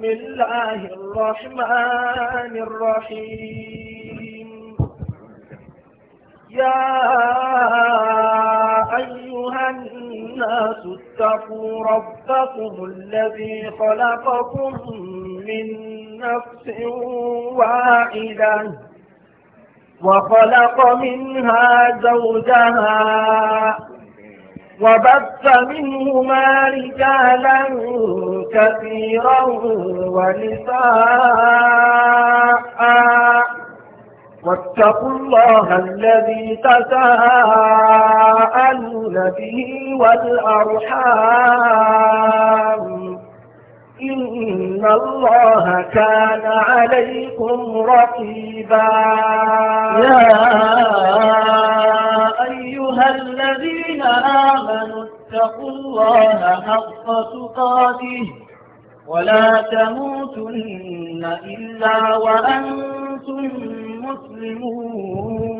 بسم الله الرحمن الرحيم يا أيها الناس اتقوا ربكم الذي خلقكم من نفس واحدة وخلق منها زوجها وبث منهما رجالا كثيرا ونساء واتقوا الله الذي تساءلون به والأرحام إن الله كان عليكم رقيبا يا الذين آمنوا اتقوا الله حق تقاته ولا تموتن إلا وأنتم مسلمون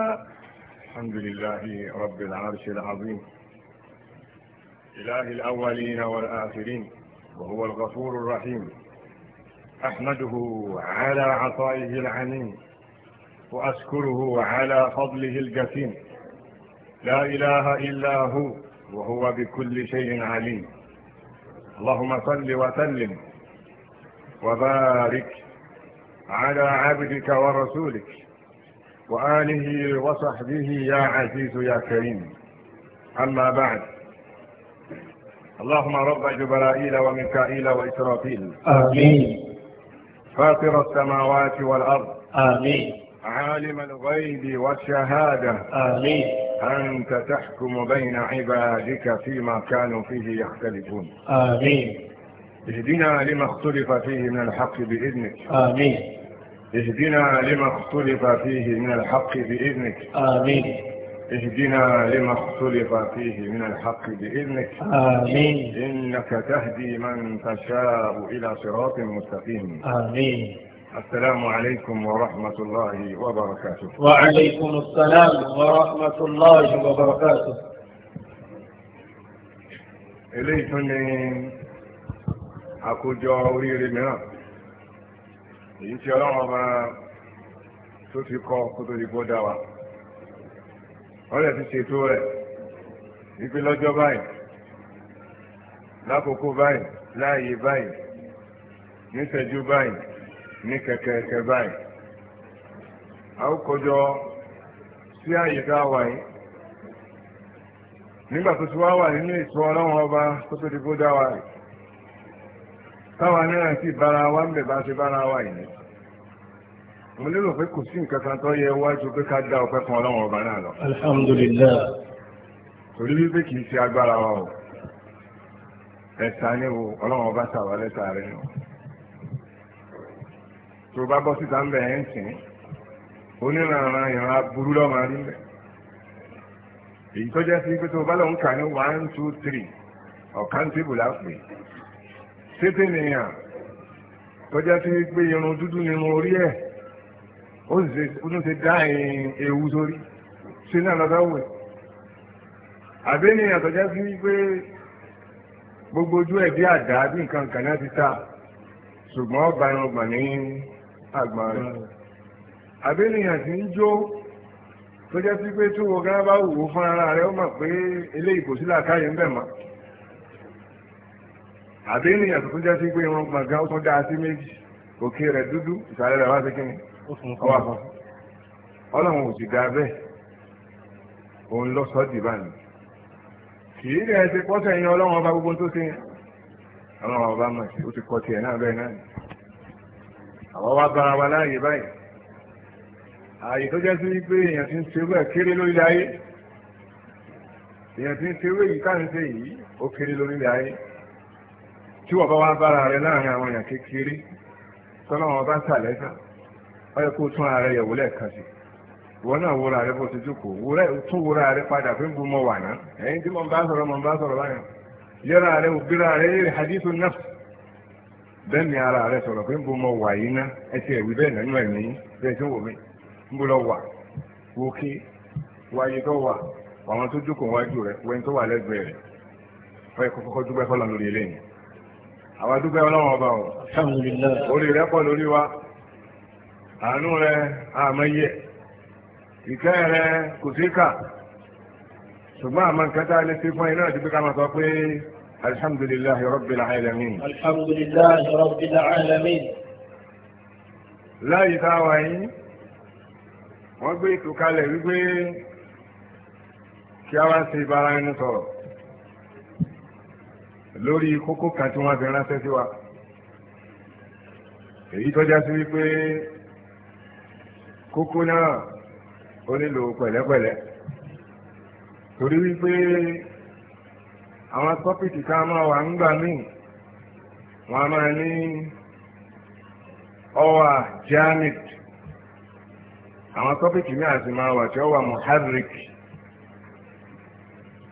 الحمد لله رب العرش العظيم إله الأولين والآخرين وهو الغفور الرحيم أحمده على عطائه العنين وأشكره على فضله الجسيم لا إله إلا هو وهو بكل شيء عليم اللهم صل وسلم وبارك على عبدك ورسولك وآله وصحبه يا عزيز يا كريم أما بعد اللهم رب جبرائيل وميكائيل وإسرافيل آمين فاطر السماوات والأرض آمين عالم الغيب والشهادة آمين أنت تحكم بين عبادك فيما كانوا فيه يختلفون آمين اهدنا لما اختلف فيه من الحق بإذنك آمين اهدنا لما اختلف فيه من الحق بإذنك آمين اهدنا لما اختلف فيه من الحق بإذنك آمين إنك تهدي من تشاء إلى صراط مستقيم آمين السلام عليكم ورحمة الله وبركاته وعليكم السلام ورحمة الله وبركاته إليكم أكو جاوير منا èyí tí ọlọ́run ọba tó ti kọ́ kó tó di kó dá wa wọ́n lè ti ṣètò rẹ̀ wípé lọ́jọ́ báyìí lákòókò báyìí láàyè báyìí níṣẹ́jú báyìí ní kẹ̀kẹ́kẹ́ báyìí a ó kọjọ sí àyè tá a wà yìí nígbà tó ti wá wà nínú ìtọ́ ọlọ́run ọba tó tó di dá wa yìí táwa náà sì bára wa ń bẹ̀ bá ṣe bára wa yìí mo lérò pé kò sí nǹkan kan tó yẹ wájú pé ká dá ọpẹ́ fún ọlọ́run ọba náà lọ. alhamdulillah. torí wípé kì í ṣe agbára wa o ẹ̀sà ni o ọlọ́run ọba ṣàwọ́ lẹ́sà rẹ̀ nù. tó o bá bọ́ síta ń bẹ̀ ẹ́ ń sìn onírànran ìran aburú lọ́mọ rí bẹ̀. èyí tó jẹ́ sí pé tó o bá lọ́n kà ní one two three ọ̀kan tébù lápè. sétè nìyàn tọ́já sí pé irun dúdú irun orí ẹ̀ ó sì tún dá ewu sórí ṣe náà lọ́sàwọ̀ ẹ̀ àbẹ́nìyàn tọ́já sí pé gbogbo ojú ẹ̀ bí àdá bí nǹkan kan náà ti ta ṣùgbọ́n ọba irun gbọ̀n ní àgbọ̀n rẹ̀ ń jó tọ́já tó wọ wò fún àbí ènìyàn tuntun jẹ́ sí pé irun gbọ̀ngàn ó tún dá sí méjì òkè rẹ̀ dúdú ìsàlẹ̀ rẹ̀ wá sí kíni ọwọ́ àfọ̀n ọlọ́run ò sì dá bẹ́ẹ̀ òun lọ sọ dìbà nù kì í rẹ̀ ṣe pọ́sẹ̀ yẹn ọlọ́run ọba gbogbo tó ṣe ọlọ́run ọba mọ̀ sí ó ti kọ tiẹ̀ náà bẹ́ẹ̀ náà àwọn wa bára wa láàyè báyìí ààyè tó jẹ́ sí pé èèyàn ti ń ṣerú ẹ̀ kéré lórí ayé èèyàn ti ń ṣerú èyí káà ń ṣe yìí ó kéré lórí tí wọ́n bá wá bára rẹ láàrin àwọn èèyàn kékeré tọ́lá wọn bá tà lẹ́sà yẹ kó tún ara yẹ̀wò lẹ́ẹ̀kan sí ìwọ náà wúra rẹ bó ti jókòó tún wúra rẹ padà wà náà ẹ̀yin tí mo bá sọ̀rọ̀ mo bá sọ̀rọ̀ báyọ̀ yẹra rẹ òbíra rẹ yẹrẹ hadithu bẹ́ẹ̀ ni ara rẹ sọ̀rọ̀ wà ẹ ti ẹ̀wí bẹ́ẹ̀ nínú ẹ̀mí bẹ́ẹ̀ tí ń lọ wà wáyé tó wà àwọn tó jókòó wájú rẹ wẹ́n tó wà lẹ́gbẹ̀ẹ́ dúpẹ́ lórí eléyìí àwọn adúgbẹ́ ọlọ́wọ́ ọba ọ̀ orí rẹ̀ pọ̀ lórí wa àánú rẹ̀ àmọ́yẹ ìkẹ́ rẹ̀ kò sí kà ṣùgbọ́n àmọ́ nǹkan tá a lè ṣe fún ẹ náà ti pé máa sọ pé alhamdulillahi rabbil alamin. alhamdulillahi rabbil alamin. láyìí tá yín wọ́n gbé ètò wípé kí a wá ṣe ìbára ẹni sọ̀rọ̀ lórí kókó kan tí wọ́n fi ránṣẹ́ sí wa èyí tó já sí wípé kókó náà ó nílò pẹ̀lẹ́pẹ̀lẹ́ torí wípé àwọn tọ́pìkì ká máa wà ńgbà míì wọ́n a máa ní ọwà jamit. àwọn tọ́pìkì ní àti máa wà tí ọwà muharrik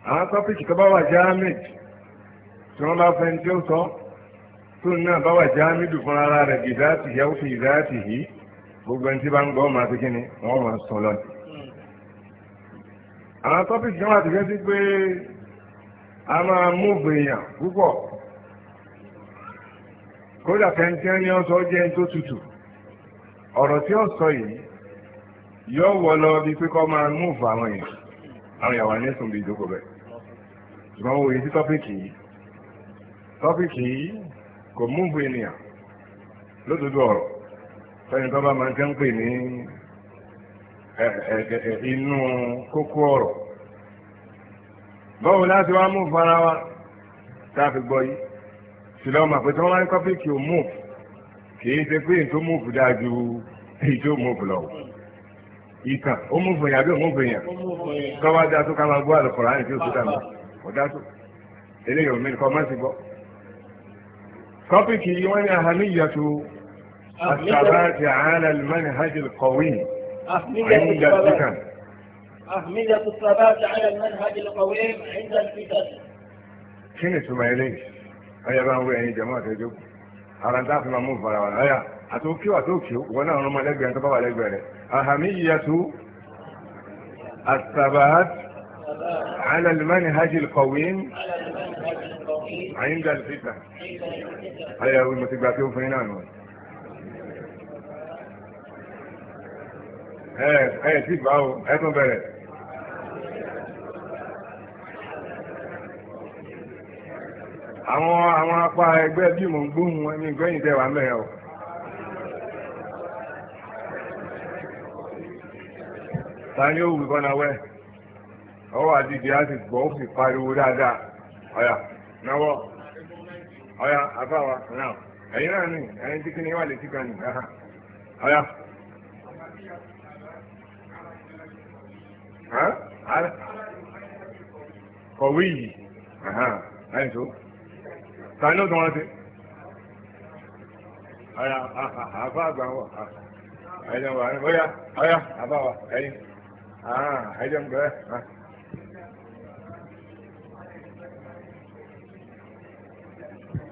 àwọn tọ́pìkì tó bá wà janet tí wọ́n bá fẹ́ tí ó sọ tó náà bá wà já mídù fún ara rẹ̀ bí dáàtì yá ó fi ìdáàtì yìí gbogbo ẹni tí bá ń gbọ́ máa fi kíni wọ́n máa sùn lọ. àwọn tọ́pìkì kan wà tó fẹ́ sí pé a máa múùbù èèyàn púpọ̀ kódà fẹ́ntì ẹni ọ̀sọ́ jẹ́ ẹni tó tutù ọ̀rọ̀ tí ó sọ yìí yóò wọ lọ bí pé kọ́ máa múùbù àwọn èèyàn àwọn ìyàwó ẹni sùn bí ìjókòó bẹ́ẹ̀ ṣùgbọ́n wo èyí sí tọ́pìkì yìí tọ́pìkì yìí kò múùbù ènìyàn lódodo ọ̀rọ̀ fẹ́ni tó bá máa ń tẹ́ ń pè ní inú kókó ọ̀rọ̀ bọ́wọ́ láti wá mú fara wa tá a fi gbọ́ yìí ṣùgbọ́n mà pé tí wọ́n máa ń tọ́pìkì ò múùbù kì í ṣe pé ètò múùbù dáa ju ètò múùbù lọ ìtàn ó múùbù yẹn àbí ó múùbù yẹn tọ́wọ́ dáa tó ká máa gbọ́ àlùkò ráyìn tí ó tó dà mí kò tó eléyìí ò mí kọ́ máa ti gbọ́. tọ́pìkì wọ́n أهمية الثبات على المنهج القوي عند الفتن أهمية الثبات على المنهج القويم عند الفتن شنو اسمها ليش؟ أيا بقى وين يا جماعة يجوا أنا أنت ما مو فلا أيا أتوكيو أتوكيو وأنا أنا ما لقي أنت بقى لقي أهمية الثبات على المنهج القويم على Anyị ga lè fìtà ayẹyẹ mo ti gba pé ó fún àwọn àwọn apá ẹgbẹ́ bí mò ń gbóhùn o. ta ni ó wù kọ́nà ọwọ́ àti ìdí gbọ́ ó pariwo dáadáa ọ̀yà ọ̀yà àfáwà náà ẹ̀yin náà ni ẹ̀yin tí kìnìún wà lè tíkan nì ọ̀yà. kọ̀wé yìí ẹ̀yin tó ta ni ó tún wọn ti ọ̀yà àfa àgbà wọ̀ ẹ̀yin náà wà ọ̀yà àfa wà ẹ̀yin ẹ̀yin tó ń bẹ̀rẹ̀.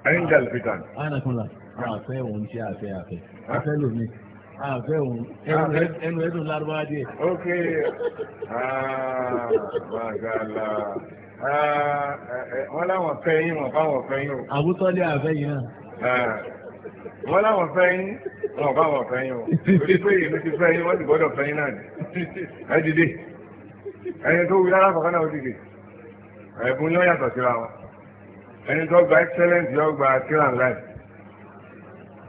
ẹ̀yìn gàlù fìtà. anakunla àfẹ́ òun tí àfẹ́ àfẹ́ àfẹ́ lómi àfẹ́ òun ẹnu ẹ̀dùn lárúbáwá díẹ̀. ok magala wọ́n láwọn fẹ́ yín wọ́n fáwọn fẹ́ yín o. àbútọ́lé àfẹ́ yín náà. wọ́n láwọn fẹ́ yín wọ́n fáwọn fẹ́ yín o. torí pé èmi ti fẹ́ yín wọ́n ti gbọ́dọ̀ fẹ́ yín náà ni. ẹ dìde ẹni tó wí lára kọ̀ọ̀kan náà ó dìde ẹ̀bùn yóò yàtọ̀ síra wọn. ẹni tó gba excellence yóò gba skill and life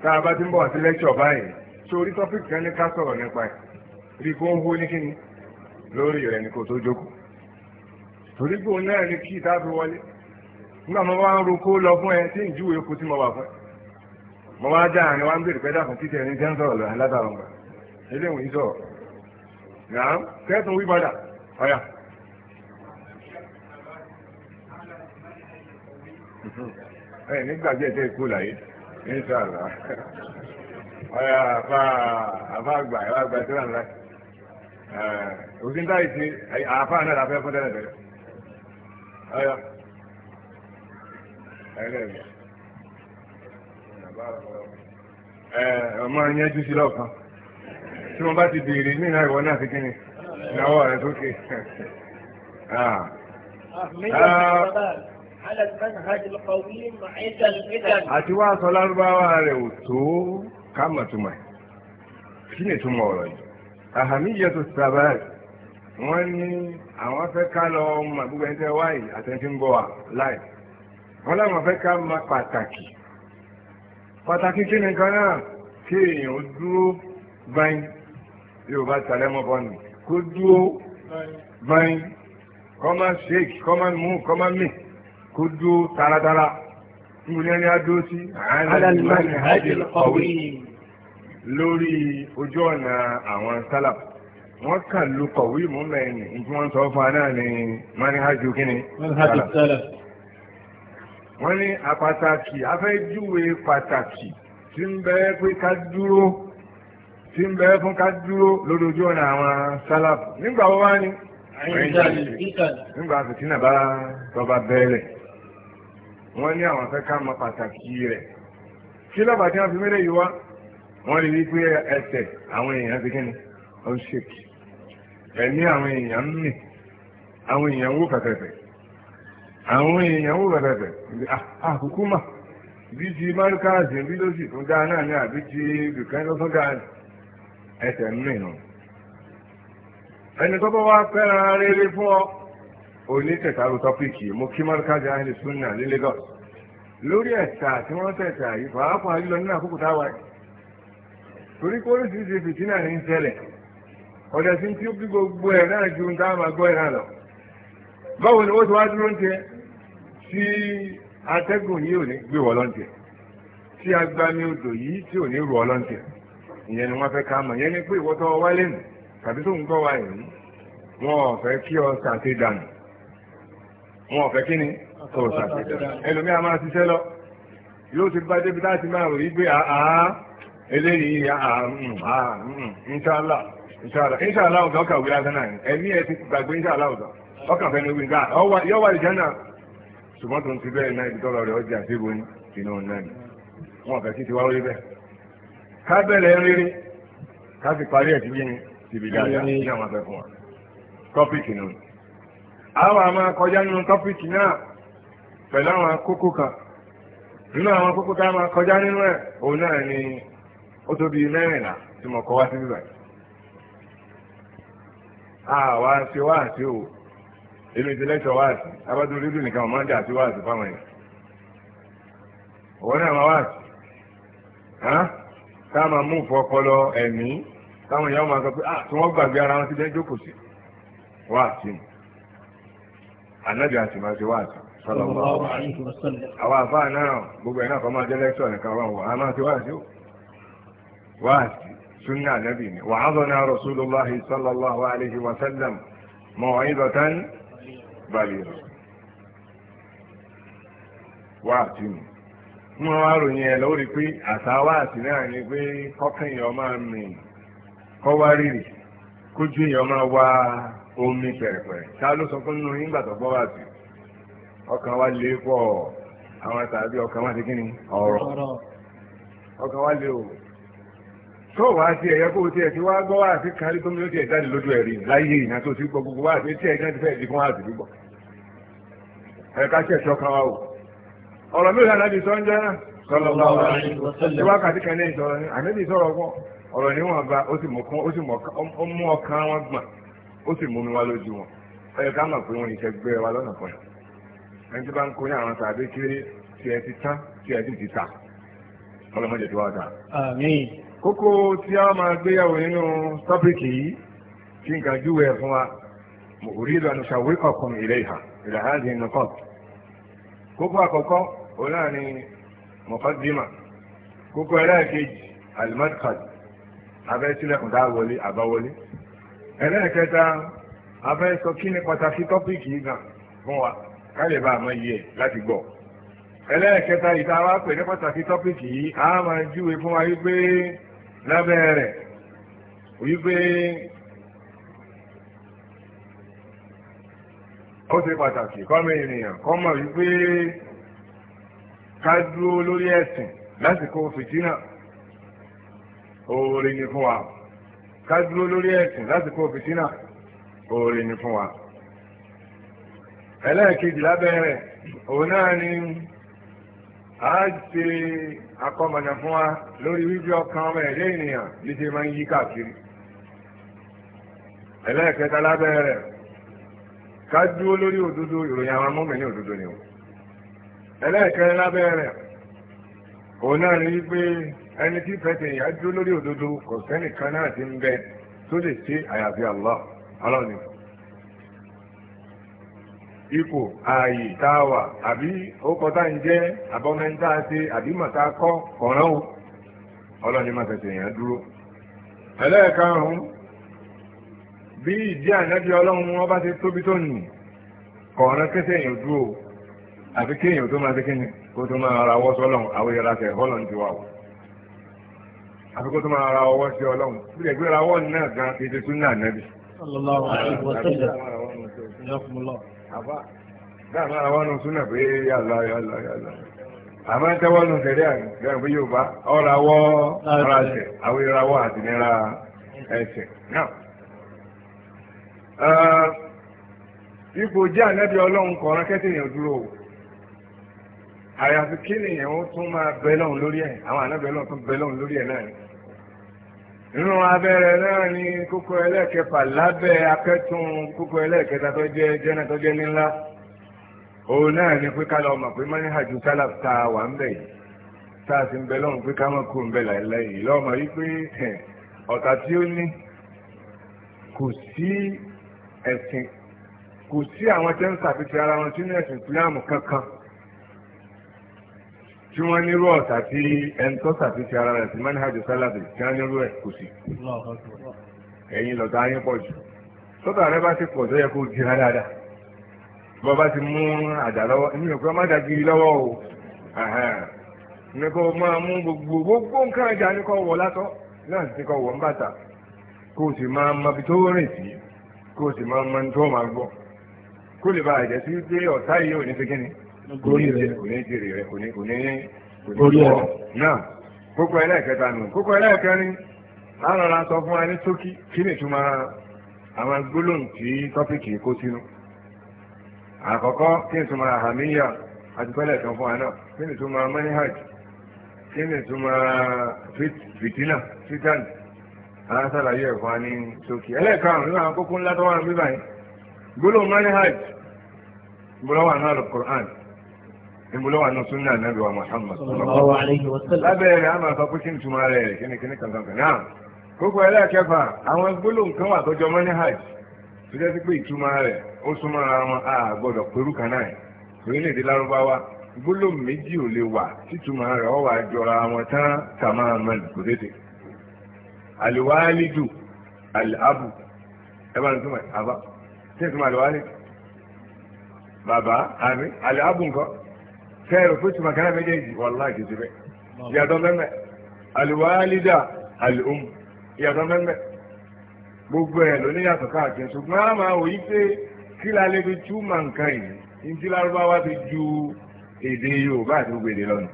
tá a bá ti ń bọ̀ sí lecture báyìí sórí topic kan ní ká sọ̀rọ̀ nípa ẹ̀ rí kó ń hó ní kíni lórí rẹ̀ ní kò tó jókòó torí náà ni kí ìta fi wọlé nígbà mo bá ń ro kó lọ fún ẹ tí ń júwèé kó tí mo wà fún ẹ mo wá dá àárín wa ń bèrè pẹ́ dàkún títí ẹni jẹ́ ń sọ̀rọ̀ látàrọ̀ Eh, ẹ nígbàgbé tẹ kú láyé inṣàlá ọyà àfa àfa àgbà ẹwà àgbà tí wọn lọ eh, òsín táyì sí àfa náà la fẹ́ fún tẹ́lẹ̀ tẹ́lẹ̀ ọyà ẹlẹ́gbẹ̀ẹ́ eh, ọmọ yẹn jù sí lọ́kàn tí wọ́n bá ti béèrè ní ìlà ìwọ náà ti kíni ìnáwó rẹ̀ sókè. Ah. Ah, àti wá sọ lárúbáwá rẹ̀ ò tó ká mọ̀ túmọ̀ kí ni túmọ̀ ọ̀rọ̀ yìí àhàmíyẹ tó sábà wọ́n ní àwọn fẹ́ ká lọ mọ̀ gbogbo ẹni tẹ́ wáyé àtẹ̀ntì ń bọ̀ wá láì wọ́n láwọn fẹ́ ká mọ̀ pàtàkì pàtàkì kí ni kan náà kí èèyàn dúró báyìí yóò bá mọ́ bọ́ọ̀nù kó dúró báyìí kọ́ máa ṣèkì kọ́ máa mú kọ́ máa mì kó dúó taratara tí mo lẹ́ni adó sí alàlùmọ́ni hajjil kọ̀wé lórí ojú ọ̀nà àwọn sálà wọ́n kà lu kọ̀wé mú mẹ́rin ní tí wọ́n sọ fún aná ní manihajj kíni sálà wọ́n ní apàtàkì afẹ́júwe pàtàkì tí ń bẹ pé ká dúró tí ń bẹ fún ká dúró lórí ojú ọ̀nà àwọn sálà nígbà wo wá ní nígbà fìtínà bá tọba bẹ́ẹ̀lẹ̀ wọ́n ní àwọn fẹ́ ma mọ pàtàkì rẹ̀ kí lọ́ba tí fi mẹ́rẹ̀ yìí wá wọ́n rí wípé ẹsẹ̀ àwọn èèyàn ti kíni ó ń ṣèkì ẹ̀mí àwọn èèyàn ń mì àwọn èèyàn wó pẹ̀pẹ̀pẹ̀ àwọn èèyàn wó pẹ̀pẹ̀pẹ̀ àkókò ah, ah, mà bí ti márùkáàzì bí ló sì tún dáa náà ní àbí ti bìkan ló tún dáa ẹsẹ̀ ń mì ẹni tó bá wá rere fún ọ onye tọ́pìkì mo kí mọ́ríkájì ahìlì súnà ní Lagos lórí ẹ̀ta tí wọ́n tẹ̀tà yìí pàápàá lílọ nínú àkókò táwa yìí torí pé oríṣiríṣi fìtínà ní ń ṣẹlẹ̀ ọ̀dẹ̀ tí ó bí gbogbo ẹ̀ náà ju gbọ́ lọ báwo ni ti wá dúró ń tẹ tí atẹ́gùn yìí ò ní gbé wọ́ lọ́ntẹ̀ tí agbami odò yìí tí ò ní rù ọ́ lọ́ntẹ̀ ìyẹn ni wọ́n fẹ́ ká wọn ọ̀fẹ́ kí ni kò sàṣẹ̀dá ẹlòmí a máa ṣiṣẹ́ lọ yóò ti bá débi láti máa rí mm, mm, pé àá eléyìí àá ìṣàlá ọ̀gá ọkà òwe lásán náà ẹ̀mí ẹ̀ ti gbàgbé ìṣàlá ọ̀gá fẹ́ ni wíńgá ìjánà ṣùgbọ́n tó ń ti bẹ́ẹ̀ náà ibi rẹ̀ ọjà síbo ní inú náà ni wọn ọ̀fẹ́ kí ti wá orí bẹ́ẹ̀ ká bẹ̀rẹ̀ rírí ká sì parí ẹ̀ síbi dáadáa ní àwọn àmà kọjá nínú tọ́pìkì náà pẹ̀lú àwọn kókó kan nínú àwọn kókó tá a máa kọjá nínú ẹ̀ òun náà ni ó tóbi mẹ́rìnlá tí mo kọ́ wá sí bíbá wá àti o èmi ti wá àti abájọ́ dídùn nìkan ọ̀ma dà sí wá àti fáwọn èèyàn òun náà wá àti ànábì àti máa ṣe wáàtì sallallahu alaihi wasallam àwọn àfáà náà gbogbo ẹ̀ náà kọ́ máa jẹ́ lẹ́kṣọ̀ nìkan wà wọ́n a máa ṣe wáàtì ó wáàtì sunna ànábì ni wa'azana rasulullahi sallallahu alaihi wasallam maw'izatan baligha wáàtì ni mo wá ròyìn ẹ̀ lórí pé àṣà wáàtì náà ni pé kọ́kànyàn máa mì kọ́wárìrì kójú èèyàn máa wá omi pẹ̀rẹ̀pẹ̀rẹ̀ Ta ló sọ fún nínú yín gbàtọ̀ gbọ́ sí ọkàn wa lè pọ̀ àwọn tàbí ọkàn wa ti kí ni wa lè o tó wá sí ẹ̀yẹ kó o tiẹ̀ ti wá gbọ́ wá sí kárí tó ó tiẹ̀ jáde lójú ẹ̀rí láyé tó ti gbọ́ gbogbo sí wa o ọ̀rọ̀ mi ò lànà bí sọ́njẹ́ náà sọlọ́lọ́wọ́ ní wákàtí ó sì ó sì mú mi wá lójú wọn ẹ̀yẹ ká mọ̀ pé wọn ìṣe gbé wa lọ́nà kan ẹni tí bá ń kóyún àwọn tàbí kéré tí ẹ ti tán tí ẹ ti ti ta ọlọ́mọdé tó wá ta. kókó tí a máa gbéyàwó nínú tọ́pìkì yìí kí nǹkan júwe ẹ̀ fún wa mo rí ìlànà ṣàwé kọ̀ọ̀kan ilé ìhà ìlànà ìhà nìkan. kókó àkọ́kọ́ òun ni mọ̀kọ́dìmà kókó ẹlẹ́ẹ̀kejì alimadkad abẹ́ dáwọlé àbáwọlé ẹlẹ́ẹ̀kẹta afẹ́ sọ kí ni pàtàkì tọ́pìkì yìí gan fún wa ká lè bá àmọ́ yìí ẹ̀ láti gbọ́ ẹlẹ́ẹ̀kẹta ìta wa pè ní pàtàkì tọ́pìkì yìí a máa júwe fún wa wípé lábẹ́ rẹ̀ wípé ó ṣe pàtàkì kọ́mọ ènìyàn kọ́mọ wípé ká dúró lórí ẹ̀sìn lásìkò fìtínà oore ni fún wa. ká dúró lórí ẹ̀sìn lásìkò fìtínà oore ni fún wa ẹlẹ́ẹ̀kejì lábẹ́ rẹ̀ òun náà ni a ṣe akọmọ̀nà fún wa lórí wíwí ọkàn ọmọ ẹ̀dẹ́ ènìyàn bí ṣe máa ń yí káàkiri ẹlẹ́ẹ̀kẹta ká dúró lórí òdodo ìròyìn àwọn òdodo ni o ẹlẹ́ẹ̀kẹrin òun náà ẹni tí fẹsẹ̀ yà dúró lórí òdodo kò sẹ́nì kan náà ti ń bẹ tó lè àyàfi Allah ipò ààyè tá a wà àbí ókọ tá ń jẹ́ àbọ̀mẹ́ńtà ṣe àbí màtá kọ́ kọ̀ọ̀rán o ni fẹsẹ̀ yà dúró. ẹlẹ́ẹ̀karùn bí ìdí ọlọ́run wọn bá tóbi tó nù kọ̀ọ̀rán kẹsẹ̀ dúró àfi kéèyàn tó máa ṣe kéèyàn kó tó máa wọ́ sọ́lọ́run àfikún tó máa ra ọwọ́ sí ọlọ́run bí lè gbéra ọwọ́ náà gan kì í súnà nẹ́bí. dáa máa ra wọnú súnà pé yàlá yàlá yàlá àmọ́ tẹ́wọ́ nù tẹ̀lé àgbẹ̀rún pé yorùbá ọ̀rọ̀ awọ́ ọ̀rọ̀ àṣẹ àwọn ìrawọ́ àti ipò jẹ́ ọlọ́run dúró o. àyàfi kí nìyẹn ó tún máa bẹ́lọ̀n lórí ẹ̀ àwọn ànábẹ́lọ̀n tún bẹ́lọ̀n lórí ẹ̀ náà ni nínú abẹ́rẹ́ náà ni kókó ẹlẹ́kẹfà lábẹ́ akẹ́tún kókó ẹlẹ́kẹta tó jẹ́ jẹ́nà tó jẹ́ nílá òun náà ni pé kálọ̀ ọmọ pé mọ́ni hajj sálà ta wà ń bẹ̀ yìí tá a sì ń bẹ́lọ̀n pé ká mọ̀ kó ń bẹ̀ láìláì lọ́mọ yìí pé ọ̀tá tí ó ní kò sí ẹ̀sìn kò sí àwọn tẹ́ ń sàfihàn ara wọn sínú ẹ̀sìn ìsìlámù kankan tí wọ́n nírú ọ̀tà tí ẹni tó ṣàtúnṣe ara rẹ̀ sí manhajj salafi tí wọ́n nírú ẹ̀ kò sí. ẹ̀yin lọ́tà yín pọ̀ jù sọ́tà rẹ bá ti pọ̀ tó yẹ kó jìra dáadáa bọ́ bá ti mú àdá lọ́wọ́ èmi ò pé má dàgìrì lọ́wọ́ o ní kò máa mú gbogbo gbogbo nǹkan ajá ní kò wọ̀ látọ́ náà sì ti kò wọ̀ ń bàtà kó o sì máa mọ ibi tó rìn sí kó o sì máa mọ ní tó máa gbọ́ kó lè bá àjẹsí pé ọ̀tá yìí ò ní fi kíni gori kókó ẹlẹ́ẹ̀kẹta nù kókó ẹlẹ́ẹ̀kẹrin sọ fún wa ní kí ni ìtumọ̀ àwọn gbólóhùn tí tọ́pìkì kó sínú àkọ́kọ́ kí ni ìtumọ̀ àhàmíyà àti fún wa náà kí ni ìtumọ̀ kí ni ìtumọ̀ fìtínà fìtánì ní manihaj gbólóhùn àná ìmúlọ́wà na súnà nàbí wa Muhammad a máa sọ pé kí ni túmọ̀ rẹ̀ kí ni kí ni kankan náà kókó ẹlẹ́ẹ̀kẹfà àwọn gbólóhùn kan wà tọ́jọ́ mọ́ a kan náà orílẹ̀-èdè lárúbáwá gbólóhùn méjì ò lè wà títúmọ̀ rẹ̀ ó wà jọra wọn tán tamaman kò tètè àlùwálídù àlùábù ẹ bá ní kẹrù fún tuma kẹrẹ méjèèjì wàláhì kìí síbẹ̀ ìyàtọ̀ mẹ́mẹ́ àlùwálídà àlùm ìyàtọ̀ mẹ́mẹ́ gbogbo ẹ̀ ló níyàtọ̀ káàkiri ṣùgbọ́n a máa wòye pé kí la lè fi túmọ̀ nǹkan yìí ní tí lárúbáwá fi ju èdè yorùbá àti gbogbo èdè lọ́nà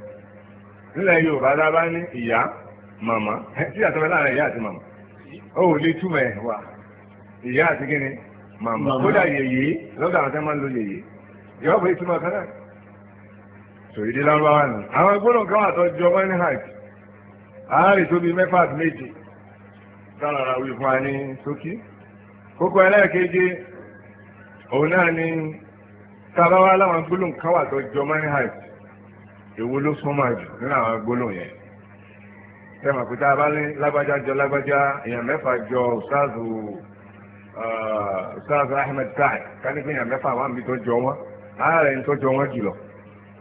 nílẹ̀ yorùbá tá a bá ní ìyá màmá sí ìyàtọ̀ mẹ́ láàrin ìyá àti màmá ó lè túmọ̀ ẹ̀ wá ìyá àti kíni màmá kódà yèyé lọ́dọ̀ àwọn tẹ́ máa ń lo yèyé ìyá so èdè lábáwá ni àwọn gbọ́dọ̀ káwà tó jọ wọ́n ní hajj àárẹ̀ tó mẹ́fà méje sára wí fún wa ní sókí kókó òun náà ni sábáwá láwọn gbólóhùn káwà tó jọ wọ́n ní hajj èwo ló súnmọ́ jù nínú àwọn gbólóhùn yẹn tẹ́mà pé tá a lágbájá jọ lágbájá èèyàn mẹ́fà jọ ṣáàzù ṣáàzù uh, Ahmed èèyàn mẹ́fà wà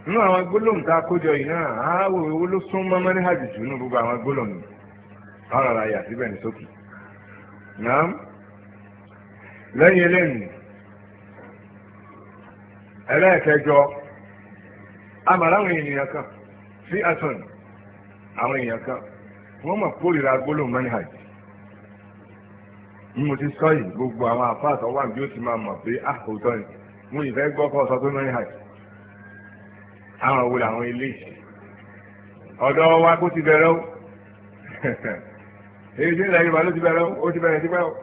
nínú àwọn gbólóhùn tá a kójọ yìí náà àáwò owó ló sún mọ́ mẹ́rin hajj nínú gbogbo àwọn gbólóhùn yìí yà síbẹ̀ ní sókè lẹ́yìn eléyìí ẹlẹ́ẹ̀kẹjọ àwọn kan sí asan àwọn èèyàn kan wọ́n mọ̀ kórìíra gbólóhùn mẹ́rin mo ti sọ yìí gbogbo àwọn àfáàsọ wà ti máa mọ̀ pé àkótọ́ ah, mo fẹ́ gbọ́ kọ́ àwọn wo làwọn ilé ọ̀dọ́ wa kó ti bẹ̀rẹ̀ o èyí tí ń lẹ́yìn wa ló ti bẹ̀rẹ̀ o ti bẹ̀rẹ̀ sípẹ́ o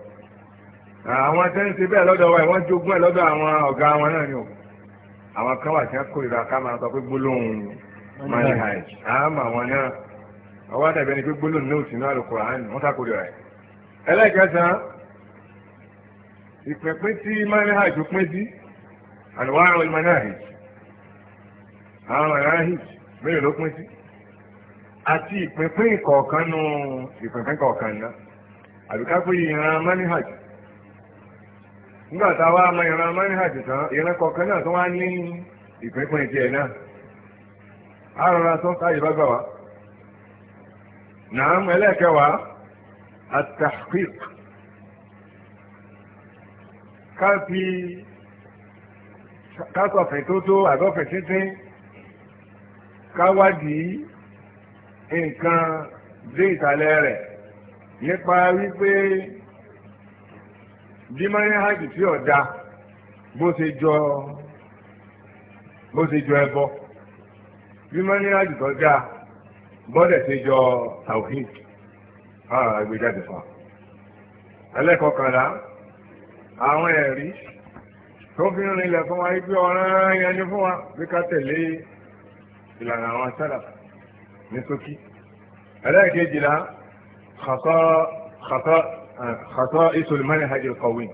àwọn tẹ́ ń ṣe bẹ́ẹ̀ lọ́dọ̀ wa ìwọ́n jogún ẹ̀ lọ́dọ̀ àwọn ọ̀gá wọn náà ni o àwọn kan wà tí wọ́n kó ká máa sọ pé gbólóhùn mani àmọ́ àwọn náà ọwọ́ àtàbí ẹni pé gbólóhùn náà àánú wọ́n rẹ̀ ẹlẹ́kẹ̀ẹ́sán àwọn ìráhì mélòó ló pín sí àti ìpínpín kọ̀ọ̀kan nù ìpínpín kọ̀ọ̀kan náà àbíká pé ìran manihaj nígbà a mọ ìran manihaj tán ìran kọ̀ọ̀kan náà tó wá ní ìpínpín tiẹ̀ náà a rọra sọ táyé bá gbà wá nàám ẹlẹ́ẹ̀kẹwàá at fi ká sọ̀fìn káwádìí nǹkan dé ìtàlẹ̀ rẹ̀ nípa wípé bí mọ́níhàjì tí ọ̀dà bó ṣe jọ bó ṣe jọ ẹbọ bí mọ́níhàjì tó dáa bọ́dẹ̀ ṣe jọ tawhid àgbéjáde fún wa. ẹlẹ́kọ̀ọ́kànlá àwọn ẹ̀rí tó fi ń rinlẹ̀ fún wa wípé ọ̀ràn yẹn ni fún wa bí ká tẹ̀lé ìlànà àwọn sálàf ní sókí ẹlẹ́ẹ̀kejìlá xasọ́ ìsòlùmọ́nì hajj kọ̀wé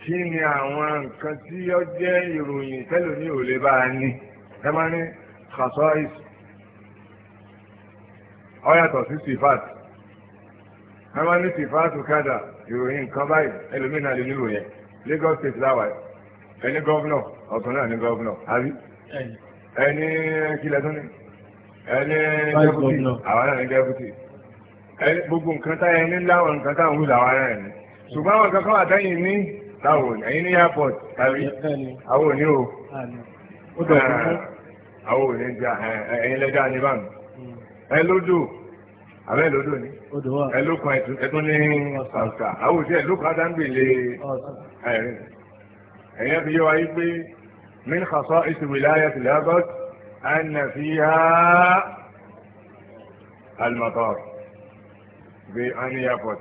kí ni àwọn nǹkan tí ó jẹ́ ìròyìn tẹ́lẹ̀ ní òlé bá a ní ẹ máa ní xasọ́ ìsò ó yàtọ̀ sí sifat ẹ máa ní sifat kádà ìròyìn nǹkan báyìí ẹlòmínà lè nílò yẹn Lagos state láwàá ẹni gọ́vnọ̀ ọ̀tún náà ní gọ́vnọ̀ àbí. ẹni kílẹ̀ tó ní ẹni dẹ́pútì àwọn náà ní gbogbo nǹkan táyẹ ní láwọn nǹkan táwọn wúlò àwọn náà ní ṣùgbọ́n àwọn nǹkan kan àtẹ́yìn ní táwọn ní airport tàbí àwọn òní o àwọn òní jà ẹ̀yìn lẹ́jà ní báyìí hmm. ẹ lódò àbẹ́ lódò ẹ lókun ẹtún ní àwọn lókun adágbèlè fi wáyé من خصائص ولاية لابد أن فيها المطار بأن يفوت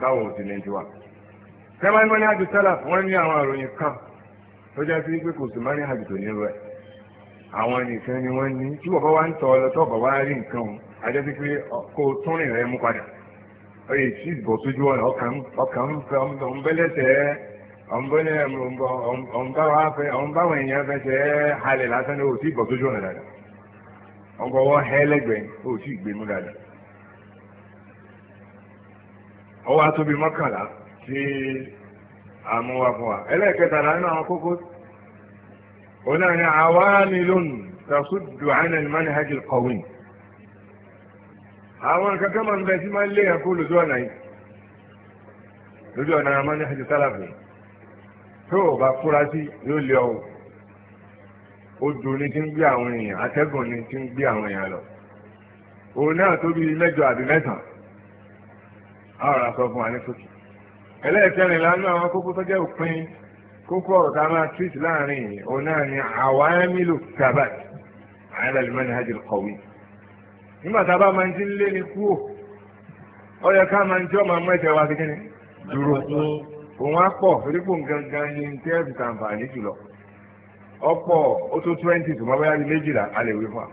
كوت الانتواء كما المنهج السلف ومن يعمر يفقه فجاء في بكوس منهج تنير àwọn nìkan ni wọ́n ní tí bàbá wa ń tọ́ lọ tó bàbá rí nǹkan o ajá sí pé kó o tún rìn rẹ mú padà ó yẹ tí ìbọ̀ sójú ọ̀nà ọkàn ń bẹ́lẹ́sẹ̀ ọ̀nbọ́lẹ̀ ọ̀nbáwọn èèyàn fẹsẹ̀ halẹ̀ lásán ní òtí ìbọ̀ sójú ọ̀nà dáadáa ọgbọ̀wọ́ hẹ́lẹ́gbẹ̀ẹ́ òtí ìgbémú dáadáa ọwọ́ atóbi mọ́kànlá tí a mú wa fún wa ẹlẹ́ẹ̀kẹta nínú àwọn kókó òun náà ni àwa ni lónìí tasuddu àná ni mani hajj kọ̀wìn àwọn kankan máa ń bẹ sí máa ń lé ẹ̀kọ́ lójú ọ̀nà yìí lójú ọ̀nà mani hajj sálàfù yìí. tó o bá fúra sí yóò lé odò ni ti ń gbé àwọn èèyàn atẹ́gùn ni ti ń gbé àwọn èèyàn lọ òun náà tó mẹ́jọ àbí mẹ́sàn-án àrà sọ fún wa ní sókè ẹlẹ́ẹ̀kẹrin lánàá àwọn kókó tó jẹ́ òpin kókó ọ̀rọ̀ tá a máa láàrin yìí òun náà ni àwámílù tabat ala al-manhaj al nígbà tá a bá máa ń ti lé ní kúò ó yẹ ká máa ń òun á pọ̀ torípò gangan ni tí ẹ̀ fi jùlọ ọ̀pọ̀ ó tó twenty tó máa bá yára méjìlá a lè wí fún wa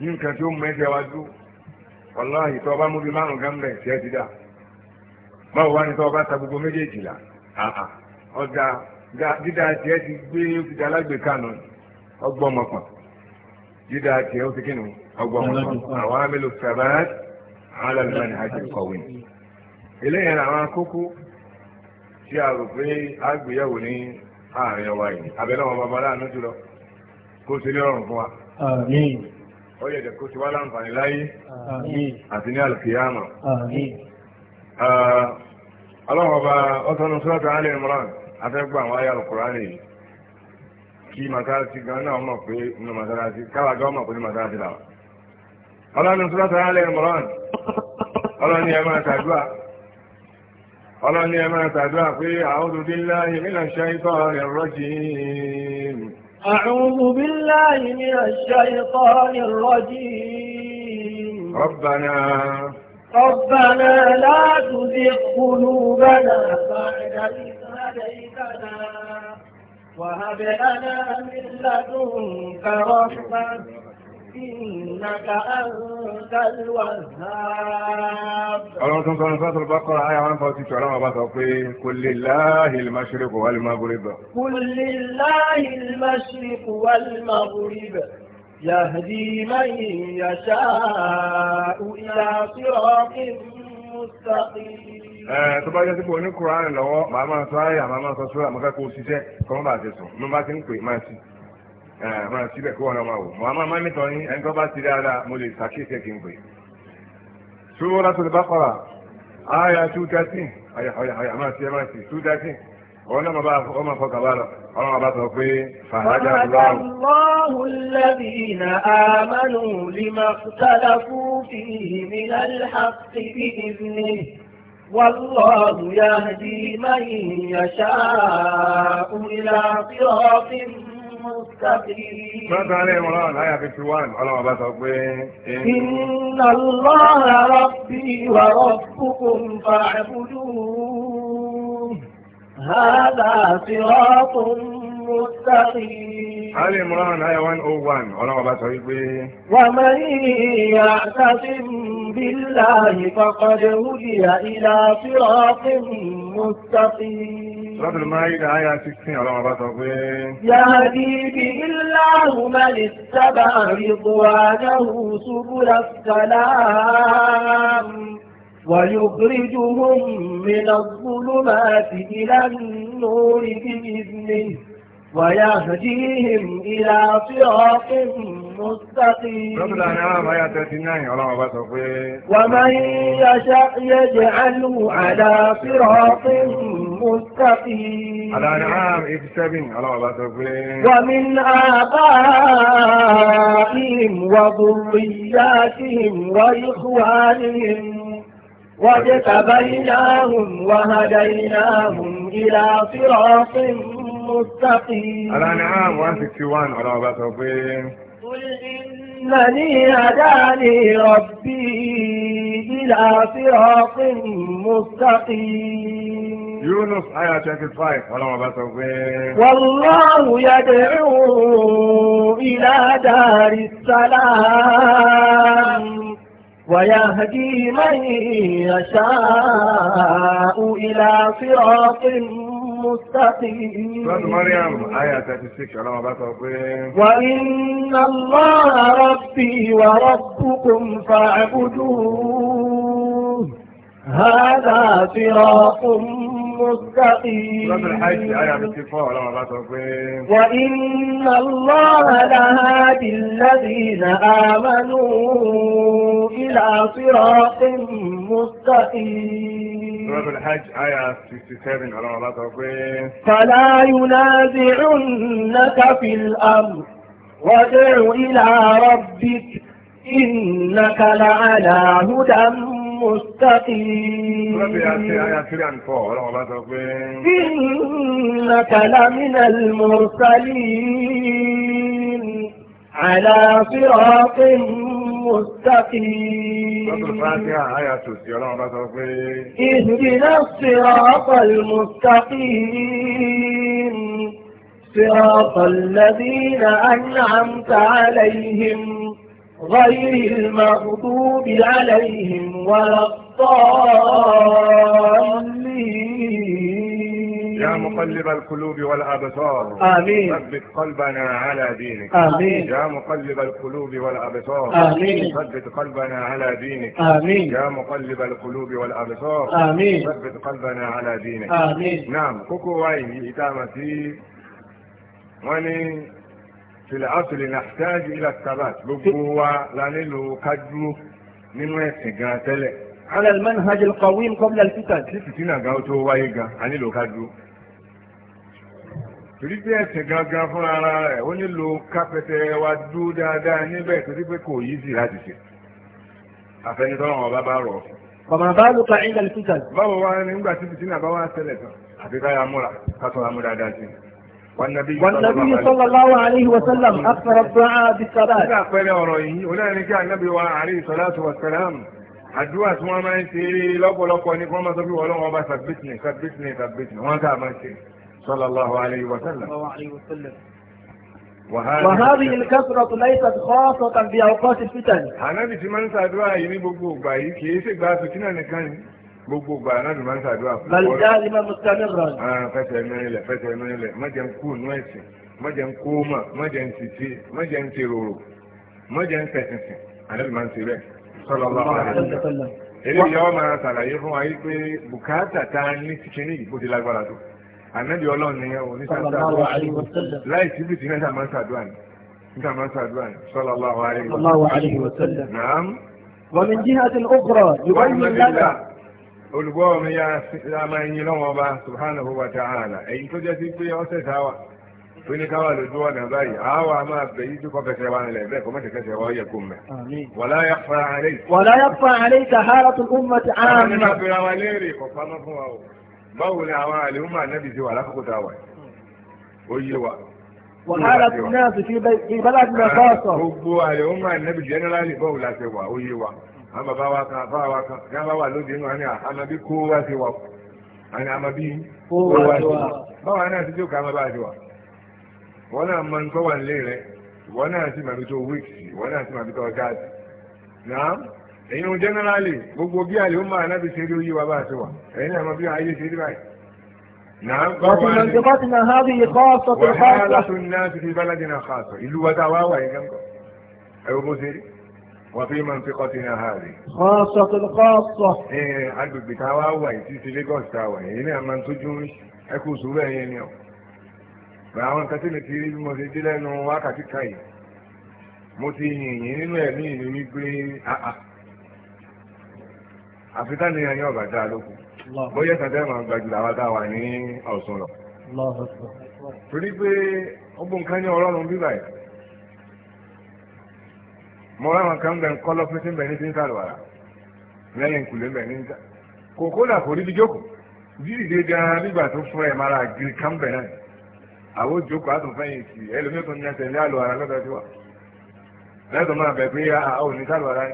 ní nǹkan tí ó mú wa dú ọba mú bí márùn gan tí ẹ ti dà báwo wá ní ọba ta gbogbo méjèèjìlá dídá tí ẹ ti gbé ó ti dá nù ọgbọ́n dídá tí ẹ ó ti kínú ọgbọ́n ọmọkàn àwọn amílò sàbáàt eléyìí akókó tí a rò pé a ní àárín ọwa yìí abẹ́lẹ́ wọn bàbá láàánú jùlọ kó ṣe ní ọrùn fún wa. ó yẹ̀dẹ̀ kó ṣe wá láǹfààní láyé àti ní àlùkìyàmà. ọlọ́run ọba ọ̀sánú alẹ́ imran afẹ́gbọ́ àwọn ayé alukùránì yìí kí gan náà mọ̀ pé nínú gan mọ̀ pé nínú làwọn. alẹ́ imran máa ṣàdúrà. قال لي ما تدعقي أعوذ بالله من الشيطان الرجيم أعوذ بالله من الشيطان الرجيم ربنا ربنا لا تزق قلوبنا بعد إذ وهب لنا من لدنك رحمة إنك أنت الوهاب اللهم صل على سورة البقرة آية 41 قل لله المشرق والمغرب قل لله المشرق والمغرب يهدي من يشاء إلى صراط مستقيم tọ́ba yẹn ti bọ̀ ní kúránì lọ́wọ́ màá máa sọ ayé àmàmà sọ sọ́ra mo ká kó o ṣiṣẹ́ máa síbẹ̀ kó wọn máa wò mọ́ àmọ́ máa nìkan ní ẹni tó bá ti dáadáa mo lè ṣàkíyèsí ẹ̀ kí n pè. Suratul Baqara àyà two thirteen àyà àyà àyà máa ti ẹ máa ti two thirteen òun náà bá ọmọ fọkàn bá lọ ọmọ bàbá sọ pé fàájà lọ́wọ́. Allahu alladhina amanu limakhtalafu fihi minal haqqi bi'iznihi. والله يهدي من يشاء إلى صراط المستقيم ماذا عليه مولانا الآية 51 على ما إن الله ربي وربكم فاعبدوه هذا صراط مستقيم علي عمران آية 101 ولما بس ومن يعتصم بالله فقد هدي إلى صراط مستقيم رب المعيد آية 16 على عبادة يهدي به الله من اتبع رضوانه سبل السلام ويخرجهم من الظلمات إلى النور بإذنه ويهديهم إلى صراط المستقيم رب الأنعام آية 39 الله أبا تقول ومن يشاء يجعله على صراط مستقيم الأنعام 87 الله أبا تقول ومن آبائهم وذرياتهم وإخوانهم واجتبيناهم وهديناهم إلى صراط مستقيم الأنعام 161 الله أبا تقول قل إنني هداني ربي إلى صراط مستقيم يونس آية 25 والله يدعو إلى دار السلام ويهدي من يشاء إلى صراط مستقيم مريم آية 36 وإن الله ربي وربكم فاعبدوه هذا صراط مستقيم آية وإن الله لهادي الذين آمنوا إلى صراط مستقيم الحج آية فلا ينازعنك في الأمر وادع إلى ربك إنك لعلى هدى مستقيم آية إنك لمن المرسلين على صراط مستقيم آية اهدنا الصراط المستقيم صراط الذين أنعمت عليهم غير المغضوب عليهم ولا الضالين يا مقلب القلوب والأبصار آمين ثبت قلبنا على دينك آمين يا مقلب القلوب والأبصار آمين ثبت قلبنا على دينك آمين يا مقلب القلوب والأبصار آمين ثبت قلبنا على دينك آمين نعم كوكو واي إتامتي وني في الأصل نحتاج إلى الثبات بقوة لنلو كجو من على المنهج القويم قبل الفتن. torí pé ẹ̀sìn gangan fúnra ara rẹ̀ ó nílò kápẹ́tẹ́ wa dúró dáadáa níbẹ̀ torí pé kò yí sí láti ṣe àfẹnitọ́rọ̀ wọn bá bá rọ̀ fún. Bàbá bá ló ka England Peter. Báwo wá ní nígbà tí bìtínà bá wá ṣẹlẹ̀ tán? Àfi ká ya múra, ká tọ́ra múra dáa sí. Wànàbí sallallahu alayhi wa sallam akthara du'a bis-salat. Nígbà pẹ́rẹ́ ọ̀rọ̀ yìí, olóyìn kí ànábì wa alayhi salatu wa salam. Àdúrà tí wọ́n máa ń ṣe lọ́pọ̀lọpọ̀ ní kí wọ́n máa sọ fún Ọlọ́run ọba sàbítìnì sàbítìnì sàbítìnì. Wọ́n ká máa ṣe. صلى الله عليه وسلم وهذه الكثرة ليست خاصة بأوقات الفتن Ànábì tí máa ń ṣàdúrà yìí ní gbogbo ìgbà yìí kìí ṣe gba fìtínà nìkan ni gbogbo ìgbà Ànábì máa ń ṣàdúrà fún bọ́ọ̀lù. Bàlùdá ni máa mustamirran. Ah, fẹsẹ̀ mẹ́rin lẹ̀ fẹsẹ̀ mẹ́rin lẹ̀ má jẹun kú nú ẹ̀sìn má jẹun kó mà má jẹun títí má jẹun tèròrò má jẹun tẹ̀sìnsìn Ànábì máa ń ṣe bẹ́ẹ̀ sallallahu alaihi wasallam. Eléyìí ọ máa ṣàlàyé fún wa yìí pé bùkátà tá a ní kíkiní yìí bó ti lágbára tó ànábì ọlọ́run nìyẹn o ní sáńtà láì síbi tí náà máa ń ṣàdúrà ní níta máa ń ṣàdúrà ní sallallahu alaihi wa sallam. naam. wa min jihatin ukhra yubayyin laka. olùgbọ́ mi yá máa ń yin lọ́wọ́ ọba subhanahu wa ta'ala èyí tó jẹ́ sí pé ọ̀sẹ̀ sáwà tó ní káwà lójú ọ̀nà báyìí àwọ̀ wa nílẹ̀ bẹ́ẹ̀ kọ́ mọ̀ tẹ̀sẹ̀ wọ́n yẹ kó mẹ́. wàlá yà fa àlẹ́. wàlá yà fa àlẹ́ ìtàhárà tó kún mọ́ wa báwo ni àwọn àlùmọ́ ànábì ti wà lákòókò tá a wà ó yé wa. wàhálà tó náà sì fi bálá ti lọ sọ́ọ̀sọ̀. gbogbo jẹ́nẹ́rálì báwo la ṣe wà ó yé wa àwọn bàbá wa kan bá wa kan kí wọ́n bá wà lóde inú àná àmàbí kó wa àná àmàbí kó wá sí wa jókòó àmàbá wa náà mọ nǹkan wà nílé wọn ẹ̀yin ohun jẹ́nẹ́rálì gbogbo bí àlè ó máa nábi ṣe rí oyé wa bá ṣe wà ẹ̀yin náà bí ayé ṣe rí báyìí. ومنطقتنا هذه خاصة وحالة الناس في بلدنا خاصة إلو وتواوى يجنكم أيوة بوزيري وفي منطقتنا هذه خاصة خاصة إيه عدد بتواوى يتيسي لغوز تواوى هنا من تجوش أكو سورة يعني báwọn kan tí mi ti rí bí mo ṣe dé àfikà ni ẹ̀yìn ọ̀gá dáa lóko bóyá tàbí máa gbajúlọ àwọn táwa ní ọ̀sán lọ. torí pé ọgbọ́n kan ní ọlọ́run bíbà yìí mo ráwọn kan bẹ̀ ń kọ́ lọ́pẹ́ sí ní lẹ́yìn kùlé ní là kò rí bí jókòó nígbà tó fún mara gírí náà àwọn jókòó àlùwàrà lọ́dọ̀ a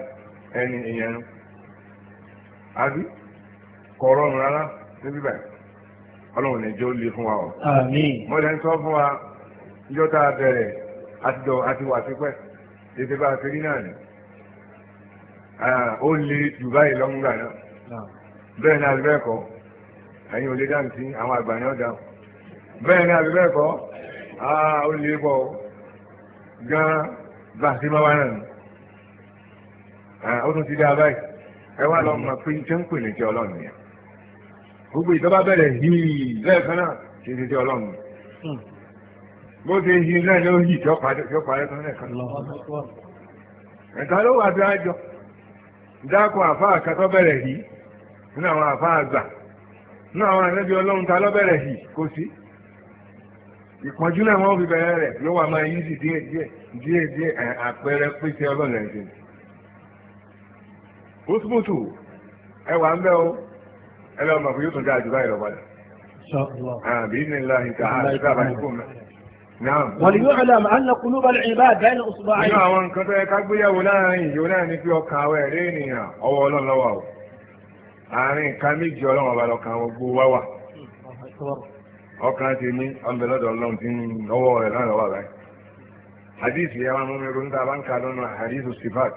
àbí Kọrọ rọrùn rárá níbí báyìí ọlọ́run ẹ̀jẹ̀ ó le fún wa o. mo lẹ́ ń sọ fún wa ìjọ tá a bẹ̀rẹ̀ àtijọ́ àti wà sípẹ́ ètò bá a ti rí náà ni ó le jù báyìí lọ́múgbà náà bẹ́ẹ̀ ni àbí bẹ́ẹ̀ kọ́ ẹ̀yin ò lè dáhùn sí àwọn àgbà náà dáhùn bẹ́ẹ̀ ni àbí ó le pọ̀ gan bá a ti máa wá náà ó tún ti dá a báyìí. ẹ wá lọ mọ̀ pé tí ń pè ọlọ́run yẹn gbogbo ìjọba bẹ̀rẹ̀ hìí lẹ́ẹ̀kan náà ṣe ti ọlọ́run bó ṣe hìí náà ló hìí tí ó parẹ́ tán lẹ́ẹ̀kan ẹ̀ka ló wà bí àfáà bẹ̀rẹ̀ nínú àwọn àfáà nínú àwọn ọlọ́run ta kò sí ìpọ́njú náà wọ́n fi bẹ̀rẹ̀ rẹ̀ ló wà máa bùsùbùsù ẹ wà ń o ẹ lọ́ọ́ mọ̀ pé yóò tún dáa jù báyìí lọ padà. بإذن الله وليعلم أن قلوب العباد بين إصبعين. Nínú àwọn o. Àárín nǹkan Ọkàn ti ní ọmọbẹ lọ́dọ̀ ti ní ọwọ́ o náà lọ́wọ́ rẹ̀. Hadith yẹn wá mú mi ń hadith sifat.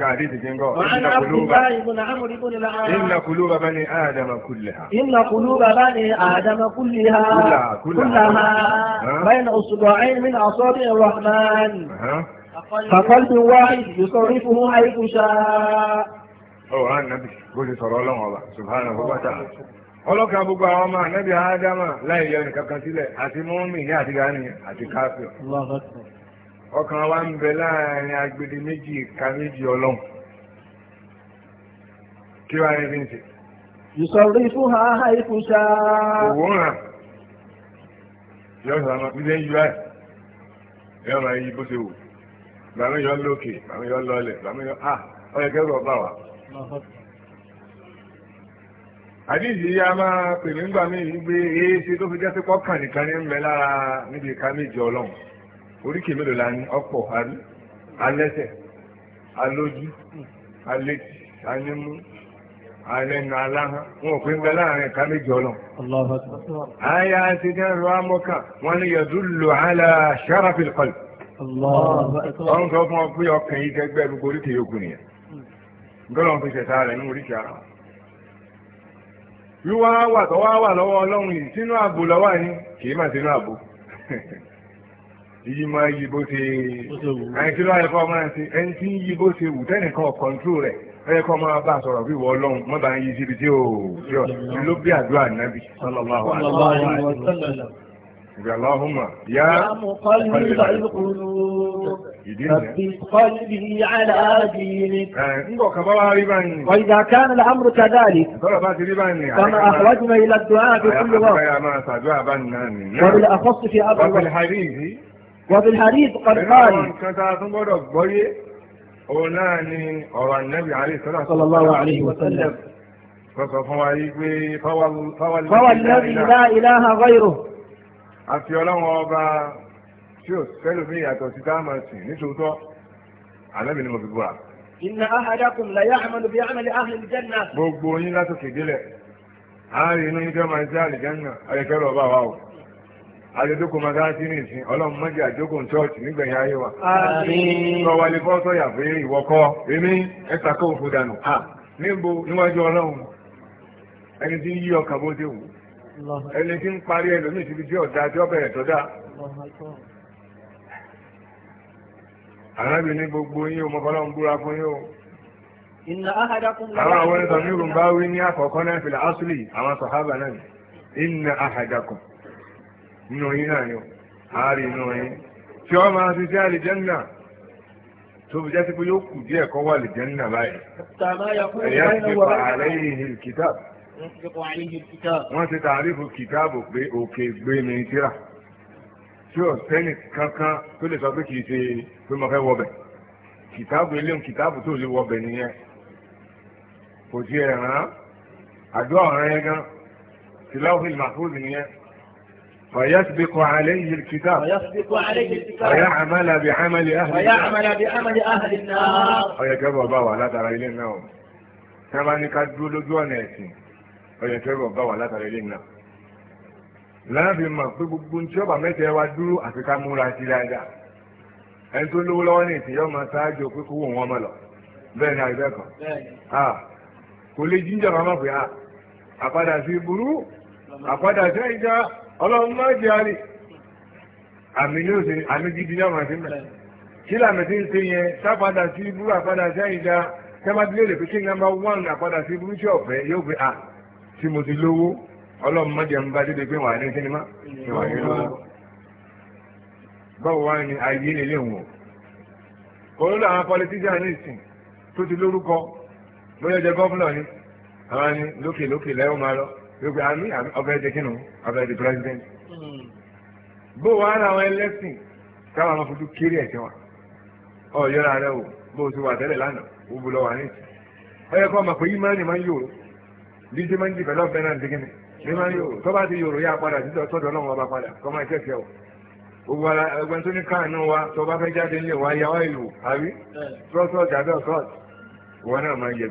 كحديث جنقو وعن عبد الله بن عمرو بن العاص إن قلوب بني آدم كلها إن قلوب بني آدم كلها كلها, كلها, كلها بين أصبعين من أصابع الرحمن فقلب واحد يصرفه حيث شاء أو عن النبي قل صلى الله سبحانه وتعالى ọlọ́kà gbogbo àwọn ọmọ ànábì ádámà láì yọ nìkan kan sílẹ̀ àti mọ́mì ní àti gani àti káfíọ̀ ọkàn wa ń bẹ láàrin agbede méjì ìka méjì ọlọ́run kí wàá ní bíntì. ìsọ̀rí fún ha ha ikú ṣá. òwò ń hàn yọ sàmà ilé ń yọ ẹ yọ máa yí bó ṣe wù bàmí yọ lókè bàmí yọ lọlẹ bàmí yọ à ah, ọyọ kẹrù ọba wa. àdìsí yá máa pè mí gbà mí yìí gbé èé ṣe tó fi jẹ́ sí pọ́kàn nìkan ní ń bẹ lára níbi ìka méjì ọlọ́run oríkèé mélòó la ní ọ̀pọ̀ àrí alẹ́sẹ̀ alójú alétí anímú alẹ́nu aláhán wọn ò pín bẹ láàrin ẹ̀ka méjì ọlọ. àyà àti dẹ́rù amọ́kà wọn ni yadullu ala sharafil qalb. ọ̀hún sọ fún ọ pé ọkàn yìí kẹgbẹ́ gbogbo oríkèé yòókù nìyẹn. gbọ́dọ̀ fi ṣẹ̀ta rẹ̀ nínú oríkèé ara wíwá wà tọ́wá wà lọ́wọ́ ọlọ́run yìí sínú ààbò lọ́wọ́ yìí kì í mà sínú ààbò yìí máa yí bó ṣe ẹni tí lọ́yẹ̀ kọ́ máa ṣe ẹni tí ń yí bó ṣe wù tẹ́nìkan kọ̀ǹtró rẹ̀ ẹ̀yẹ kọ́ máa bá sọ̀rọ̀ bí wọ́n lọ́hùn mọ́ bá ń yí síbi tí ó yọ ló bí àdúrà nábì wa وإذا كان الأمر كذلك فما أخرجنا إلى الدعاء في كل وقت وبالأخص في أبو الحديث وفي الحديث قد قال صلى الله عليه وسلم فوالذي لا إله غيره àfi ọlọ́run ọba tí ó fẹ́lú mi yàtọ̀ sí táàmà sí nítòótọ́ àlẹ́bí ni mo fi búra. inna ahadakum la ya'malu bi 'amali ahli al gbogbo yín látòkè délẹ̀ àárín inú yín fẹ́ máa ń sí àlìjánná àyẹ̀kẹ́ lọ́ọ́ wa o. àjọjókò mọ́sáàtì ní ìsìn ọlọ́run mọ́jì àjókò church nígbẹ̀yìn ayé wa. sọ wà ya fọ́ sọ́yà pé ìwọ́kọ́ èmi ẹ̀sà kó òfò dànù. níbo níwájú ọlọ́run ẹni tí ń yí ọkàn bó ṣe wù ẹni tí ń parí ẹlòmíì síbi tí ọ̀dà tí gbogbo yín o fún yín o. àwọn àwọn ẹ̀sán mi rùn bá wí ní àkọ́kọ́ náà nínú yín náà ni ó àárín inú yín tí wọ́n máa ṣiṣẹ́ àlìjẹ́nà tó fi jásí pé yóò kù díẹ̀ kọ́ wà àlìjẹ́nà báyìí ẹ̀yà ti pa àlẹ́yìn kìtàb wọ́n ti tààrífù kìtàbù pé òkè gbé mi tíra tí ò sẹ́nì kankan tó lè sọ pé kì í ṣe pé mo fẹ́ wọbẹ̀ kìtàbù eléhùn kìtàbù tó lè wọbẹ̀ nìyẹn kò sí ẹ̀ràn àdúrà ọ̀rẹ́ yẹn gan tìlọ́ọ̀fì màfúùsì nìyẹn. فيسبق عليه الكتاب فيسبق عليه الكتاب فيعمل بعمل أهل فيعمل بعمل أهل النار فيجب بابا لا ترى إليه النوم كما نكدو لجوانا يسين بابا لا ترى إليه النوم láàbì mọ̀ pé gbogbo ní ṣọ́ọ̀bà mẹ́ta ẹ wá dúró àti ká múra sí dáadáa ẹni tó lówó lọ́wọ́ ní ìsìn yóò máa ṣáájú pé kó wò wọ́n lọ bẹ́ẹ̀ ni àìbẹ́ kan kò lè jíjọba máa pè á àpadà sí burú àpadà sí àìjá ọlọ́run máa jẹ́ àrí àmì ní òsè àmì gidi náà máa ti mẹ́ kí làmì ti ń ṣe yẹn sápadà sí ibú àpadà sí àyíká sábàdílé rẹ̀ pé kí nàmbá wán àpadà sí ibú tí ọ̀fẹ́ yóò fi à tí mo ti lówó ọlọ́run máa jẹ́ ń bá dédé pé wà ní sinimá ni wà ní lówó. báwo wá ni ayé lè lè wọ̀ olórí àwọn pọlitíṣà ní ìsìn tó ti lórúkọ bóyá jẹ gọ́fúnà ni àwọn ni lókè lókè lẹ́yìn máa lọ yóò gbé àmì ọbẹ̀ ẹ̀jẹ̀ kínú ọbẹ̀ ẹ̀jẹ̀ president. Hmm. bó wàá ra àwọn ẹlẹ́sìn káwọn ọmọ fojú mafudu kiri wa ọ yọra rẹ o bó o ti wà tẹ́lẹ̀ lánàá o bù lọ wà ní ìsìn. ó yẹ kó ọmọ pé ìmánì máa ń yòrò bí máa ń náà ní ń yòrò tó bá ti yòrò yá padà sọ́dọ̀ ọlọ́run ọba padà kọ́ máa o tó ní wa tó bá fẹ́ jáde wa ìlú àbí wọn náà máa yẹ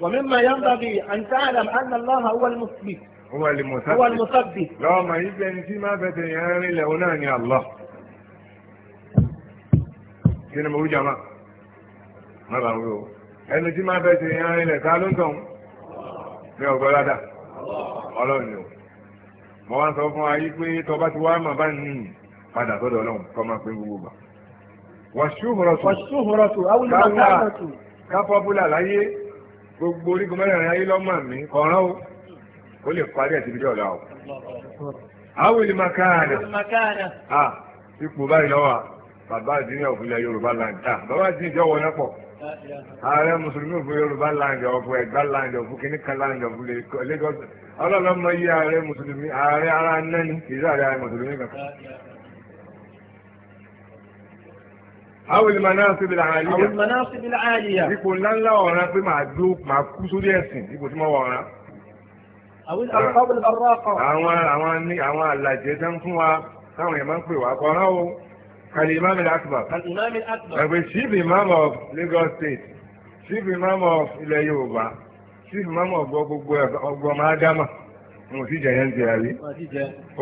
ومما ينبغي أن تعلم أن الله هو المثبت هو المثبت هو المثبت لا ما يبين في ما بتيان لوناني الله kí ni mo wújà máa má bàa wúlò ẹni tí máa bẹ ṣe yan ilẹ̀ ta ló ń tàn ní ọgbọ́n ládà ọlọ́run ni o mo wá sọ fún ayé pé tọba ti wá màbá nìyí padà sọ́dọ̀ ọlọ́run kọ́ máa pín gbogbo gbà. wàṣúhùrọ̀tù wàṣúhùrọ̀tù awúlùmọ̀tà ká pọ́pùlà láyé gbogbo orígun mẹ́rẹ̀ẹ̀rin ayé lọ́mọ mi kọ̀ọ̀rán o ó lè parí ẹ̀ síbi ọ̀la o. àwọn ìlú makana ipò báyìí lọ́wọ́ bàbá àdínní ọ̀gbìnlẹ̀ Yorùbá láǹtà bàbá àdínní ìjọ wọn pọ̀ ààrẹ mùsùlùmí òfin Yorùbá láǹdì ọ̀fọ̀ Ẹ̀gbá láǹdì ọ̀fọ̀ kìnnìkan láǹdì ọ̀fọ̀ Lagos ọlọ́lọ́mọ yí ààrẹ mùsùlùmí ààrẹ ara nẹ́ni kì ààrẹ mùsùlùmí kankan. àwọn ìmọ̀nàṣẹ́bí làálíyà. àwọn ìmọ̀nàṣẹ́bí làálíyà. ipò ńláńlá ọ̀ràn pé màá dó màá kú sórí ẹ̀sìn ipò tí mo wọ̀ ọ̀ràn. àwọn àwọn àwọn àwọn àwọn àlàjẹ tán fún wa táwọn èèyàn máa ń pè wá kọ́ra o kàlí imáàmì akbar. kàlí imáàmì akbar. ẹgbẹ́ chief imam of Lagos state chief imam of ilẹ̀ Yorùbá chief imam of gbogbo ọgbọ́n máa dámà wọn ò sì jẹ́ yẹn ti rà rí.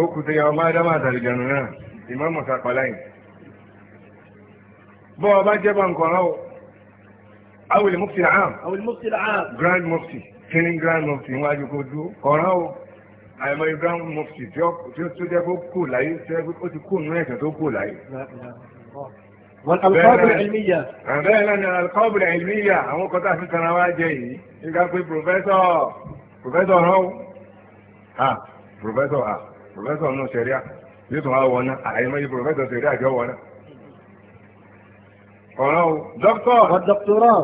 ó kù tẹ̀yà ọmọ ádámà àtàlìjànù náà ìmáàmù sàpàlà yìí bọ́ ọba jẹ́ bá nǹkan ọ̀rọ̀ awele mufti am awele mufti am grand mufti kíni grand mufti níwájú kó dúró ọ̀rọ̀ o àìmọye grand mufti tí ó tó jẹ́ kó kù láyé tí ó ti kù nínú ẹ̀sẹ̀ tó kù láyé. والألقاب العلمية فعلا الألقاب العلمية هم قطع في السنوات جاي يقول في بروفيسور بروفيسور هو ها بروفيسور ها بروفيسور نو شريعة يتوها ونا أعلمي بروفيسور شريعة جو ونا ọ̀rọ̀ o dọ́kítọ̀. wọ́n dọ́kítọ̀rọ̀.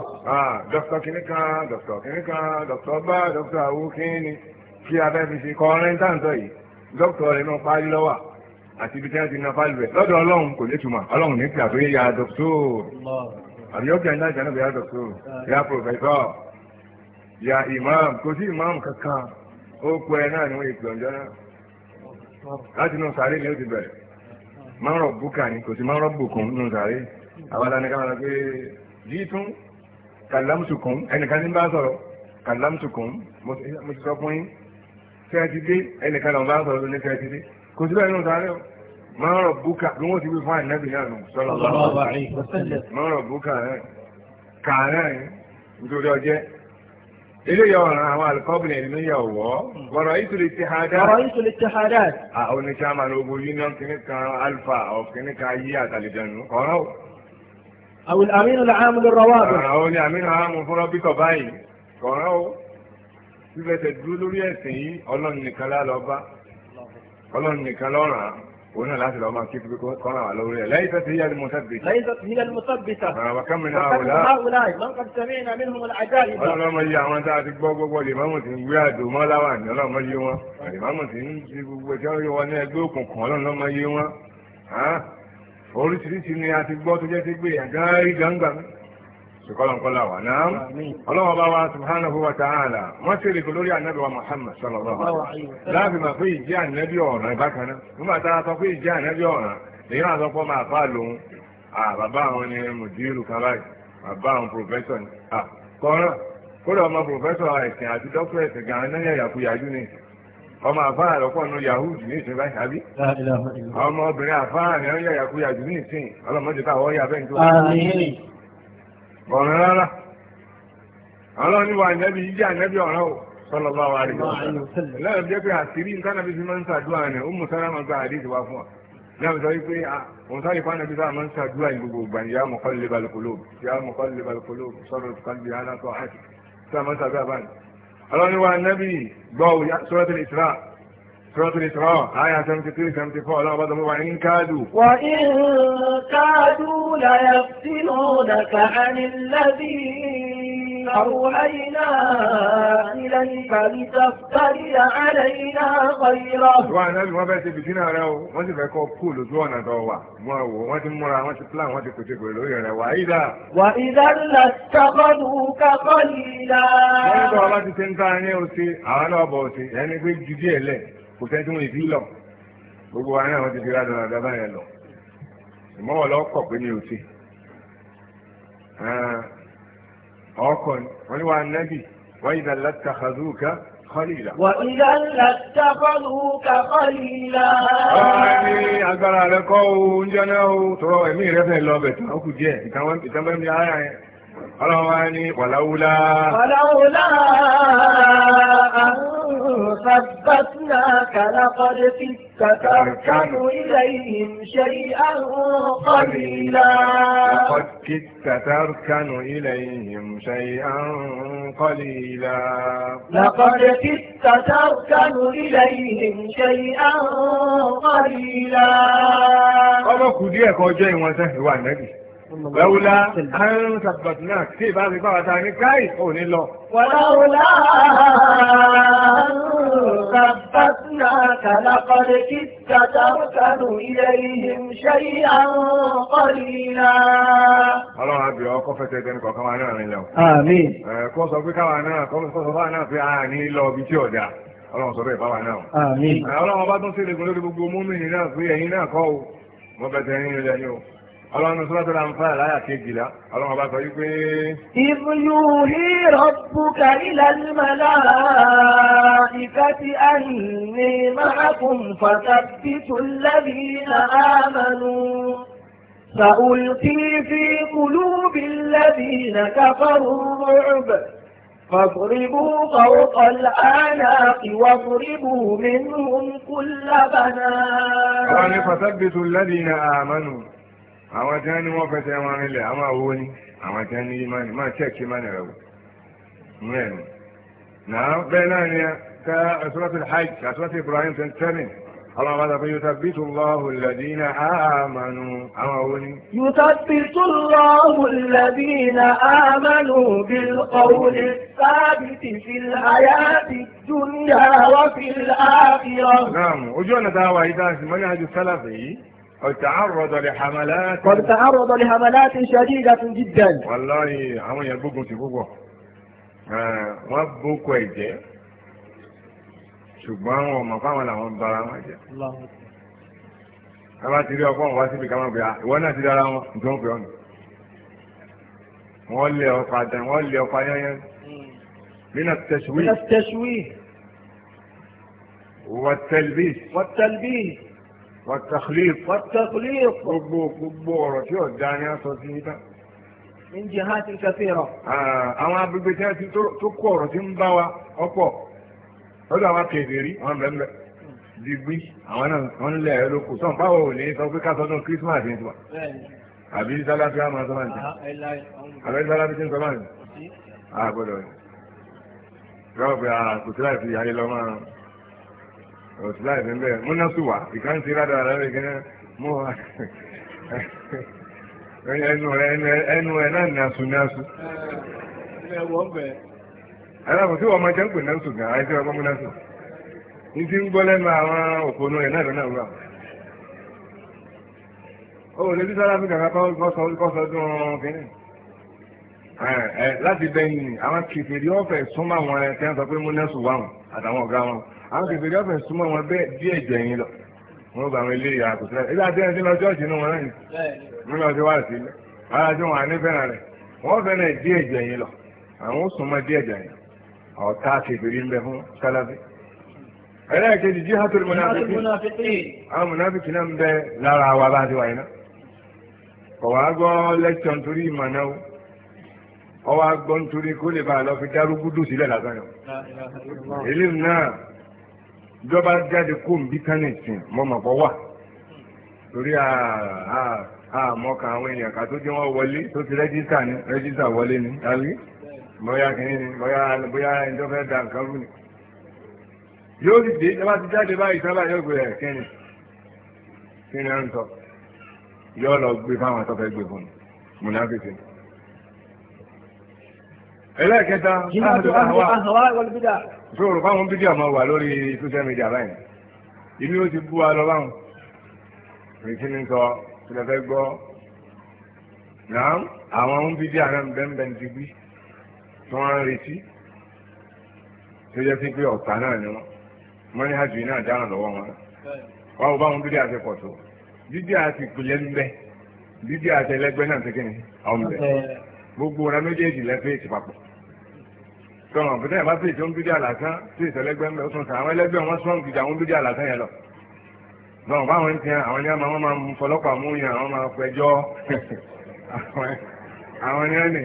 dọ́kítọ̀ kìíní kan dọ́kítọ̀ kìíní kan dọ́kítọ̀ bá dọ́kítọ̀ àwo kìíní kí abẹ́ fi ṣe kọ́ ọ̀rẹ́ táǹtọ̀ yìí dọ́kítọ̀ rẹ̀ náà parí lọ́wà àti ibi tí wọ́n ti na fáìlì rẹ̀ lọ́dọ̀ ọlọ́run kò lè túmọ̀ ọlọ́run ní kíá tó yẹ ya dọ́kítọ̀ àbí ó kẹ́ńdá ìjà náà bí ya dọ́kítọ̀ ya pòfẹ́sọ̀ ya imam kò sí imam kankan ó pẹ́ náà ni wọ́n yẹ gbọ̀njọ́ náà láti nù sàárè ni ó ti bẹ̀rẹ̀ márùn-ún bùkà ni kò sí márùn-ún bùkún nù sàárè àwọn àdáni ká máa pé yìí tún kàlámùsùkùn ẹnìkan ní bá sọ̀rọ̀ kàlámùsùkùn mo ti sọ fún yín fẹ́ẹ́ ti dé ẹnìkan náà bá sọ̀rọ̀ ní fẹ́ẹ́ ti dé kò síbẹ̀ nínú sáré o máa rọ̀ búkà bí wọ́n ti wí fún àìnẹ́bì náà nù sọ́lọ́ máa rọ̀ búkà náà kà náà nítorí ọjẹ́ eléyà ọ̀ràn àwọn alikọ́bìnrin ẹ̀mí yà wọ́ wọ́rọ̀ ìtòlè ti ha dá. wọ́rọ̀ ìtòlè ti ha dá. àwọn oníṣẹ́ àmàlà ogun union kìnnìkan alpha of kìnnìkan ayé àtàlẹ́dẹ̀nu ọ̀rọ̀ àwọn àmínú làámu lè rọwọ́ àbẹ̀. àwọn ni àmínú àmú fúnra bíkọ̀ báyìí kọ̀ọ̀rán o fífẹsẹ̀ dúró lórí ẹ̀sìn yìí ọlọ́run nìkan lálọ́ bá ọlọ́run nìkan lọ́ràn òun náà láti lọ máa kí pípé kọ́nà wà lórí ẹ̀ lẹ́yìn tẹ́sí yíyá ni mo sábẹ̀. lẹ́yìn tẹ́sí yíyá ni mo sábẹ̀ ta. àwọn akámi náà wò láà. ọlọ́mọ yìí àwọn tá a ti gbọ́ gbogbo lèmọ́mù ti ń gbé àdó oríṣiríṣi ni a ti gbọ́ tó jẹ́ ti gbé àgárí gbangba ṣùkọ́lọ̀kọ́lá wà náà ọlọ́wọ́n bá wa subhanahu wa ta'ala wọ́n ṣe wa muhammad sallallahu láàbì máa pé ìjẹ́ ànábì ọ̀ràn bákan náà nígbà tá a sọ pé ìjẹ́ ànábì ọ̀ràn èyí náà sọ pé ọmọ àbá bàbá àwọn ni mùdírù kábàáyì bàbá àwọn pòfẹ́sọ̀ ni kọ́ràn kódà ọmọ pòfẹ́sọ̀ ẹ̀sìn àti dọ́kítọ̀ ẹ̀sìn gan-an náà ọmọ àfáà lọ́pọ̀ nù yahoo ní ìsìn báyìí àbí. ọmọ obìnrin àfáà ni ó ń yàyà kú yàjú ní ìsìn ọlọ́mọdé káwọ́ yà bẹ́ẹ̀ tó. ọ̀ràn rárá ọlọ́run ní wa ànábì yíyí ànábì ọ̀ràn o sọlọ bá wa rí. lẹ́yìn jẹ́ pé àṣírí nǹkan àbí fi máa ń ṣàdúrà ni ó mú sára máa gba àdéhùn wa fún wa náà sọ wípé òun sáré fún ànábì sáà máa ń ṣàdúrà ní gbogbo ìgbà ìyá mọ̀kọ́lẹ́balùkọ́lọ́ ìyá mọ̀kọ́lẹ́balùkọ́lọ́ sọ̀rọ̀ kálí alákọ̀ọ́ àti sáà máa ń ṣàdúrà báyìí ọlọ́niwá nẹ́bí gbọ́ Suratul Isra سورة الإسراء آية 73 74 الله بعضهم وإن كادوا وإن كادوا ليفتنونك عن الذي أوحينا إليك لتفتري علينا غيره وأنا أبي ما بس بسنا راو ما تبقى كل زوانا توا ما هو ما تمرا ما تبلا ما تكتب ولا وإذا وإذا لاتخذوك قليلا ما تبغى تسنتاني أوسي أنا بوسي يعني بيجي ليه kò sẹ́ni tí wọ́n fi lọ gbogbo wa náà wọ́n ti fi ra dandan dandan yẹn lọ ìmọ̀wọ̀ lọ kọ̀ pé mi ò ṣe ah, ọkọ̀ ni wọ́n ní wa nẹ́bì wọ́n yìí dàlá takàdúkà kọ́lìlà. وَإِذًا لَاتَّخَذُوكَ خَلِيلًا. ọ̀rọ̀ ni agbára rẹ kọ́ o oúnjẹ náà o tọrọ ẹ̀mí rẹ fẹ́ lọ bẹ̀tẹ̀ ó kù díẹ̀ ìtàn mi ara yẹn. ọlọ́run ni wàláwúlá. wàláwúlá. ثبتناك لقد كدت تركن إليهم شيئا قليلا لقد كدت تركن إليهم شيئا قليلا لقد كدت تركن إليهم شيئا قليلا ọmọkùnrin ẹ̀kọ́ ọjọ́ ìwọ̀n sẹ́yìn wà Wẹ́wúlá àrùn sàbàtì náà tí ìbá fi báwa ta ní káì ò ní lọ. Wẹ́wúlá àrùn sàbàtì náà kàlákọ̀lẹ̀ kí tàtà kánú ilé ìhìn ṣe àwọn ọ̀rìnà. Ọlọ́run àbí ọkọ̀ fẹsẹ̀ tẹnu kọ̀ọ̀kan wa náà nílẹ̀ o. Àmín. Kọ́ sọ pé káwa náà kọ́ sọ fáwa náà pé a ní lọ ibi tí ọ̀dà. Ọlọ́run sọ bẹ́ẹ̀ bá tún náà pé ẹ̀yin náà kọ́ o. اللهم صلاة الأنفال آية كجلة اللهم بقى فيك إذ يوهي ربك إلى الملائكة أني معكم فثبتوا الذين آمنوا سألقي في قلوب الذين كفروا الرعب فاضربوا فوق الآناق واضربوا منهم كل بنات. بنان فثبتوا الذين آمنوا àwọn tí wọ́n ní wọ́n fẹsẹ̀ wọn rinlẹ̀ àwọn àwo ni àwọn tí wọ́n ní ìmánì máa chẹ́ẹ̀kì ìmánì rẹ̀ wò mẹ́rin náà bẹ́ẹ̀ náà ni ká asúrọ́tì hajj asúrọ́tì Ibrahim twenty seven àwọn àwọn àgbà yóò tàbí tó lọ́hùn lẹ́dínà àmànù àwọn àwo ni. yóò tàbí tó lọ́hùn lẹ́dínà àmànù bí ọ̀hún sábìtì fi àyàtì dúnyà wá fi àfihàn. náà ojú ọ̀nà táwa yìí dáhùn sí mọ́nà àjù sálàfẹ́ yìí. قد تعرض لحملات قد تعرض لحملات شديدة جدا والله àwọn yẹn gbógun ti gbogbo wọ́n bókọ ẹ̀jẹ̀ ṣùgbọ́n àwọn ọmọ fáwọn làwọn bara wọn jẹ́ a bá ti rí ọkọ̀ wá síbi kàmá pé ìwọ náà ti dára wọn nítorí pé ọ̀nà wọ́n lé ọkọ̀ àtẹ wọ́n lé ọkọ̀ ayẹyẹ nínú tẹ̀síwì. wọ́n tẹ̀lbí. wọ́n tẹ̀lbí wàtàkìlìf wàtàkìlìf gbogbo gbogbo ọ̀rọ̀ tí ò da ni a sọ sí ibà. ǹjẹ́ ha ti kàfé rọ. àwọn agbègbè tí a ti tó kó ọ̀rọ̀ tí ń bá wa ọ̀pọ̀ lọ́dọ̀ àwọn akéde rí àwọn bẹ̀rẹ̀ digbí àwọn náà wọ́n ń lẹ̀ ẹ́ lóko sọ̀n báwo ò ní sọ pé ká sọdún kírísímàsì ní tiwa. àbí sálábí àmọ́ sọ́mà ní. àbí sálábí tí ń sọ́mà ní. àgbọ̀dọ̀ rẹ̀ rọ́ọ̀bù àkùtìláì fi ayé lọ́mọ́ òtù láì fi bẹ́ẹ̀ múná ti rádà rẹ̀ rẹ̀ gẹ́gẹ́ mú ẹnu ẹnu náà tí wọ́n máa jẹ́ ń pè náà sùn gan àìsí ọgbọ́n múná sùn. ti ń gbọ́ lẹ́nu àwọn kèfèrè ọ̀fẹ́ súnmọ́ wọn bẹ́ẹ̀ bí ẹ̀jẹ̀ yín lọ wọn gba àwọn eléyìí àkókò rẹ̀ ilé àti ẹni tí lọ ṣọ́ọ̀ṣì inú wọn náà ni wọn lọ sí wá sí ilé ara tí wọn àní fẹ́ràn rẹ̀ wọn fẹ́ràn dí ẹ̀jẹ̀ yín lọ àwọn súnmọ́ dí ẹ̀jẹ̀ yín ọ̀tá kèfèrè ń bẹ fún sálábí. ẹlẹ́ẹ̀kejì jí hàtòrò mọ̀nàfíkì àwọn mọ̀nàfíkì náà ń kó lè bá a lọ fi dárúgúdù sílẹ̀ lásán yọ. eléyìí náà jọba jáde kó nbí kánẹ̀sìn mọ́mọ́pọ̀ wà torí àmọ́ka àwọn èèyàn ká tó jẹ́ wọ́n wọlé tó ti rẹ́jísà ní wọlé ní àbí bóyá kìíní ni bóyá bóyá ẹjọ́ fẹ́ da nǹkan rú ni. yóò sì dé ìjọba ti jáde báyìí sábà yóò gbé ẹ̀ kíni kíni ẹ̀ ń sọ yóò lọ gbé fáwọn àtọ́fẹ́ gbé fún un mùnàfíìsì ẹlẹ́ẹ̀kẹta. jìnnà tó ahùwà ahùwà fún òrùka àwọn fídíò àmọ́ wà lórí social media báyìí ìlú ó ti bú wa lọ báwọn rìkí ní sọ tilẹ̀ fẹ́ gbọ́ náà àwọn ohun fídíò àná bẹ́ẹ̀ ti gbí tí wọ́n ń retí tó jẹ́ sí pé ọ̀tá náà ni wọ́n wọ́n ní hajj náà dáhùn lọ́wọ́ wọn wọ́n wọ́n báwọn bídíò àti pọ̀ tó bídíò àti ìpìlẹ̀ ń bẹ bídíò àti ẹlẹ́gbẹ́ náà ti kí ọ̀nbẹ gbogbo ọ̀rá méjèèjì lẹ́fẹ̀ẹ́ ti papọ̀ tọ̀nà bùtẹ́ yẹn bá fi ìjọ ń bídí àlàsán sí ìtẹ̀lẹ́gbẹ́ ń bẹ̀ sùn sàn àwọn ẹlẹ́gbẹ́ wọn sọ̀n gidi àwọn bídí àlàsán yẹn lọ. lọ́wọ́ báwọn ń tiẹ̀ àwọn ní àmọ́ wọn máa ń fọlọ́pàá mú yẹn àwọn máa pẹjọ́ àwọn ní ẹnì.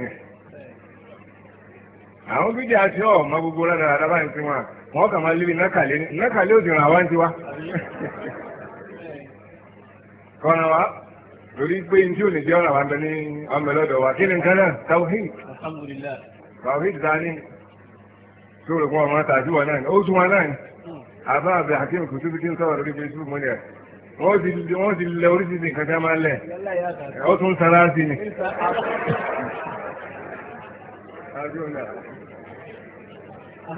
àwọn bídí àti ọ̀ mọ gbogbo ládàá dábà ń ti wọn wọn kà máa lébi nákàlẹ́ nákàlẹ́ òdì ràn wá ń ti wá. kọ́nà wa lórí pé ntí ò jẹ́ ọ̀nà wa bẹ ní ọmọ ẹlọ́dọ̀ wa kí ni nǹkan náà tawhid. alhamdulilayi. tawhid dání tó rò pọ̀ wọn tàbí wọn náà ó tún wọn náà àbá àbẹ̀ hakeem kò síbi kí n sọ̀rọ̀ lórí facebook mọ́lẹ̀ wọ́n ti wọ́n ti lẹ oríṣiríṣi nǹkan tí a máa ń lẹ̀ ó tún sara sí ni.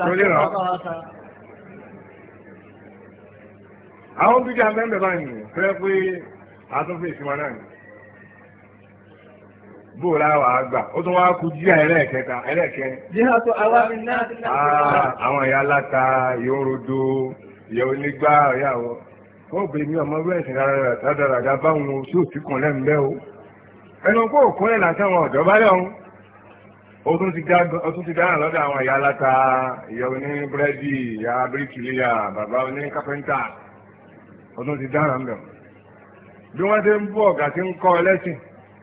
Torí rà àwọn bíjà mẹ́mẹ́ báyìí fẹ́ pé àtúnfẹ́ ìsinmi náà ni. bóòlá wà á gbà ó tún wá kú jíà ẹlẹ́ẹ̀kẹta ẹlẹ́ẹ̀kẹrin. jíà tó awárí náà ti náà. Ah, àwọn ìyá aláta ìyá onígbà ìyàwó mi ọmọ bẹ́ẹ̀ sì rárá báwọn oṣù tí kàn o ẹnu kó òkú ẹ̀ àwọn ọ̀dọ́ bá lẹ́hún ó tún ti dáhà lọ́dọ̀ àwọn ìyá aláta ìyá oní búrẹ́dì ìyá bíríkìlíyà bàbá oní ó tún ti dáhà bí wọ́n ti ń bú ọ̀gá tí ń kọ́ ẹlẹ́sìn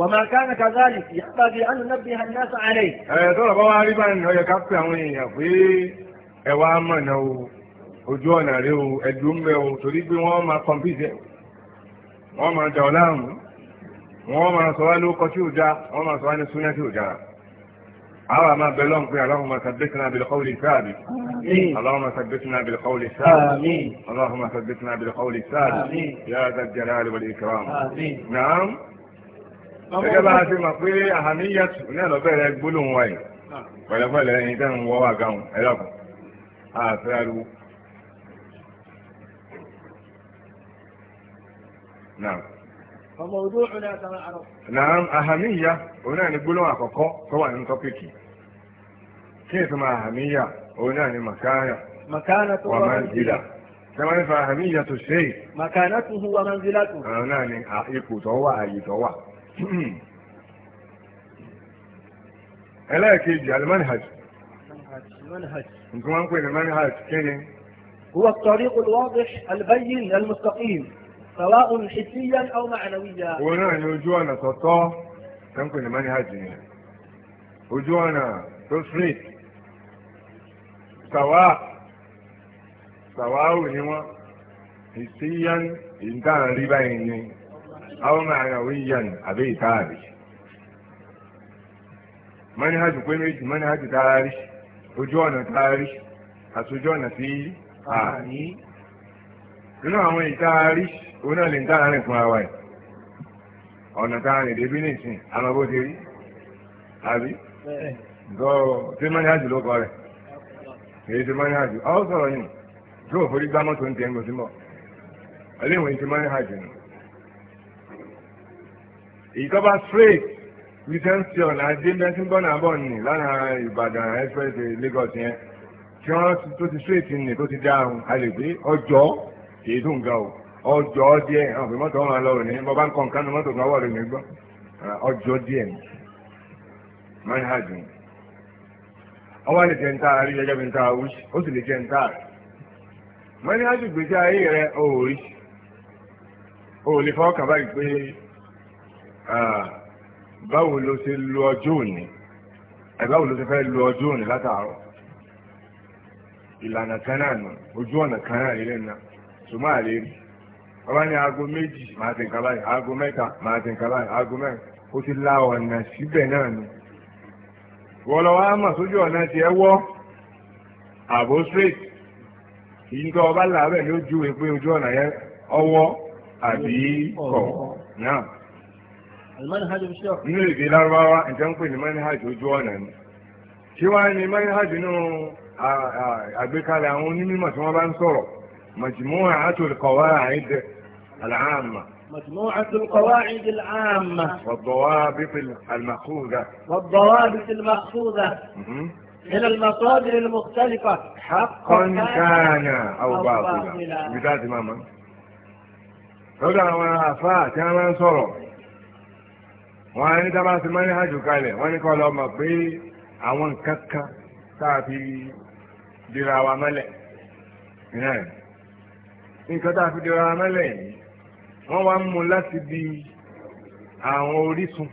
وما كان كذلك ينبغي أن ننبه الناس عليه ترى بواربا أنه يكفي عوني يقول ẹwà náà o ojú ọ̀nà rẹ o ẹ̀dùn mẹ́ o torí وما wọ́n máa kọ̀mpútẹ̀ wọ́n máa dà ọ́ láàmú ما máa sọ اللهم ثبتنا بالقول الثابت اللهم ثبتنا بالقول الثابت اللهم ثبتنا بالقول الثابت يا ذا الجلال والإكرام نعم gẹ́gẹ́ bá a ti mọ̀ pé àhàmíyàtù náà lọ bẹ̀rẹ̀ gbólóhùn wa yìí pẹ̀lẹ́pẹ̀lẹ́ ẹni tẹ́ ń wọ́ wà gáhùn ẹ̀dàkùn àfẹ́ ariwo. Nàám àhàmíyà òun náà ni gbólóhùn àkọ́kọ́ tó wà nínú tọ́pìkì. Kí ni ìtumọ̀ àhàmíyà òun náà ni màkáyà wà máa ń jìlá. Sẹ́wọ́n nípa àhàmíyà tó ṣe é. Màkánà tó máa ni ipò tó wà àyè tó ẹlẹ́ẹ̀kejì alimanhaj manhaj nǹkan máa ń manhaj هو الطريق الواضح البين المستقيم سواء حسيا او معنويا. هنا يوجونا تطا تنكن منهج يوجونا تصريف سواء سواء هو حسيا انتهى ربا aw ma'nawiyan àbí ìtaàrí manhajù pé méjì manhajù taari ojú ọ̀nà taari àti ojú taari, sí àní nínú àwọn ìtaari òun náà lè ń tààrí fún ara ẹ̀ ọ̀nà taari débí nìsín alábó ti rí àbí gbọ́ tí manhajù ló kọ rẹ̀ èyí ti manhajù ọ̀ sọ̀rọ̀ yìí tí èyí tó straight retention àti mẹsìngbọ́nà bọ̀ nì lánàá ìbàdàn express Lagos yẹn tí wọ́n tó ti straight nì tó ti dáhùn a lè ọjọ́ èyí ga o ọjọ́ díẹ̀ àwọn òfin mọ́tò wọn lọ òní bọ́ bá ń kọ́ nǹkan ní mọ́tò kan wọ̀ lónìí gbọ́ ọjọ́ díẹ̀ ni manhajù ọwọ́ lè jẹ́ ń tàà rí gẹ́gẹ́ bí ń tàà wíṣ ó sì lè jẹ́ ń báwo ló ṣe lu ọjọ́ òní báwo ló ṣe fẹ́ lu ọjọ́ òní látàárọ̀ ìlànà kan náà nù ojú ọ̀nà kan náà lè nà ṣùgbọ́n àlè rí ọba ní aago méjì máa ti nǹkan báyìí aago mẹ́ta máa ti nǹkan báyìí aago mẹ́rin ó ti la ọ̀nà síbẹ̀ náà nù wọ́n lọ mọ̀ sójú ọ̀nà tiẹ̀ nínú èdè lárúbáwá nǹkan ń pè ní manhaj ojú ọ̀nà ni kí wá ní manhaj nínú àgbékalẹ̀ àwọn onímọ̀ tí wọ́n bá ń sọ̀rọ̀ majmu'a atul qawaid al-amma مجموعة القواعد العامة والضوابط المأخوذة والضوابط المأخوذة من المصادر المختلفة حقا كان أو باطلا بذات ماما lọ́dọ̀ àwọn àfáà tí wọ́n máa ń sọ̀rọ̀ wọ́n á ní dábàá sí mọ́níhàjù kalẹ̀ wọ́n ní kọ́ lọ mọ̀ pé àwọn nǹkan kan tá a fi dira wa mọ́lẹ̀ nǹkan tá a fi dira mọ́lẹ̀ yìí wọ́n wá ń mú láti bi àwọn orísun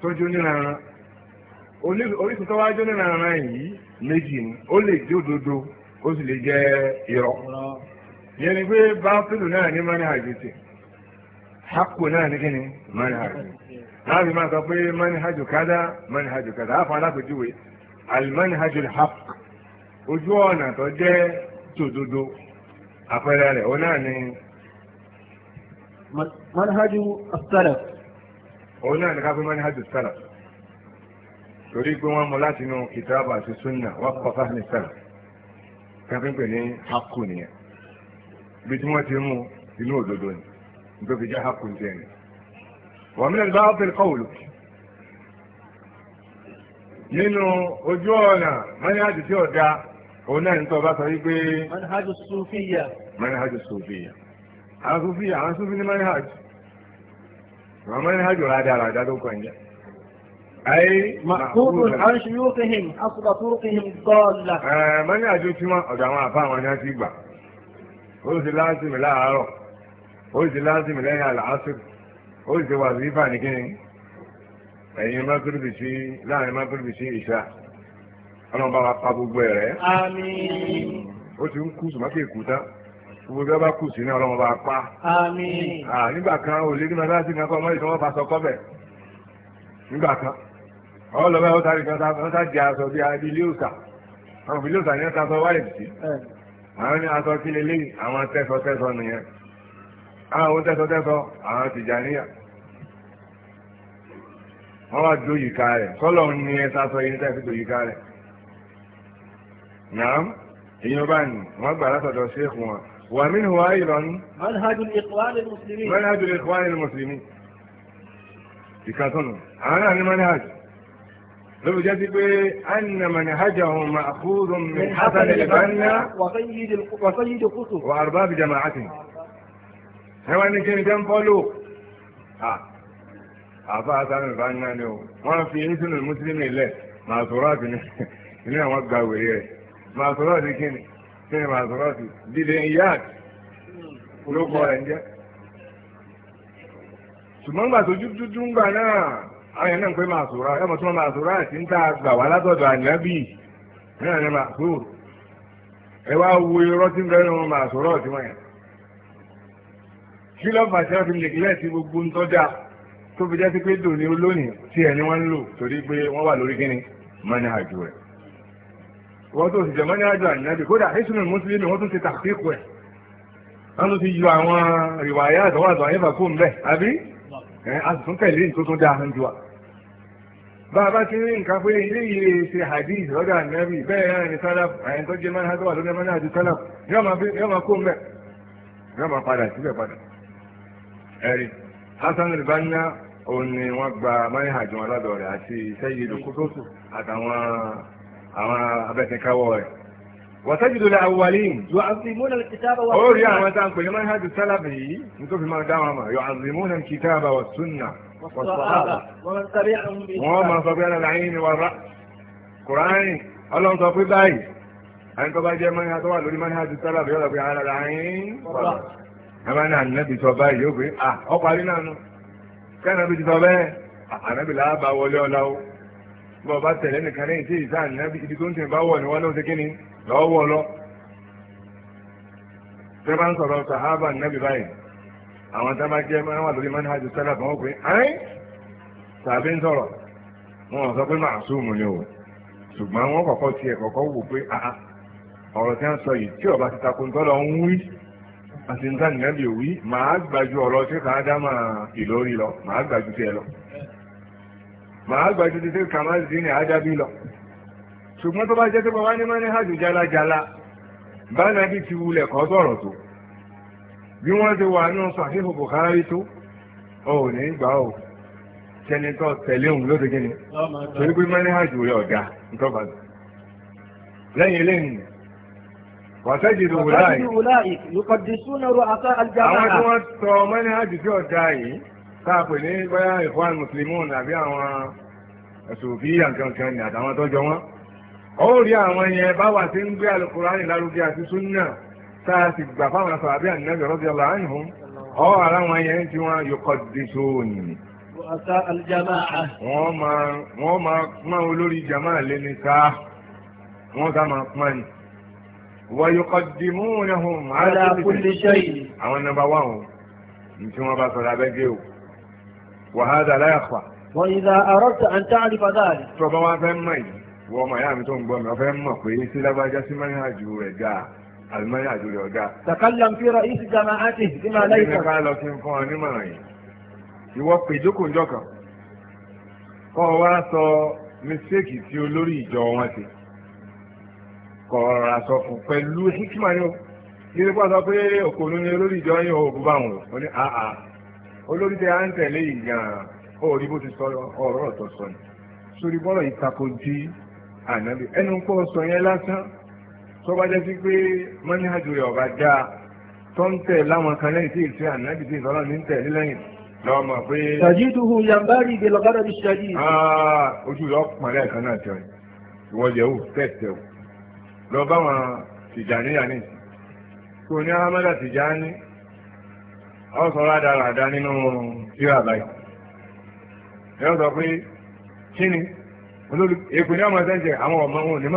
tó jó níranran orísun tó wá méjì ni ó lè jó dodo ó sì lè jẹ́ irọ́ yẹn ni pé ní náà ní kíni láàbí máa sọ pé manhajù kádá manhajù kádá àfọ alápèjúwe alimanhajù haq ojú ọ̀nà tó jẹ́ tòdodo àpẹẹrẹ rẹ̀ òun náà ni. manhajù as-salaf. òun náà ni ká pé manhajù as-salaf torí pé wọ́n mú láti inú kìtàbù àti sunna wọ́n kọ́ fáhìmì salaf káfíń pè ní haqu nìyẹn bí tí wọ́n ti mú inú òdodo ni nítorí jẹ́ haqu nìyẹn. ومن الباطل قولك nínú ojú ọ̀nà mọ́níhàjù tí ọ̀dà òun náà nítorí ọba sọ wípé. mọ́níhàjù sùfìyà. mọ́níhàjù sùfìyà. àwọn sùfìyà àwọn sùfì ní mọ́níhàjù. àwọn mọ́níhàjù rádaràdá tó kàn jẹ́. أي مأخوذ عن شيوخهم أصل طرقهم الضالة mọ́níhàjù tí wọ́n ọ̀dọ̀ àwọn àfáà wọn ni gbà ó sì láàárọ̀ ó sì lẹ́yìn ó sì wà sífà ní kíni ẹ̀yin mákúrúbì sí láàrin mákúrúbì sí ìṣá ọlọ́run bá wa pa gbogbo ó ti ń kú sùmọ́kì gbogbo bá kù sí ní ọlọ́run bá pa nígbà kan ò lé ní kan ọmọ ìṣọwọ́ bá sọ kọ́bẹ̀ nígbà kan ọlọ́bẹ̀ ó tàbí kan wọ́n sá di aṣọ bí ilé òòsà àwọn ilé òòsà ni wọ́n ta sọ wáyé sí àwọn na aṣọ kí lélẹ́yìn àwọn tẹ́sọ àwọn tẹ́sọtẹ́sọ àwọn tìjàníyà wọ́n wá dó yìíká rẹ̀ sọ́lọ̀ ní ẹ sásọ yìí tẹ́sí tó yìíká rẹ̀ nàám èyí bá ní wọ́n gbà látọ̀dọ̀ ṣéèkù wọn wà nínú wa ìlọ ní. manhajul ikhwanil muslimin. manhajul ikhwanil muslimin. ìkàtọ̀nù àwọn náà ní manhaj lóbi jẹ́ sí pé anna manhajahum ma'khudhun min hasan al-banna wa sayyid al-qutb wa arbab jama'atihi. ẹwà ní kíni tẹ́ ń fọ́lò àfa asanu ìbá ńlá o wọ́n fi ìsúnú mùsùlùmí lẹ màá sọ̀rọ̀ ní ilé àwọn gba wèrè màá sọ̀rọ̀ àti kíni kíni màá sọ̀rọ̀ ń ṣùgbọ́n dúdú ń gbà màá sọ̀rọ̀ àti ń ta gbà wá látọ̀dọ̀ màá ẹ wá wo irọ́ tí ń bẹ́ẹ̀ kí ló fà sẹ́wọ́n fi neglect gbogbo ń tọ́jà tó fi jẹ́ sí pé dòní olónìí tí ẹni wọ́n ń lò torí pé wọ́n wà lórí kíni mọ́ni àjò rẹ̀ wọ́n tó sì jẹ́ mọ́ni àjò ànínábì kódà hísùnù mùsùlùmí wọ́n tún ti tàkíkù ẹ̀ wọ́n tún ti yọ àwọn ìwàyà àtọwọ́ àtọwọ́ àyẹ̀fà kó ń bẹ̀ àbí a sì tún tẹ̀lé nǹkan tó dáa ń ju wa bàbá ti rí nǹkan pé ilé ilé ṣe hadith lọ́dọ̀ ànábì bẹ́ẹ̀ náà ni mọ́ni àjò wà lórí mọ́ni àjò ẹ̀rí hasan ribanna òun ni wọ́n gba manhaj wọn lọ́dọ̀ àti sayyidu kutubu àtàwọn àwọn abẹ́sẹ̀káwọ́ rẹ̀ wàtẹ́jìdò lè awàlín yóò azimúnà kìtàbà wà ó rí àwọn tá à ń pè ní yìí nítorí máa dá wọn yóò sunna wọ́n sọ ni ọlọ́run sọ báyìí bá jẹ́ wà lórí yóò lọ ẹ̀ma náà ànábì sọ báyìí yóò pé à ọ parí náà nù kí ànábì ti sọ bẹ́ẹ̀ ànábì làábà wọlé ọ̀la o bí ọba tẹ̀lé nìkan lẹ́yìn tí ìsá ànábì ibi tó ń tẹ̀ bá wọ̀ ni wọ́n náà ni lọ́wọ́ wọ̀ lọ. tẹ́ bá ń sọ̀rọ̀ sàhábà ànábì báyìí àwọn tá a bá jẹ́ máa wà lórí pé ẹ́ tàbí ń sọ pé màásùmù ni o ṣùgbọ́n wọn kọ̀kọ́ tiẹ̀ kọ̀kọ́ wò pé ọ̀rọ̀ tí wọ́n sọ yìí tí ọba ti àti nǹkan nǹkan bí òwí màá gbàjú ọ̀rọ̀ tí kàá dámà ìlórí lọ màá gbàjú tí ẹ lọ màá gbàjú tí kàmá sí ní àjábí lọ ṣùgbọ́n tó bá jẹ́ tó bá wá ní mọ́ ní hajj jalajala bánà bí ti wulẹ̀ kọ́ sọ̀rọ̀ tó bí wọ́n ti wà ní Sahihu Bukhari tó ò ní gbà ó tẹni tó tẹ̀lé òun lóde gíní torí pé mọ́ ní hajj rẹ̀ ọ̀dà ń tọ́ba lẹ́yìn lẹ́yìn wàtẹ́jìdì wùláì yùkọ̀dìsúnà rọ̀àtà àjàmà. àwọn tí wọ́n sọ mọ́ni àjù tí ọ̀dà yìí káàpù ní bóyá ìfọ́n mùsùlùmí àbí àwọn ẹ̀sùnfíyà kankan ni àtàwọn tọ́jọ́ wọn. ó rí àwọn yẹn báwa tí ń gbé alukurani lárugẹ àti súnà tá a sì gbà fáwọn sàbí ànínábì ọ̀rọ̀bí ọ̀la ànihùn. ọ̀ ara wọn yẹn tí wọ́n yùkọ̀dìsúnì. rọ̀àtà àjàmà. wọ́n máa wọ́n máa ويقدمونهم على كل شيء او نبواهم انتم بصر ابجيو وهذا لا يخفى واذا اردت ان تعرف ذلك فبوا فهمي وما يامتون بما فهم كويس لباجا سمن هاجو رجا المنهج الوجا تكلم في رئيس جماعته بما ليس قالوا تنفعني معي يوقف جوكم جوكم kọ́ wa sọ mistake tí kọ̀ọ̀rọ̀ sọ fún pẹ̀lú hikima yóò yíyí pọ̀ sọ pé òkòlù ni olórí ìjọ yín òògùn bá wọn ò ní àhà olórí tẹ à ń tẹ̀lé ìyàn òòrí bó ti sọ ọ̀rọ̀ ọ̀tọ̀ sọ ni sórí bọ́lọ̀ ìtakò di ànábì ẹnu pọ̀ sọ yẹn lásán tó bá jẹ́ sí pé mọ́níhàjú rẹ̀ ọ̀bá dá tó ń tẹ̀ láwọn kan lẹ́yìn tí ìfẹ́ ànábì tí ìfẹ́ ọlọ́run ń tẹ̀ nílẹ́yìn lọ́mọ pé. tàjídùhù yambari ìgbélọ́gádọ́ lọ bá wọn tìjàníyà kò ní ahamada tìjàní ọ sọ nínú tíra báyìí ẹ sọ pé kí ni olórí èpè ní ọmọ sẹ́ńtẹ̀ àwọn ọmọ ni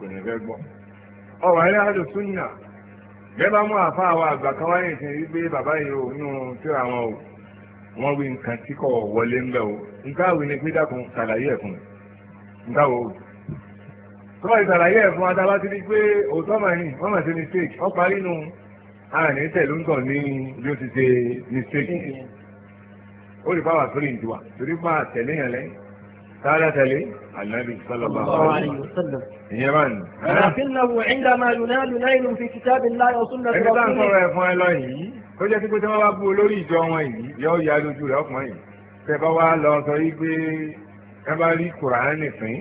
kò ní fẹ́ gbọ́ ọwọ́ ayé àjò bẹ́ẹ̀ bá mú àfa àwọn àgbà kan wáyé ìsìn bàbá yìí ò wọn o wọ́n wí nǹkan tí kò wọlé ń bẹ̀ o nǹkan àwìn ni pé dákun ṣàlàyé ẹ̀ fún mi nǹkan wo tó bá ti ṣàlàyé ẹ̀ fún adábá ti rí pé òótọ́ mà ní wọ́n mà ṣe mistake wọ́n parí nù àní tẹ̀lú nǹkan ní bí ó ti ṣe mistake ó lè fáwọn àtúrò ìdùwà torí fún àtẹ̀lé yẹn lẹ́yìn sáárá tẹ̀lé النبي صلى الله عليه وسلم يمن ولكنه عندما ينال نيل في كتاب الله وسنة رسوله ẹni tá ń sọ̀rọ̀ ẹ̀fọn ẹ lọ yìí ó bá bú olórí tẹ́bá wá lọ sọ yí pé ẹ rí kùránì fín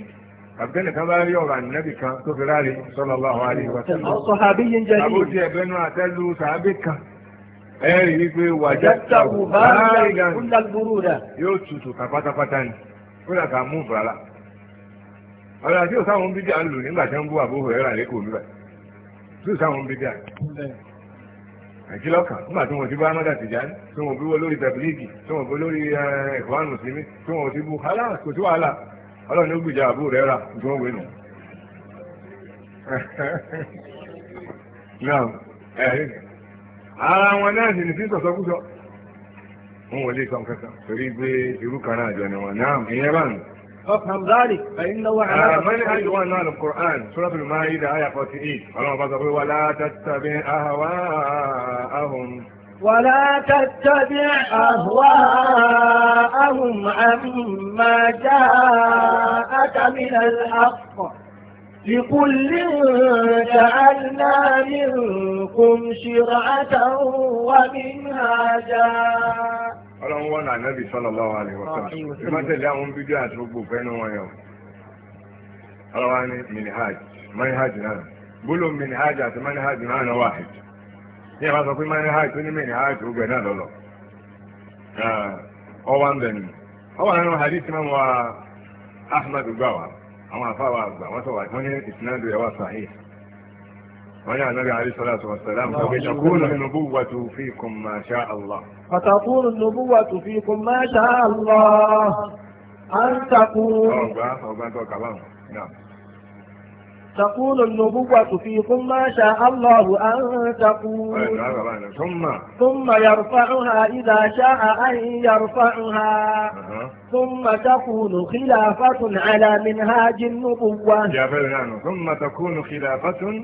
àbẹ́lẹ̀ kan bá rí ọ̀rọ̀ ànínábì kan tó fi ráre sallallahu alaihi wa sallam. sọ̀hábí yín jẹ́ ní. àbójú ẹ̀bẹ́ náà àtẹ́lu sàábì kan. ẹ rí i pé wàjá tàbù báyìí kúndàgbòrò yóò tutù pátápátá ni ó dà mú ìfàlà. ọ̀rọ̀ àti bíbí à ń lò nígbà tí wọ́n bú àbúrò ẹ̀rọ tí bíbí à. àkìlọ́kàn nígbà tí wọ́n ti bá amádà Tìjàní tí wọ́n bí wọ́n lórí tabiligi tí wọ́n bí lórí ẹ̀kọ́hán mùsùlùmí tí wọ́n ti bú hálà kò sí wàhálà ọlọ́run ní gbìjà àbúrò rẹ̀ rà tí wọ́n wé nù. ara wọn náà sì ní sí sọ̀sọ́kúsọ wọn ò lè sọ nǹkan kan torí pé irú kan náà jọ ni wọn náà ìyẹn bá افهم ذلك فإنه على آه، من منهج وأنواع القرآن سورة المائدة آية 48 اللهم بارك ولا تتبع أهواءهم ولا تتبع أهواءهم عما جاءك من الحق لكل جعلنا منكم شرعة ومنهاجا ọlọ́run wọ́n náà nẹ́bí sallallahu alaihi wasallam ìmọ̀tẹ̀lẹ́ àwọn bídíò àti gbogbo fẹ́nu wọn yẹn ọlọ́wà ní minihaj manihaj náà bólú minihaj àti manihaj náà náà wà hajj ní ìbá sọ pé manihaj tó ní minihaj tó gbẹ náà lọ́lọ́ ọwọ́ ń bẹ̀nu ọwọ́ nínú hadith máa wà Ahmad gbà wá àwọn àfáwà àgbà wọ́n sọ wà ní ìsinádùú yẹn wà sahih ونعم النبي عليه الصلاة والسلام فبتكون النبوة فيكم ما شاء الله فتكون النبوة فيكم ما شاء الله أن تكون نعم تكون النبوة فيكم ما شاء الله أن تقول ثم ثم يرفعها إذا شاء أن يرفعها ثم تكون خلافة على منهاج النبوة ثم تكون خلافة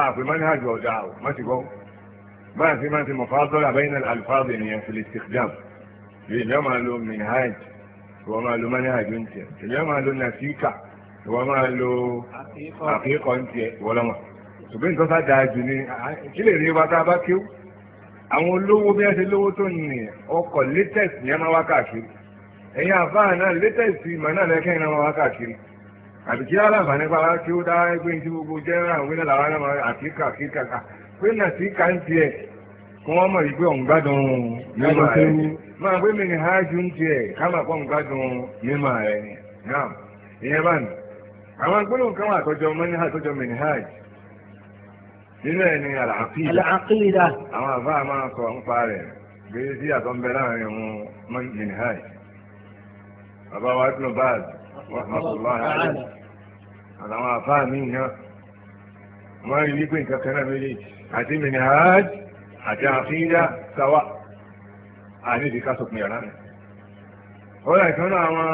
àpè mọ́ni àjọ ọ̀dà o má ti gbọ́ báyà sí máa ti mọ̀ fáwọn àbẹ́yìn alifáàbù ènìyàn fìlẹ̀ tìkìdám ìjọ máa lo minhaj ìwọ máa lo mọ́ni àjọ ń tiẹ̀ ìjọ máa lo nàfíkà ìwọ máa lo àfíkọ̀ ń tiẹ̀ ìwọ lọ́mọ ṣùgbọ́n nǹkan sá dáa jù ní kí lè rí wa tá a bá kí ó àwọn olówó bí wọ́n ṣe lówó tó nì ọkọ̀ latest yẹn máa wá káàkiri ẹ̀yin àfáà náà latest ìmọ̀ náà lẹ́kẹ́ àti kí alábà nípa kí ó dá ẹgbẹ́ tí gbogbo jẹ́rà òwe náà làwọn náà àkíkà àkíkà ká pé náà sí káńtì ẹ̀ kí wọ́n mọ̀ yìí pé òun gbádùn mímọ̀ rẹ̀ máa pé mi ní hájú ń tiẹ̀ ká máa pọ̀ òun gbádùn mímọ̀ rẹ̀ náà ìyẹn bá àwọn wà àtọ́jọ àtọ́jọ sọ nípa rẹ̀ gbé sí láàrin òun rahmatullahi alayhi àtàwọn àfáà mi náà wọ́n rí wípé nǹkan kan náà méjèèjì àti minhaj àti àfíńdá sáwà àníbi ká sọpin yàrá mi. ó yà ìkan náà àwọn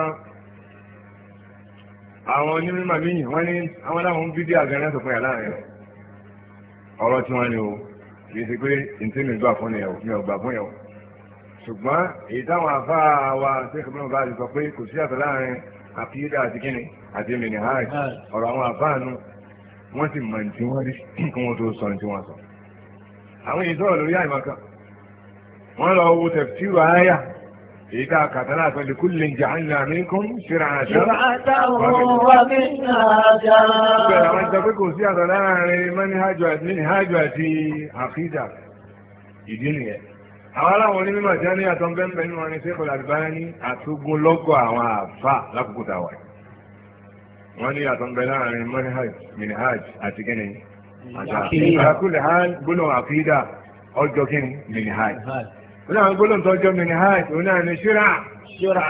àwọn onímọ̀ míì wọ́n ní àwọn láwọn ń bídí àgbẹ̀ náà sọpin yàrá rẹ̀ ọ̀rọ̀ tí wọ́n ní o kì í ṣe pé ntí mi gbà fún yẹn o mi ò gbà fún yẹn o ṣùgbọ́n èyí táwọn àfáà wa ṣé kí wọ́n bá ti sọ pé kò sí àtọ̀ láàrin àkídà àti kíni àti mìnìhàj ọ̀rọ̀ àwọn àfáànù wọ́n sì mọ̀ tí wọ́n rí kí wọ́n tó sọ tí wọ́n sọ. àwọn èyí sọ̀rọ̀ lórí àìmọ̀kan wọ́n lọ wo tafsiru àyà èyí tá a kà tán láti lè jà ń là mí kún síra àṣà. bẹ́ẹ̀ àwọn ìjọ kò sí àtọ̀ láàrin àwọn aláwọn onímọ̀ tí wọ́n ní àtọ́ bẹ́ẹ̀ nínú wọn ni ṣé kọlá àdìbáyá ní àtúgún lọ́gọ̀ àwọn àfà lákòókò tá a wà wọ́n ní àtọ́ bẹ́ẹ̀ láàrin manhaj minhaj àti kíni àkúlẹ̀ hàn gbólóhùn àkídà ọjọ́ kíni minhaj wọ́n náà gbólóhùn tó ọjọ́ minhaj wọ́n náà ní ṣúra ṣúra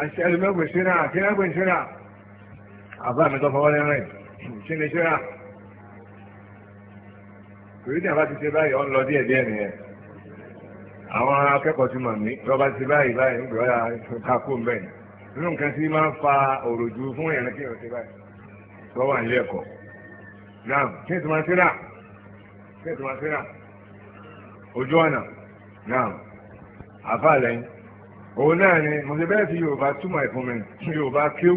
àti ẹlòmẹ́gbẹ̀ ṣúra kí náà gbẹ̀ ṣúra àbá kí àwọn akẹ́kọ̀ọ́ ti mọ̀ mí lọ́ba ti báyìí báyìí ń gbọ́dọ̀ kakó mbẹ́ nínú nǹkan tí máa ń fa òròjú fún ìrìn kí ìrìn ti báyìí lọ́wọ́ ilé ẹ̀kọ́ náà kí ètò máa ti rà kí ètò máa ti rà ojú ọ̀nà náà àfa lẹ́yìn òun náà ni mo ti bẹ́ẹ̀ fi Yorùbá túmọ̀ ẹ̀ fún mi Yorùbá kíw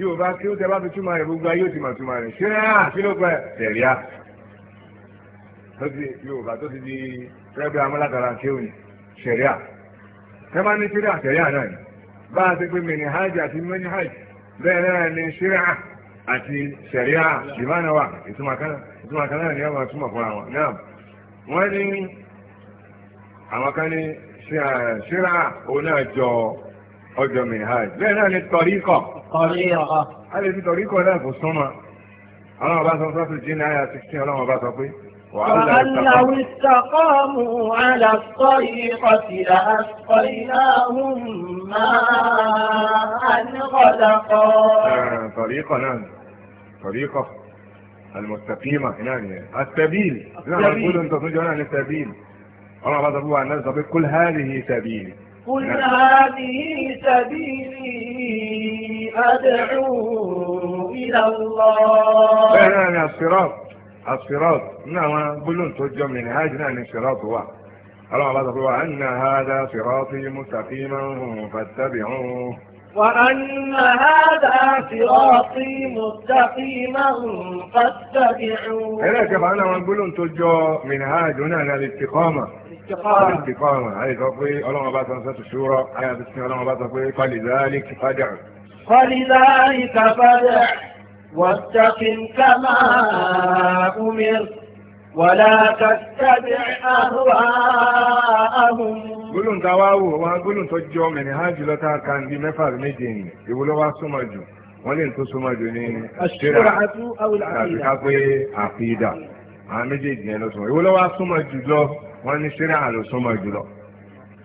Yorùbá kíw tẹ bá fi túmọ̀ ẹ̀ gbogbo ayé ti mọ̀ túmọ̀ rẹ̀ ṣé náà kí ló pẹ́ tẹ̀ríà rẹ́bí amúlátara kéwù ni ṣẹ̀ríà bá ní ṣẹ̀ríà ṣẹ̀ríà náà ni bá a pé mini hajj àti mini hajj bẹ́ẹ̀ ni àti wa náà ni wọ́n túmọ̀ náà wọ́n وأن استقاموا على الطريقة لأسقيناهم ماء غدقا آه، طريقة نعم طريقة المستقيمة يعني السبيل نحن نقول أنت تجي عن السبيل الله بعد أبوها الناس كل هذه سبيلي قل نعم. هذه سبيلي أدعو إلى الله يعني الصراط الصراط نعم كل تجم من هاجنا عن الصراط هو الله عز وجل وأن هذا صراطي مستقيما فاتبعوه وأن هذا صراطي مستقيما فاتبعوه إذا كفانا ونقول تجو من هاج هنا الاستقامة الاستقامة هاي تقوي الله أن وجل الشورى هاي بسم الله عز وجل فلذلك فدع فلذلك فدع واستقم كما أمرت ولا تتبع أهواءهم قلون تواهو وقلون تجو من هاج لتا كان دي مفاد مجيني يقولوا سمجو ولين تسمجو نيني الشرعة أو العقيدة تقوي عقيدة عامل جيني يقولوا سمجو جو ولين الشرعة لسمجو جو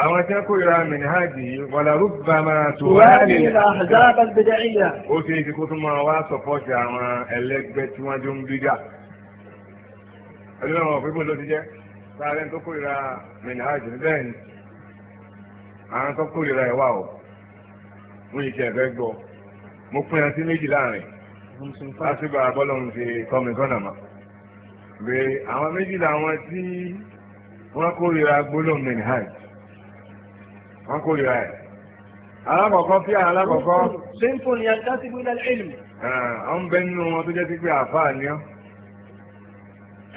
àwọn tí wọ́n kórìíra mìnìhàjì wàlàrú bàmà tó wà ní àhàzábà bìdàíyà. ó ṣe é ṣe kó tún máa wá sọpọ́ọ̀tì àwọn ẹlẹ́gbẹ́ tí wọ́n jọ ń bíjà. ẹlẹ́wọ̀n òfin ló ti jẹ́ sáré tó kórìíra mìnìhàjì bẹ́ẹ̀ ni àwọn tó kórìíra ẹ̀wà o wọ́n yìí ṣe ẹ̀fẹ́ gbọ́ mo pín ẹ sí méjì láàrin lásìkò àbọ́lọ́hún ṣe kọ́mìkọ́nà mọ́ pé àwọn méjì làwọn tí wọ́n kórìíra gbólóhùn mìnìhàjì wọ́n alákọ̀ọ́kọ́ alákọ̀ọ́kọ́. ẹ̀lú. ń bẹ nínú wọn tó jẹ́ sí pé àáfàá ni ọ́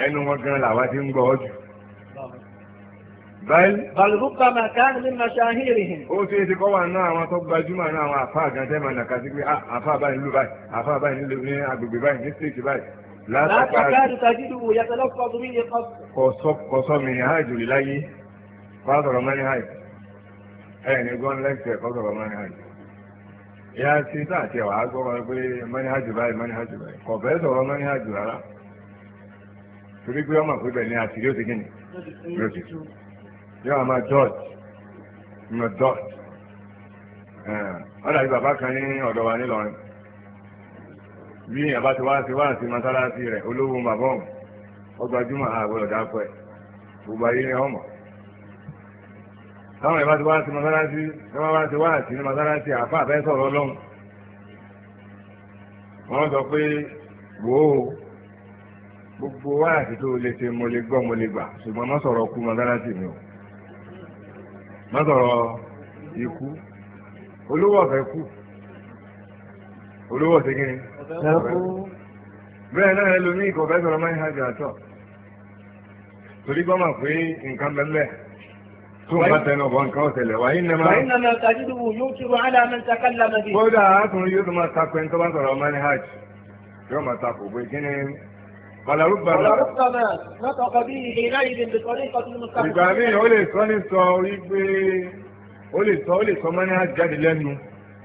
ẹnu wọn gan làwa ti ń gbọ́ ọ jù. Bàlùbùkà máa ká ní hìn. Ó ṣe é ṣe kọ́ wà àwọn tó gbajúmọ̀ ní àwọn gan tẹ́ máa nàka sí pé ah, báyìí nílùú báyìí, báyìí nílùú ní agbègbè báyìí, ní báyìí. Látàkà ẹni gan lẹ́sẹ̀ kọ́kọ́ ìyá sí ẹ̀wà pé báyìí báyìí kò fẹ́ sọ̀rọ̀ rárá torí pé ọmọ pípẹ́ ní yóò ti tu yóò máa dọ́ọ̀tì mọ dọ́ọ̀tì ọ̀dà yìí bàbá kan ní ọ̀dọ̀ wa nílọrin bí àbá ti wá sí táwọn ìbá ti wá sí mọ́sálásí táwọn bá ti wá sí ní mọ́sálásí àfa àfẹ́ sọ̀rọ̀ ọlọ́run wọ́n sọ pé wò ó gbogbo wá àti tó lè ṣe mo lè gbọ́ mo lè gbà ṣùgbọ́n má sọ̀rọ̀ kú mọ́sálásí mi o má sọ̀rọ̀ ikú olówó ọ̀fẹ́ kú olówó ọ̀fẹ́ kí ni bẹ́ẹ̀ náà ẹlòmíì kò fẹ́ sọ̀rọ̀ máa ń hajj àtọ̀ torí gbọ́mọ̀ pé nǹkan bẹ́ẹ̀ bẹ́ẹ̀ tún bá tẹnu ọ̀bọ̀ nǹkan ọ̀sẹ̀lẹ̀ wáyé nàmá. wáyé nàmá tajiduhu yóò turu aláàmì takalla mẹ́bí. kódà àtúnú yóò tún máa takò ẹni tó bá ń sọ̀rọ̀ manhaj yóò máa takò pé kí ni Bàlárúbàmà. Ìgbà míì ó lè sọ ní sọ wípé ó lè sọ ó lè sọ manhaj jáde lẹ́nu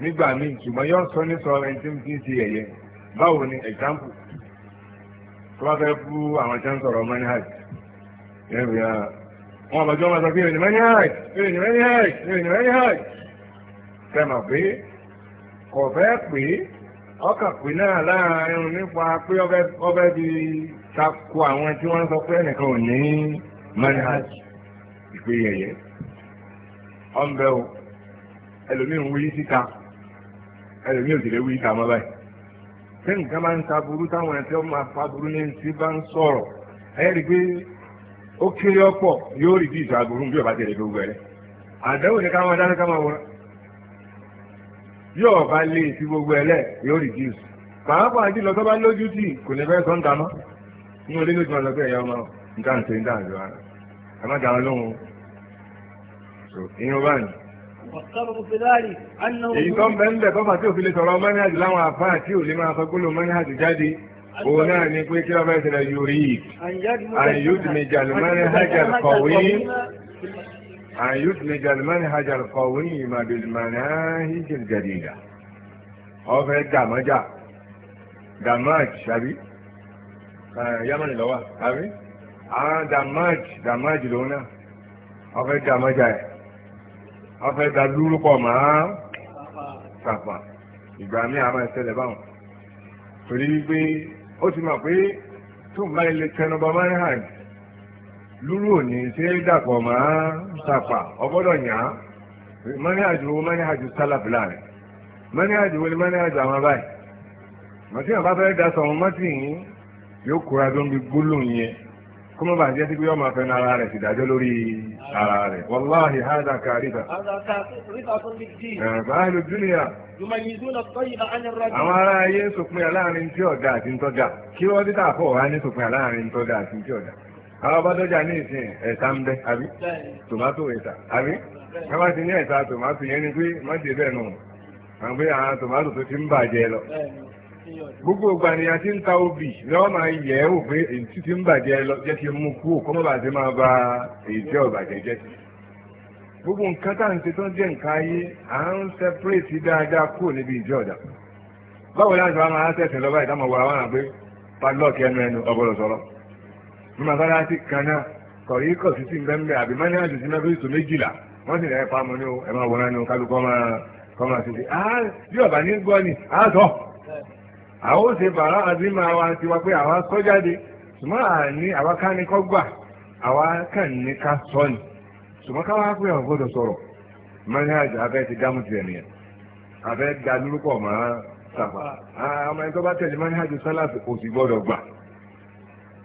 nígbà míì ṣùgbọ́n yóò sọ ní sọ ẹni tí ń fi ṣe ẹ̀yẹ. Báwo ni example? Tó bá fẹ́ bú àwọn tí ń sọ̀rọ̀ manhaj. Yẹ́n fi hàn wọn àbájọ máa sọ pé èrè mẹ́rin háì èrè mẹ́rin háì èrè mẹ́rin háì tẹmọ̀ pé kò fẹ́ pé ọkàn pé náà láàrin nípa pé ọbẹ̀ bí takò o ẹlòmíì ń wí síta ẹlòmíì ò sì lè wí síta mọ́ ta burú te eh, fa ó kéré ọ̀pọ̀ yóò rí bíi ìṣàgùrù bí ọba gbogbo ẹ̀rẹ́ àdánwò ní káwọn dáná káwọn wọ́n lé sí gbogbo ẹ̀lẹ́ yóò rí bíi ìṣù pàápàá jùlọ tó bá lójú tì kò ní fẹ́ sọ ń dáná ní olé lójú wọn lọ ẹ̀yà ọmọ nǹkan ń ṣe ń dáná ẹ má dáná so ìyẹn bá ní. èyí tó ń ń tó fà tí òfin lè òun ni pé kí ọba ìṣẹ̀lẹ̀ yóò rí àyùtìmí jàlùmọ́rin hajar kọ̀wé àyùtìmí jàlùmọ́rin hajar kọ̀wé ìmàbìlìmọ̀nà hìjìl jàdìdà ọ̀fẹ́ gàmọ́jà damaj àbí damaj lona, lòun náà ọ̀fẹ́ gàmọ́jà ẹ̀ ọ̀fẹ́ gàdúrú pọ̀ mọ́ torí wípé ó ti mọ̀ pé tó ń bá ilé tẹnubọ manhaj lúrú òní ṣe é dàpọ̀ mọ́ sàpà ọgbọ́dọ̀ yàn wo manhaj sálàf láàrin manhaj wo ni manhaj àwọn báyìí màtí àwọn dasọ̀ wọn mọ́tì yìí yóò bi gbólóhùn yẹn. kó mọ́ bàjẹ́ sí pé ọmọ afẹ́ ní ara rẹ̀ sì dájọ́ lórí ara rẹ̀ wàláhì hádà kàríta. báyìí ló dúnìyà. àwọn ará ayé ń sòpin aláàrin tí ọ̀dà àti ntọ́jà kí wọ́n ti tààfọ̀ wá ní sòpin aláàrin ntọ́jà àti ntọ́jà. àwọn ọba dọ́jà ní ìsìn ẹ̀ta ń bẹ àbí tòmátò ẹ̀ta àbí wọ́n bá ti ní ẹ̀ta tòmátò yẹn ni pé má dé bẹ́ẹ̀ nù àwọn gbogbo ìgbà ni a ti ń ta obì ni wọ́n máa yẹ̀ ẹ́ wò pé èyí tí ń bàjẹ́ lọ jẹ́ ti mú kú òkú mọ́ bàjẹ́ máa ba èyí tí ọ̀bàjẹ́ jẹ́ sí. gbogbo nǹkan tá à ń ṣe tó ń jẹ́ nǹkan ayé à ń sẹ́pẹ́rẹ́tì dáadáa kúrò níbi ìjọ ọ̀dà. báwo ni àṣà máa tẹ̀sẹ̀ lọ́ba ìdámọ̀ wa wà pé padlọ́ọ̀kì ẹnu ẹnu ọ̀bọ̀lọ̀ sọ̀rọ̀. bí masalasi kan náà kọ̀rí kọ̀ sí sí mbẹ́mbẹ́ àbí mánìyàjò sí mẹ́fẹ́sì tó méjìlá wọ́n sì rẹ̀ pamọ́ àwọn ò ṣe bàrá àdìmọ̀ àwa ti wá pé àwa sọ jáde ṣùgbọ́n àní àwa ká ní kọ́gbà àwa kàn ní ká sọ ni ṣùgbọ́n ká wá pé àwọn gbọ́dọ̀ sọ̀rọ̀ mẹ́rìnàjò abẹ́ ti dámú ti ẹ̀nìyàn abẹ́ da lórúkọ mọ́ sàfà ọmọ ẹni tó bá tẹ̀lé mẹ́rìnàjò sálàsì kò sì gbọ́dọ̀ gbà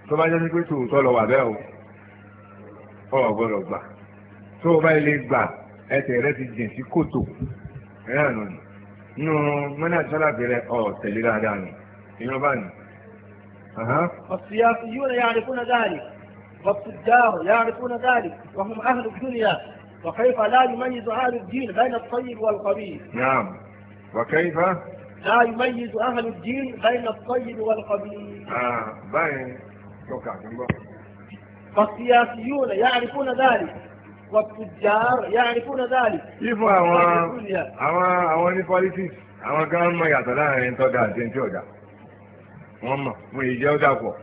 tó bá jẹ́ pé lọ wà bẹ́ẹ̀ o ọ̀ gbọ́dọ̀ gbà tó o bá ilé gbà ẹsẹ̀ rẹ nínú mọ́nà sálàbí rẹ̀ ọ̀ tẹ̀lé dáadáa nù يعرفون ذلك والتجار يعرفون ذلك وهم أهل الدنيا وكيف لا يميز أهل الدين بين الطيب والقبيح نعم وكيف لا يميز أهل الدين بين الطيب والقبيح آه باين فالسياسيون يعرفون ذلك والتجار يعرفون ذلك يفو àwọn àwọn àwọn ní politics àwọn kan mọ̀ yàtọ̀ láàrin tó dáa àti tí ò dáa wọ́n mọ̀ fún ìjẹ́ ó dàpọ̀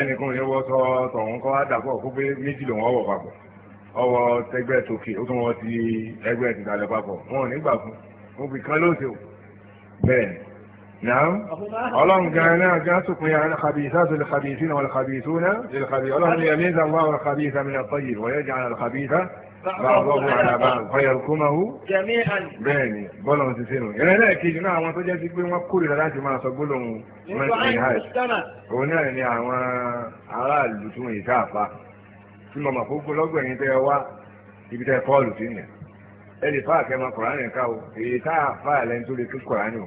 ẹnìkan ní wọ́n sọ tọ̀hún kọ́ dàpọ̀ kó pé méjì lòun ọwọ́ papọ̀ ọwọ́ tẹgbẹ́ tòkè ó tún wọ́n ti ẹgbẹ́ tìtàlẹ̀ papọ̀ wọn ò ní gbà fún wọn fi kan lóṣèlú bẹ́ẹ̀ نعم اللهم جعلنا جاسكم يعني الخبيثات للخبيثين والخبيثون للخبيث اللهم يميز الله الخبيث من الطيب ويجعل الخبيث بعضهم على بعض فيركمه جميعا بين بولون تسينو يعني لا كيجي náà àwọn tó jẹ́ sí pé wọ́n kórìíra láti máa sọ gbólóhùn mẹ́sàn-án ìhàj òun náà ni àwọn aráàlú tí wọ́n yìí sáàfà tí mo mọ̀ fún gbólọ́gbọ̀ yìí tẹ́ wá ibi tẹ́ kọ́ọ̀lù sí nìyẹn ẹ lè fà kẹ́ mọ kọ̀ránì ká o èyí sáàfà lẹ́ni tó lè tún kọ̀ránì o.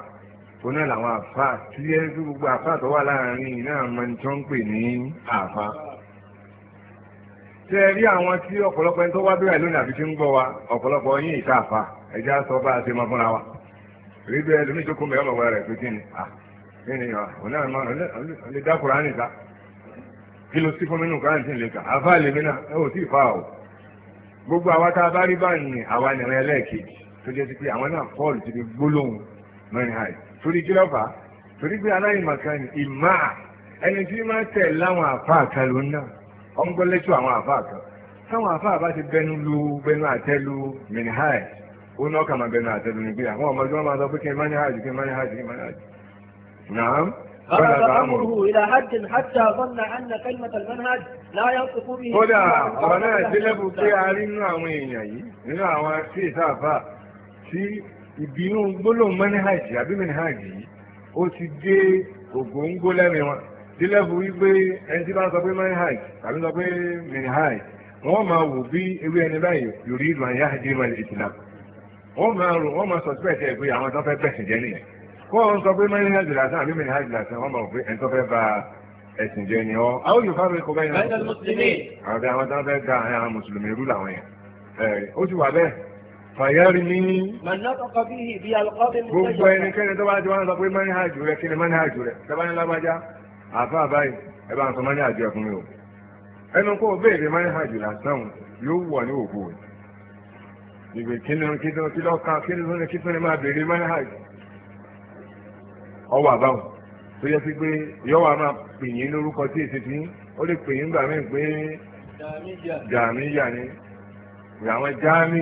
òun náà àfa tí ẹ gbogbo àfa tó wà láàrin iná àmọ́ ní tó pè ní àfa rí àwọn tí ọ̀pọ̀lọpọ̀ ẹni tó wá lónìí ń gbọ́ wa ọ̀pọ̀lọpọ̀ yín ìta àfa ẹja sọ bá a ṣe máa fúnra wa rí bẹ́ẹ̀ lómi tó kún mi ọmọ rẹ̀ pé kí ni à kí ni òun náà máa lè dákùrá nìta kí ló sí fún mi nù lè kà àfa náà ẹ ò tí ì fa o gbogbo àwa tá a bá rí báyìí àwa tó torí kí lọ́fà torí pé aláìmọ̀kan ni ìmá ẹni tí máa tẹ̀ láwọn àfáà kan ló náà ọ ń gbọ́ lẹ́tọ̀ àwọn àfáà kan táwọn àfáà bá ti bẹnu lu bẹnu àtẹ́lu minhaj ó náà kà máa bẹnu àtẹ́lu ni pé àwọn ọmọdé wọn máa sọ pé kí n máa hajj kí n máa hajj kí n máa hajj. naam. أمره إلى حد حتى ظن أن كلمة المنهج لا ينطق به kódà ọ̀nà ìdílé bùkẹ́ àárín nínú àwọn èèyàn yìí nínú àwọn sí ìsáfà tí ìbínú gbólóhùn mẹ́nìhàjì àbí mẹ́nìhàjì yìí ó ti dé ògóńgó lẹ́nu wọn dílẹ́fù wípé ẹni tí bá ń sọ pé mẹ́nìhàjì tàbí sọ pé mẹ́nìhàjì wọ́n máa wò bí ewé ẹni báyìí yòrí ìlú àyà àjẹmọ́ ìsìlámù wọ́n máa rò wọ́n máa sọ̀tìpẹ̀tì ẹ̀ àwọn tó fẹ́ bẹ̀sìn jẹ́ nìyẹn kó o sọ pé àbí wọ́n máa wò pé ẹni tó fẹ́ ẹ̀sìn jẹ́ ni ọ́ àwọn fayari gbogbo ẹnikẹ́ni tó bá ti wọ́n sọ pé rẹ̀ kí ni rẹ̀ ẹ bá ń sọ o. ẹnu kó o béèrè lásán yóò wọ̀ ní ìgbè kí ni kí kí kí ni kí máa béèrè ọwọ́ tó yẹ sí pé yọ́wọ́ a máa pè lórúkọ tí èsì ó lè ni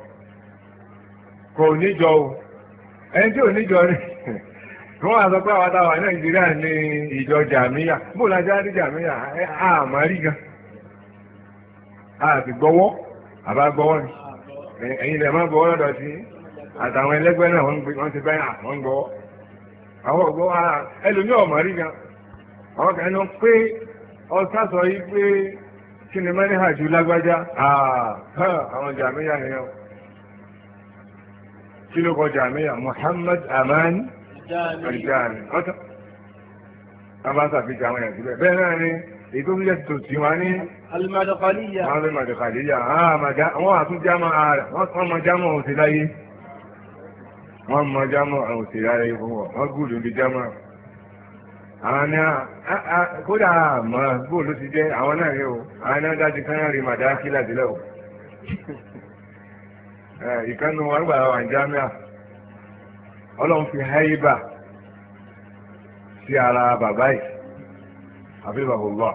kò níjọ o ẹni tí ò níjọ rí wọ́n wá sọ pé àwọn àtàwọn nàìjíríà ní ìjọ jàmíyà bó lajá rí jàmíyà àmọ́ rí gan àti gbọ́wọ́ àbá gbọ́wọ́ ni ẹ̀yin lè má gbọ́wọ́ lọ́dọ̀ sí àtàwọn ẹlẹ́gbẹ́ àwọn kí ló kọ jàmíyà Muhammad Aman Al-Jami ọ̀tọ̀ abáta fi jàmíyà síbẹ̀ bẹ́ẹ̀ náà ni èyí tó ń jẹ́ tó tì wá ní. alimadakaliya wọn fi madakaliya ah, wọn àtún jámọ ara ah, wọn mọ jámọ òsì láyé wọn mọ jámọ òsì láyé fún wọn wọn gùdù bí jámọ àwọn náà kódà àmọ́ bóòlù ti jẹ́ àwọn náà rí o àwọn náà dájú kán rí màdá kílà o. ìkànnì wọn gbà wà ọlọ́run fi háyébà sí ara bàbá yìí àbí bàbá òlọ́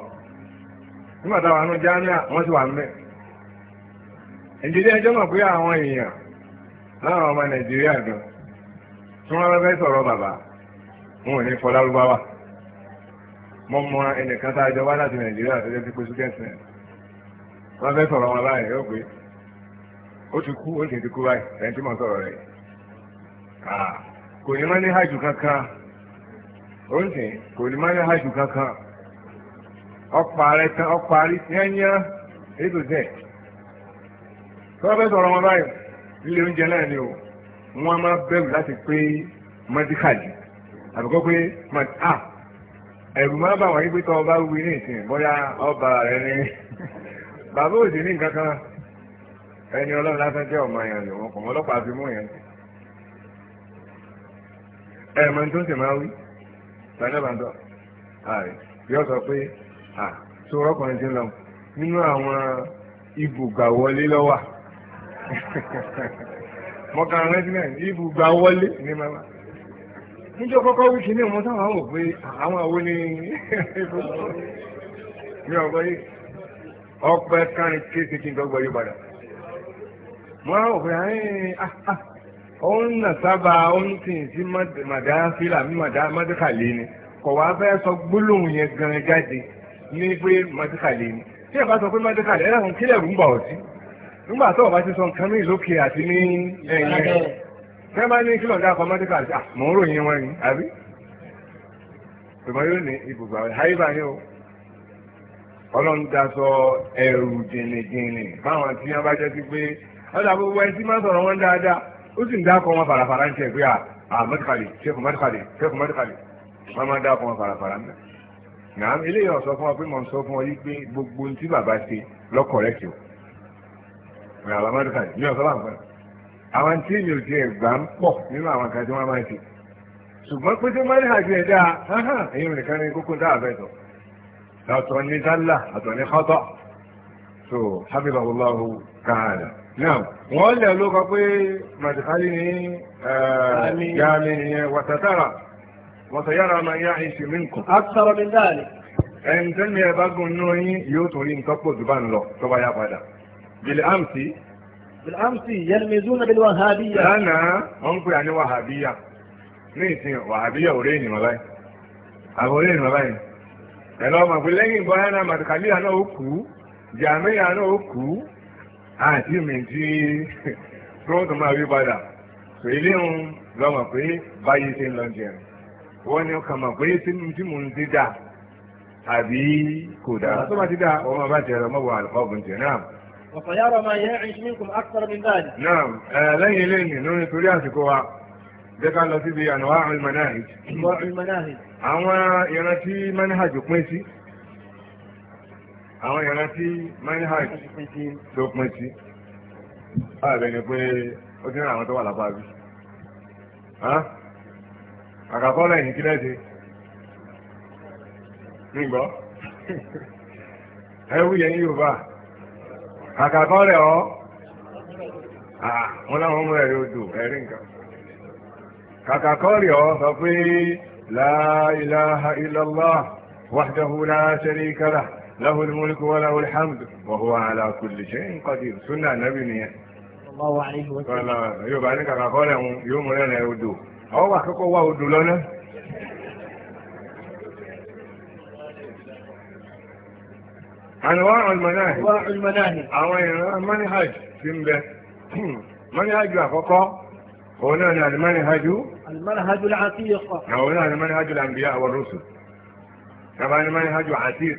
nígbà táwọn àánú jámíà wọ́n sì wà ń ìdílé ẹjọ́ pé àwọn èèyàn láwọn ọmọ nàìjíríà gan tí wọ́n fẹ́ sọ̀rọ̀ bàbá wọn ò ní fọ lárúbáwá mo mọ ẹnìkan tá a jọ wá láti nàìjíríà tó jẹ́ pípé súkẹ́sì wọ́n fẹ́ sọ̀rọ̀ wọn ó pé. ó ti kú ó sì ti kú báyìí ẹni tí mo sọ̀rọ̀ rẹ̀ kò ní má ní hajj kankan ó ń sìn kò ní má ní hajj kankan ọ̀pá tán ọ̀pá yányá ètò tẹ̀ tọ́wọ́ fẹ́ sọ̀rọ̀ wọn báyìí ilé oúnjẹ náà ni o nwa máa bẹ̀rù láti pé mọ́tíkàlì àbíkọ́ pé mọ́tíkà ah, ẹ̀rù máa bà wọ́n yí pé ọba wí ní ìsìn bóyá ọba ni bàbá òsì ní ẹni ọlọ́run lásán jẹ́ ọmọ èèyàn lè wọ́n kò mọ́ ọlọ́pàá fi mú yẹn ẹ mọ tó ń sì máa wí tàdébàntọ́ ààrẹ yóò sọ pé à tó rọ́kùnrin ti lọ nínú àwọn ibùgbà wọlé lọ́wà mọ́kàn rántí náà ibùgbà wọlé ní mama níjọ́ kọ́kọ́ wíkì ní ọmọ táwọn àwọn òpin àwọn àwọn ní ìfowópamọ́ ní ọgbọ́n yìí ọpẹ kárin kéèké kí n tó gbọ́ yí padà mo á wò pé òun ah, ah, nà sábà òun tì í sí màdáfílà mi màdáfílà ni kọ̀ wá fẹ́ sọ gbólóhùn yẹn gan jáde ní pé màdáfílà ni tí ẹ̀ka sọ pé màdáfílà ẹ̀ lọ́sàn kílẹ̀ rú ń bà ọ́ sí nígbà tó o bá ti sọ nǹkan mí lókè àti ní ẹ̀yìn rẹ̀ tí wọ́n bá ní kílọ̀ dáa kọ́ màdáfílà sí àmọ́ ròyìn wọn ni àbí ṣùgbọ́n yóò ní ibùgbà rẹ̀ háyébà ni o ọlọ́run dá sọ ẹrù jìnnìjìnnì báwọn tí wọ́n bá jẹ́ ọ̀dà gbogbo ẹni tí máa ń sọ̀rọ̀ wọn dáadáa ó sì ń dákọ̀ wọn farafara ń tẹ̀ pé à mẹ́tìkàlì ṣẹ́kù mẹ́tìkàlì ṣẹ́kù mẹ́tìkàlì wọ́n máa dákọ̀ wọn farafara ń tẹ̀. nàám eléyìí ọ̀sọ́ fún ọ pé mò ń sọ fún ọ yí pé gbogbo ohun tí bàbá ṣe lọ́kọ̀ rẹ̀ ṣe àwọn mẹ́tìkàlì ní ọ̀sọ́ bàbá àwọn tí mi ò tiẹ̀ gbà ń pọ̀ nínú àwọn kan tí wọ́n máa ń ṣe ṣùgbọ́n pé náà wọ́n lẹ̀ ló kọ pé màtìkálí ní eh, yàmì nìyẹn wàtàtàrà wàtàyàrà máa yá ìṣì mìnkù. akthara min dhalik. ẹn tẹ́lẹ̀ ẹ bá gùn náà yín yóò tún rí nǹkan pọ̀ ń lọ tó bá yá padà. amsi. bil amsi yalmizuna bil wàhábíyà. lánàá wọ́n ń pè á ní wàhábíyà ní ìsìn wàhábíyà òré ènìyàn báyìí àbòré ènìyàn báyìí ẹ̀rọ màgbé lẹ́yìn bọ́yá náà àti mìtí tó tún máa rí padà pé léhun lọ́mọ̀ pé báyìí ń lọ jẹun wọ́n ní ọkàn mọ̀ pé tí mò ń ti dà àbí kò dà tó bá ti dà ọmọ bá jẹ ọmọ wà ọ̀gùn jẹ náà. وسيرى ما يعيش منكم أكثر من ذلك. نعم، لا يلين نون ترياسك هو ذكر الله في أنواع المناهج. àwọn ìran tí manhaj tó pín sí ààbẹ̀ ni pé ó ti rán àwọn tó wà lápá bí àkàkọ́lẹ̀ yìí kílẹ̀ ṣe yi ẹwú yẹn ní yorùbá àkàkọ́lẹ̀ ọ́ wọn láwọn mú ẹ̀rí odò ẹ̀rí nǹkan kàkàkọ́lẹ̀ ọ́ sọ pé la ilaha illallah wahdahu la له الملك وله الحمد وهو على كل شيء قدير سنة نبي صلى الله عليه وسلم يوم لنا يودو هو وحكو الله ودو لنا أنواع المناهج أنواع المناهج من هاج سنبه من هاج وحكو هنا المنهج المنهج العتيق هنا المنهج الأنبياء والرسل كمان المنهج عتيق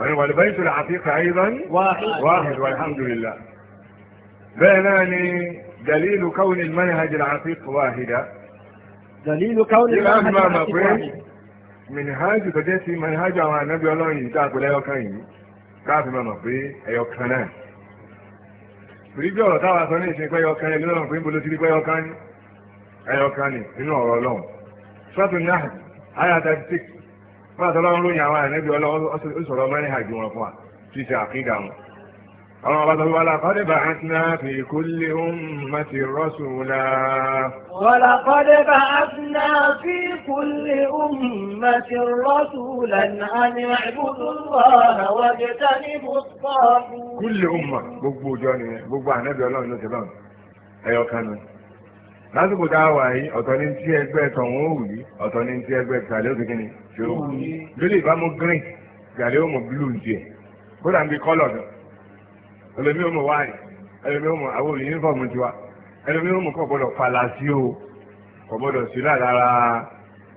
والبيت العتيق أيضا واحد, واحد والحمد لله بينان دليل كون المنهج العتيق واحدة دليل كون المنهج العتيق واحد منهاج تجسي منهاج àwọn ànábì Ọlọ́run yìí tá a pèlè ẹyọkan yìí káàfin máa mọ̀ pé ẹyọkan náà fìdíjọ́ ọ̀rọ̀ táwa sọ ní ìsìn pé ẹyọkan ẹni lọ́rùn pé ń bolo ti di pé ẹyọkan ni ẹyọkan ni nínú ọ̀rọ̀ Ọlọ́run sọ́tún náà àyà thirty six fúnra tó lọ́wọ́ lóyìn àwọn ànábì ọlọ́wọ́ ó sọ̀rọ̀ ọmọ ẹ̀rìn àjò wọn fún wa tí ṣe àkídà wọn. àwọn ọba tó wà lá kọ́dé bá a tún náà fi kulli ummati rasula. wàlá kọ́dé bá a tún náà fi kulli ummati rasula ní àbúrò àwọn jẹta ní bùkọ́. kulli umma gbogbo ọjọ́ nìyẹn gbogbo ànábì ọlọ́run ló ti bá wọn ẹyọ lásìkò tá a wà yìí ọ̀tọ̀ ní tí ẹgbẹ́ tọ̀hún ó wì ọ̀tọ̀ ní tí ẹgbẹ́ tàlẹ́ òsì ṣe ó wù lórí ìbámu green tàlẹ́ ó mọ̀ blue díẹ̀ kódà ń bi kọ́lọ̀ dùn ẹlòmí ó mọ̀ wáyì ẹlòmí ó mọ̀ àwọn yunifọ̀mù tiwa ẹlòmí ó mọ̀ kọ́ gbọ́dọ̀ falasi o kọ́ gbọ́dọ̀ sí lára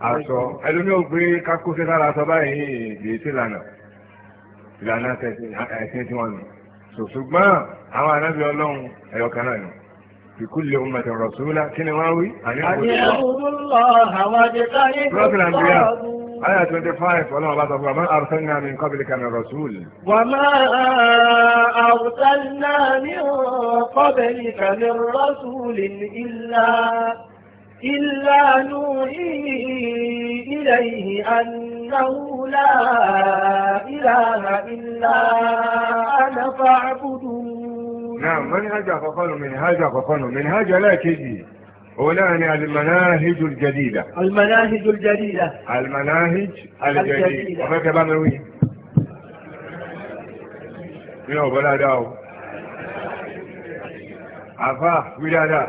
aṣọ ẹlòmí ó gbé kákóṣe lára aṣọ báyìí èyí sí lànà ìlànà ẹ̀sìn tí wọ́n في كل أمة رسولا كنواوي أن يعبدوا الله واجتنبوا الطاغوت آية 25 ولما بعد ما أرسلنا من قبلك من رسول وما أرسلنا من قبلك من رسول إلا إلا نوحي إليه أنه لا إله إلا أنا فاعبدون náà manhaj àkọ́kọ́ nù manhaj àkọ́kọ́ nù manhaj ẹlẹ́ẹ̀kejì òun náà ni al-manahij al-jadida. al-manahij al-jadida. al-manahij al-jadida. ọ̀fẹ́ kẹ́ bá mi wí. mi ò bọ́ dáadáa o. àfà wí dáadáa.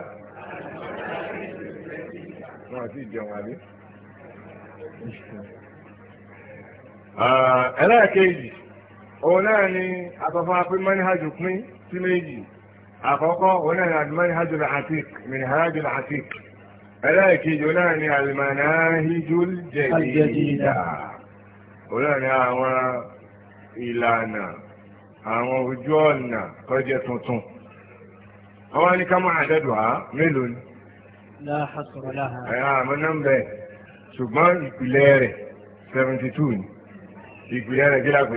wọ́n àti ìjẹun àbí. ẹlẹ́ẹ̀kejì òun náà ni àtọ̀fọ́ apẹ́ manhaj pín sí méjì àkọ́kọ́ òun náà ni al-manhajul atiq minhajul atiq ẹlẹ́ẹ̀kejì òun náà ni al-manahijul jadida òun náà ni àwọn ìlànà àwọn ojú ọ̀nà tó jẹ́ tuntun àwọn ní ká máa dẹ́dùá mélòó ni ẹ̀yà àmọ́ nọ́mbẹ̀ ṣùgbọ́n ìpìlẹ̀ rẹ̀ 72 ni ìpìlẹ̀ rẹ̀ gílápé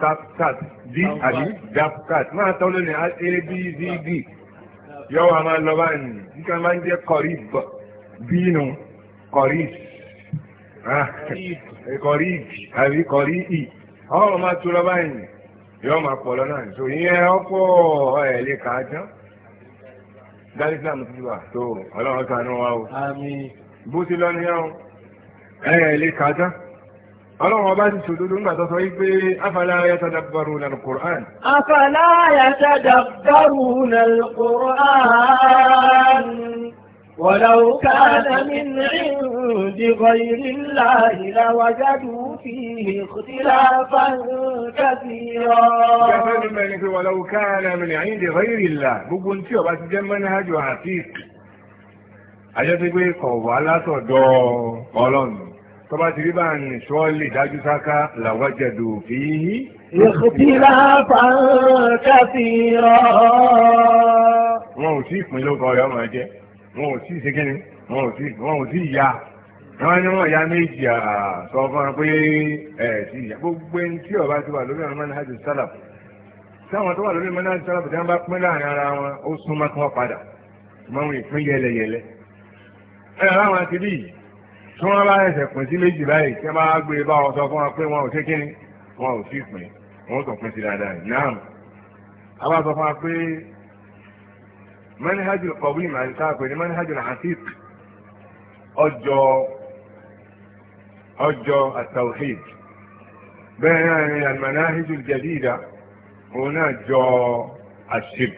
sapsat d àbí dapsat máa tọ́ lónìí abcd yọ̀wọ̀ a máa lọ báyìí nígbà máa ń jẹ́ kọ̀rìb bínú kọ̀rìb ah, kọ̀rìb àbí kọ̀rìb ọ̀rọ̀ máa tún lọ báyìí yọ̀wọ̀ máa pọ̀ lọ́nà so ìyẹn ọ̀pọ̀ ẹ̀ lè kà á tán dárí islam ti wà tó ọlọ́run ṣàánú wa o bó ti lọ o ẹ̀ lè kà á ọlọ́run ọba ti ṣòdodo ń gbàtọ́ sọ wípé afala yatadabbaruna al-Qur'an. afala yatadabbaruna al-Qur'an walau kana min indi ghayri Allahi lawajadu fihi ikhtilafan kathira. ìjọba ní mẹ́rin pé walau kana min indi ghayri Allahi gbogbo tí ọba ti jẹ́ manhaju àti àjẹsí pé kọ̀wá ọlọ́run tọba ti rí bá ń ṣọ́ lè dájú sáká làwájẹ̀dù fi yí. ìkùtìlá fàǹkà sí rọ̀. wọn ò sí ìpín lóko ọ̀yọ́ máa jẹ́ wọn ò sí ìṣèkínni wọn ò sí wọn ò sí ìyá wọn ní wọn ya méjì sọ fún wa pé ẹ sí ìyá gbogbo ẹni tí ọba ti wà lórí àwọn mọ́nà hajj sálàf táwọn tó wà lórí mọ́nà hajj sálàf tí wọ́n bá pín láàrin ara wọn ó súnmọ́ kí wọ́n padà mọ́ wọn ìpín yẹlẹyẹlẹ ẹ láwọn ti rí tí wọ́n bá ẹsẹ̀ pín sí méjì báyìí tí wọ́n bá gbé e bá ọ sọ fún wa pé wọn ò ṣe kíni wọn ò sí pín wọn ò tó pín sí dáadáa yìí náà a bá sọ fún wa pé manhajul qadim àti sáàpè ní manhajul hasib ọjọ́ ọjọ́ at-tawhid náà ni al-manahijul jadida òun náà jọ àṣìb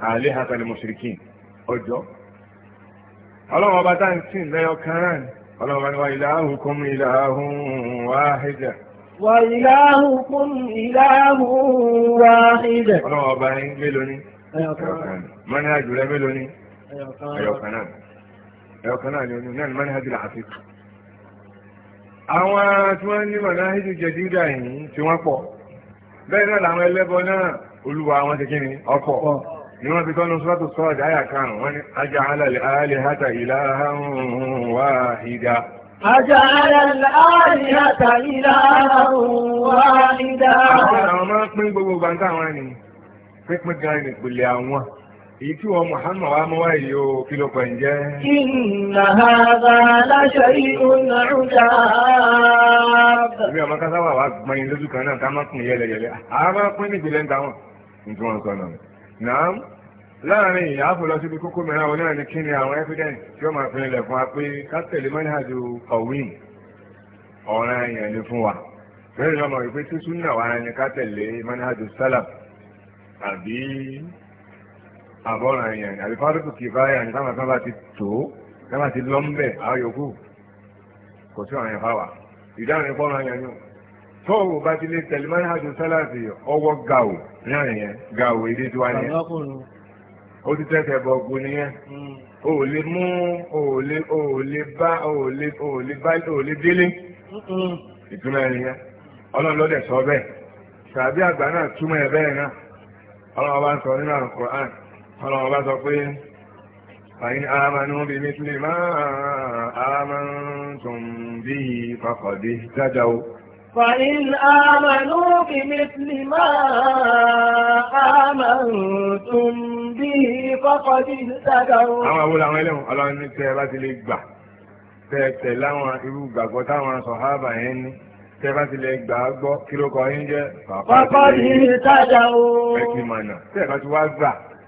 àléhàtà lil mushrikin ọjọ́ ọlọ́run ọba tá ń sìn lẹ́yọ kan náà ni ọlọ́run ọba ni wa ilahukum ilahun wahida. wa ilahukum ilahun wahida. ọlọ́run ọba yín mélòó ni. mọ́ni àjùlẹ̀ mélòó ni. ẹ̀yọ̀ kan náà ẹ̀yọ̀ kan náà ni oní náà ni mọ́ni àjùlẹ̀ àwọn tí wọ́n ní mọ̀náhídì jẹ̀dídà yìí tí wọ́n pọ̀ bẹ́ẹ̀ náà làwọn ẹlẹ́bọ náà olúwa wọn ti kí ni ọkọ̀ ni wọ́n fi tọ́nu sọ́tò sọ́ọ̀dì àyà karùn-ún wọ́n ní ajá alàlẹ́ alẹ́ hátà ìlà wáhídà. ajá alàlẹ́ alẹ́ hátà ìlà wáhídà. àwọn máa ń pín gbogbo bàtà wọn ni pínpín gan ni ìpìlẹ̀ àwọn èyí tí wọ́n Muhammad wa mọ́ wáyé o kí ló pẹ̀ ń jẹ́. inna hadha la shay'un 'ujab. ìwé ọmọ kásáwà ń táwọn nítorí wọn láàrin ìyáàfò lọ síbi kókó mìíràn wọn náà ni kí ni àwọn evidence tí ó máa fi ilẹ̀ fún wa pé kátẹ̀lé mọ́nìhàjò ọ̀wìn ọ̀ràn èèyàn ni fún wa ọmọ ìpè tí súnà wa ni kátẹ̀lé mọ́nìhàjò sálàf àbí àbọ̀ràn èèyàn àbí fárúkù kì í báyà ní táwọn kan bá ti tó ti ń bẹ̀ yòókù kò sí ọ̀ràn ìdáhùn bá ti lè tẹ̀lé ọwọ́ ògùn nìyẹn hmm. o ò lè mú o ò lè o ò lè bá o ò lè o bá o ò lè délé hmm. ìtumọ̀ ẹ̀ nìyẹn ọlọ́run lọ́dẹ̀ sọ bẹ́ẹ̀ tàbí àgbà náà túmọ̀ ẹ̀ bẹ́ẹ̀ náà ọlọ́run bá ń sọ nínú Al-Qur'an ọlọ́run bá sọ pé فإن آمنوا بمثل ما آمنتم به فقد اهتدوا àwọn àwòrán àwọn ẹlẹ́wọ̀n ọlọ́run ní tẹ́ bá ti lè gbà tẹ́ẹ̀tẹ̀ láwọn irú gbàgbọ́ táwọn sọ̀hábà yẹn ní tẹ́ bá ti lè gbà á gbọ́ kí ló kọ yín jẹ́ fàkọ́dì ìtajà o ẹ̀kí mànà tẹ́ẹ̀ bá ti wá gbà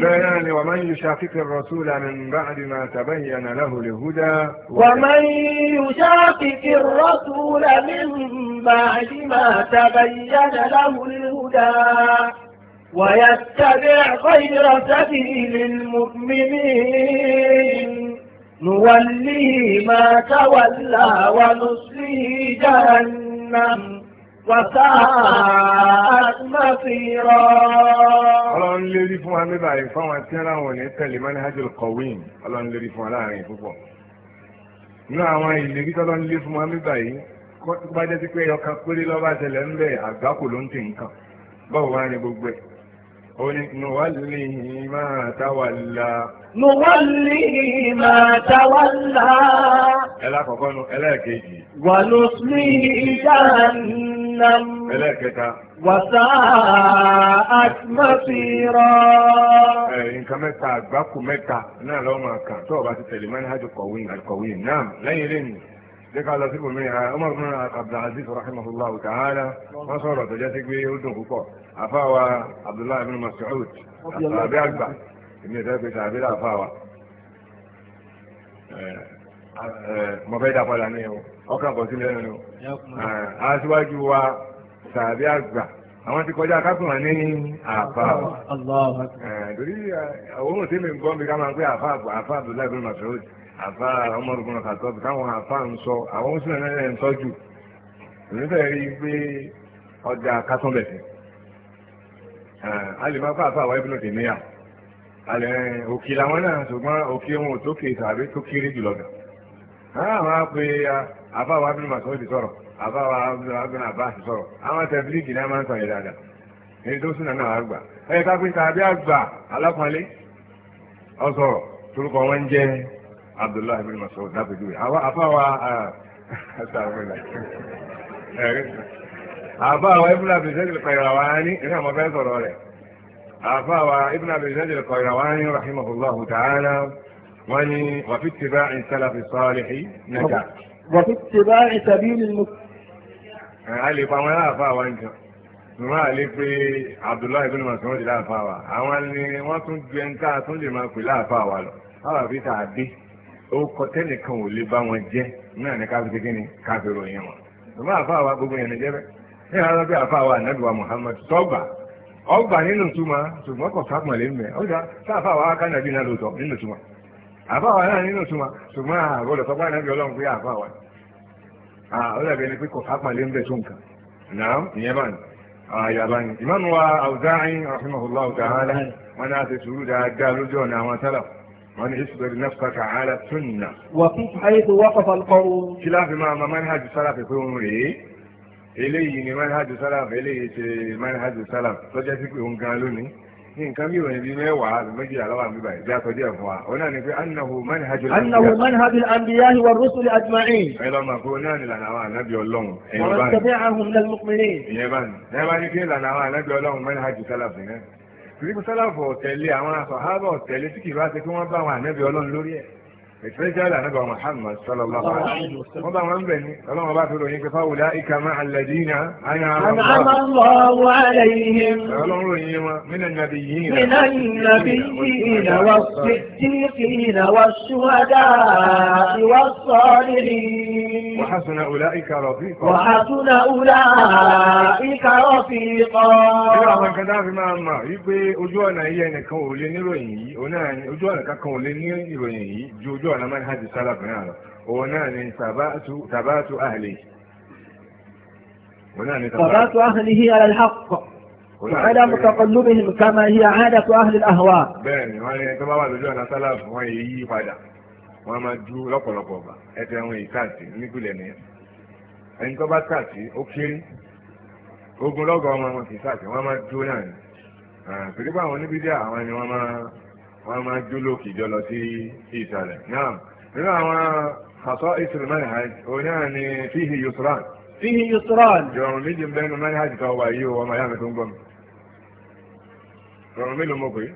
بيان ومن يشاقق الرسول من بعد ما تبين له الهدى ومن يشاقق الرسول من بعد ما تبين له الهدى ويتبع غير سبيل المؤمنين نوليه ما تولى ونصليه جهنم وساءت مصيرا ọlọ́run lérí fún wa mẹ́bà yìí fáwọn tí wọ́n láwọn ní tẹ̀lé manhajul qawim ọlọ́run lérí fún wa láàrin púpọ̀ nínú àwọn ìlérí tọ́lọ́run lé fún wa mẹ́bà yìí tó bá jẹ́ sí pé ẹyọ péré lọ́ba ṣẹlẹ̀ ń bẹ̀ àgbákò ló ń tì nǹkan báwo wá ní gbogbo ẹ̀ ó ní nùwálìí máa táwàlá. nùwálìí máa táwàlá. ẹlẹ́kọ̀ọ́kọ́ nu ẹlẹ́ẹ̀kejì. wà ló sí ìjà nù. جهنم وساءت مصيرا nǹkan mẹ́ta àgbákù mẹ́ta náà lọ́wọ́ na-adị kọ-win, kàn tó o bá ti tẹ̀lé manhaju qawiy al-qawiy náà lẹ́yìn lẹ́yìn dẹ́ka lọ sí bòmí ha Umar bin Abdulaziz rahimahullahu ta'ala wọ́n sọ̀rọ̀ tó jẹ́ sí Abdullahi bin Mas'ud àbí aṣíwájú wa tàbí àgbà àwọn ti kọjá kápẹ́ wọn ní àfa wa torí òun tí mi ń gbọ́ mi ká máa ń pẹ́ àfa àgbà àfa Abdullahi bin Mas'ud àfa Umar bin Khattab káwọn àfa ń sọ àwọn oṣù náà náà ń tọ́jú òun fẹ́ rí i pé ọjà kásánbẹ̀sẹ̀ a lè máa fà fà wáyé bínú tèmíyà alẹ́ òkè làwọn náà ṣùgbọ́n òkè wọn ò tókè tàbí tó kéré jùlọ gà. àwọn á pe àfáwà abinu masoodi sọ̀rọ̀ àfáwà abinu abasi sọ̀rọ̀ àwọn tẹbílíìkì náà máa ń sọ yẹn dáadáa èyí tó sùn náà àgbà ẹ ká pín tàbí àgbà alápọ̀nlé ọsọrọ torúkọ wọn ń jẹ abdullahi bin masoud lápẹjúwe àfáwà àfáwà ibùn abdulsẹ́jì kọ̀ìràwáni iná mọ̀ fẹ́ sọ̀rọ̀ rẹ̀ àfáwà ibùn abdulsẹ́jì kọ̀ìràwáni rahimahullahu ta'ala wọ́n ní wàfíìtì bá ìsálàfi sọ́ọ́lì nàjà wàtí ti bá ìtàbí nínú. a lè pa àwọn aláàfáà wa nìkan wọn à lè pe Abdullahi ibn Mas'ud di láàfáà wa àwọn ni wọn tún ju ẹni tá a tún lè máa pè láàfáà wa lọ àwọn àfi tá a dé orúkọ tẹnìkan ò lè bá wọn jẹ náà ní káfíńtì kí ni káfíńtì ròyìn wọn ìmọ àfáà wa gbogbo yẹn ní jẹ bẹ́ẹ̀ ní àwọn ọlọ́pẹ́ àfáà wa nàbíwá Muhammad sọgbà ọgbà nínú túmọ̀ ṣùgbọ́n kò sápọnlé mẹ ọjà sáfà wa kánàbí náà lóòótọ́ nínú túmọ̀ àbáwá náà nínú ìtumọ̀ ṣùgbọ́n àgọ́dọ̀ sọpá ìnábi ọlọ́run pé àbáwá ọlọ́bẹ̀ ni pé kò fápàlé ń bẹ̀ tó nǹkan náà ìyẹn bá ní àyàbá ní ìmánu wa Awzā'ī rahimahullahu ta'ala wọn náà ti sùúrù dáadáa lójú ọ̀nà àwọn tálà wọn ni isbir nafsaka 'ala sunnah. wà fún àyètò waqafa al-qawm. kí láfi máa ma manhaj salaf pé òun rèé eléyìí ni manhaj salaf eléyìí ṣe manhaj salaf lọ́jọ́ sí pé òun gan lónìí nǹkan bí ìròyìn bíi mẹ́wàá àti méjìlá lọ́wọ́ àmì báyìí jákọ́ díẹ̀ fún wa òun náà ni pé annahu manhajul annahu manhajul anbiyahi wa rusuli ajma'in. ẹ lọ mà pé òun náà ni lànà àwọn ànábì ọlọ́run. wọ́n ń tẹ̀lé àhùn lẹ́nu mọ́kùnrin. ìyẹn bá ní ẹ bá ní kí lànà àwọn ànábì ọlọ́run manhaj sálàfù náà. kìrìkù sálàfù ọ̀tẹ̀lé àwọn sàhábà ọ̀tẹ̀lé tí kì ìfẹ́jáde ànábà Muhammad sallallahu alaihi wa sallam wọ́n bá wọn bẹ̀ ní ọlọ́run bá fi ròyìn pé fáwọn olè àìkà máa àlàdínà àyà àmàlọ́wọ́ àlẹ́yìn ọlọ́run ròyìn wọn mínà nàbí yìí nà mínà nàbí yìí nà wà sídìkì nà wà ṣúwádà ìwà sọ́ọ̀lì. وحسن أولئك رفيقا وحسن أولئك رفيقا. Ìlú àwọn kan dábì máa mọ̀ wípé ojú ọ̀nà iye ẹnìkan ò lè níròyìn yìí, ojú ọ̀nà kankan ò lè ní ìròyìn yìí ju ojú ọ̀nà manhajì sálàfù náà lọ òun náà ni tàbátù àhìlì òun náà ni ala al-haqq وعدم تقلبهم كما هي عادة أهل الأهواء bẹ́ẹ̀ni wọ́n ní tó bá wà lójú ọ̀nà sálàfù wọ́n yìí yí padà wọ́n máa dú lọ́pọ̀lọpọ̀ ọ̀gbà ẹ̀tẹ̀ wọn yìí káàtì nípìnlẹ̀ nìyẹn ẹni tó bá káàtì ó kéré ogun lọ́gọ̀ ọmọ wọn kì í káàtì wọ́n máa dú náà ni pẹ̀lú pé àwọn oníbídíà àwọn ni wọ́n máa wọ́n máa jó lókè jọ lọ sí ìsàlẹ̀ náà nínú àwọn àtọ́ ìsìlẹ̀ manhaj òun náà ni fíhi yusran. fíhi yusran. ìrọ̀rùn méjì ń bẹ́nu manhaj tó wà yìí o ọmọ ìyá mi tó ń gbọ́ mi. ìrọ̀rùn mélòó mo pè é.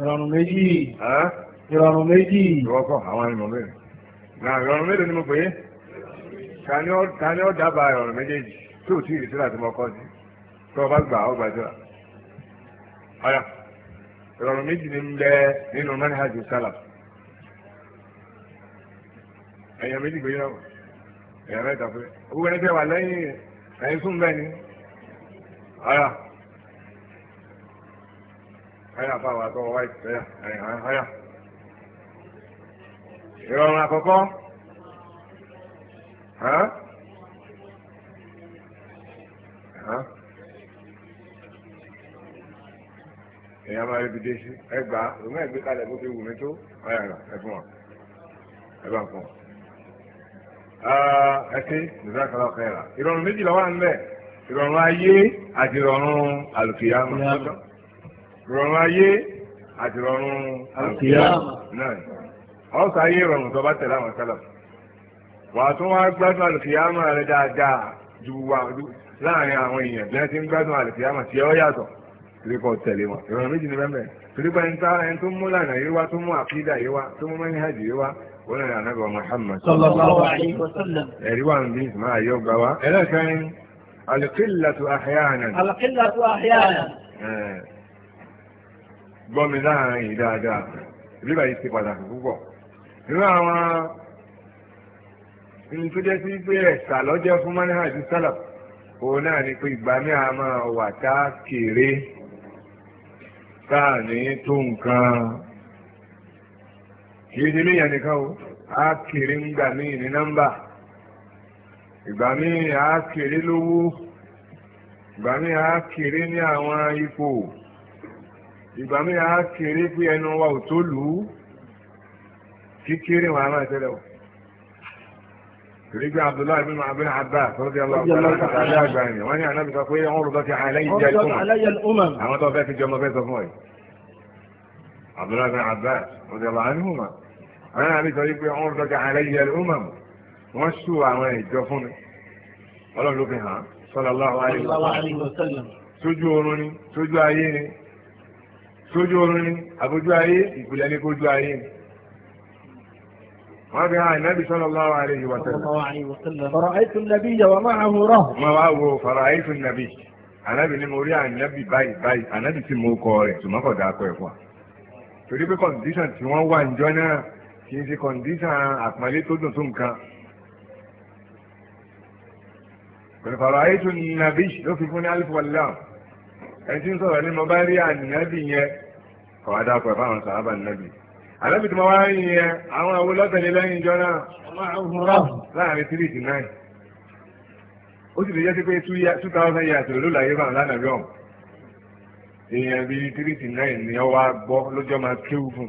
ìrọ̀rùn méjì. ìrọ̀rùn méjì. ìwọ́kọ̀ àwọn ìmọ̀ bẹ́ẹ̀. náà ìrọ̀rùn mélòó ni mo pè é. ó dábàá ìrọ̀rùn méjèèjì tó tí ìrìsílà tí mo ìrọ̀rùn méjì ní bẹ nínú manhajù salaf ẹ̀yàn méjì gbé yàwó ẹ̀yàn mẹ́ta pé gbogbo ẹni tẹ́ wà lẹ́yìn ẹ̀yìn sùn bẹ́ẹ̀ ni ọ̀yà ọ̀yà fáwọn àtọwọ́ wáyé ọ̀yà ọ̀yà ìrọ̀rùn àkọ́kọ́ Huh? Huh? èèyàn máa rí bidé sí ẹgbà òun ẹgbẹ́ kalẹ̀ bó fi wù mí tó ọ̀yà rà ẹ fún wa ẹ bá fún wa. ẹ ṣe nìgbà kan lọ́kọ̀ ẹ̀ rà ìrọ̀rùn méjìlá wà ń bẹ̀ ìrọ̀rùn ayé àti ìrọ̀rùn àlùkìyàmù ìrọ̀rùn ayé àti ìrọ̀rùn àlùkìyàmù náà ọ̀sà ayé ìrọ̀rùn tó bá tẹ̀lé àwọn sálà wàá tún wá gbádùn àlùkìyàmù rẹ dáadáa ju wa láàrin àwọn èèyàn bí wọ́n ti ń gbádùn àlùkìyàmù tí ó yàtọ̀ torí kọ́ tẹ̀lé wọn ìrọ̀rùn méjì ní bẹ́ẹ̀ torí pé ẹni tára ẹni tó mú lànà yìí wá tó mú àkídà yìí wá tó mú mẹ́nìhàjì yìí wá wọn lè ànábì wa Muhammad ẹ̀rí wà ní bíi ìsìnmá ayé ọgbà wa ẹlẹ́kẹ́rin alqillatu ahyanan. alqillatu ahyanan. gbọ́ mi láàrin yìí dáadáa ìbílẹ̀ yìí ti pàtàkì púpọ̀ nínú àwọn ní tó jẹ́ sí ẹ̀sà lọ́jọ́ fún mẹ́nìhàjì sálà òun náà ni pé ìgbà mi àmọ́ wà tá kéré. táà ní tó nǹkan kìí ṣe léèyàn nìkan o á kéré ń míì ní nọ́mbà ìgbà míì á lówó ìgbà míì á ní àwọn ipò ìgbà míì á kéré pé ẹnu wa ò tó lù ú o. تريد عبد الله بن بن عباس رضي الله تعالى عنه وانا انا بتقول عرضت علي الامم علي الامم انا تو فاكر جنب بيت ابوي عبد الله بن عباس رضي الله عنهما انا بتقول عرضت علي الامم وشو عمل جفوني ولا لوكها صلى الله عليه وسلم سجوني oorun سجوني sójú ayé ni sójú oorun ni wọ́n fi hàn nábì sallallahu alayhi wa sallam. fara'aytu an-nabiyya wa ma'ahu rahb. mo wá wo fara'aytu an-nabiy ànábì ni mo rí ànábì báyìí báyìí ànábì tí mo kọ rẹ̀ tùmọ́ kọ̀ dáa kọ ẹ̀ fún wa. torí pé kọ̀ǹdíṣàn tí wọ́n wà níjọ́ náà kì í ṣe kọ̀ǹdíṣàn àpọ́nlé tó dùn tó nǹkan. pẹ̀lú fara'aytu an-nabiy ló fi fún ní alifu wàlá ẹni tí ń sọ̀rọ̀ ni mo bá rí ànábì yẹn kọ̀ àlẹ́bìtì máa wá ń yẹ àwọn àwọn olóòtẹ̀lẹ̀ lẹ́yìn ìjọ náà láàrin three to nine ó sì lè jẹ́ sí pé two thousand years ló láyé bá lánàá rí ọ̀hún èèyàn bíi three to nine ni ọ wá gbọ́ lójọ́ máa kéwù fún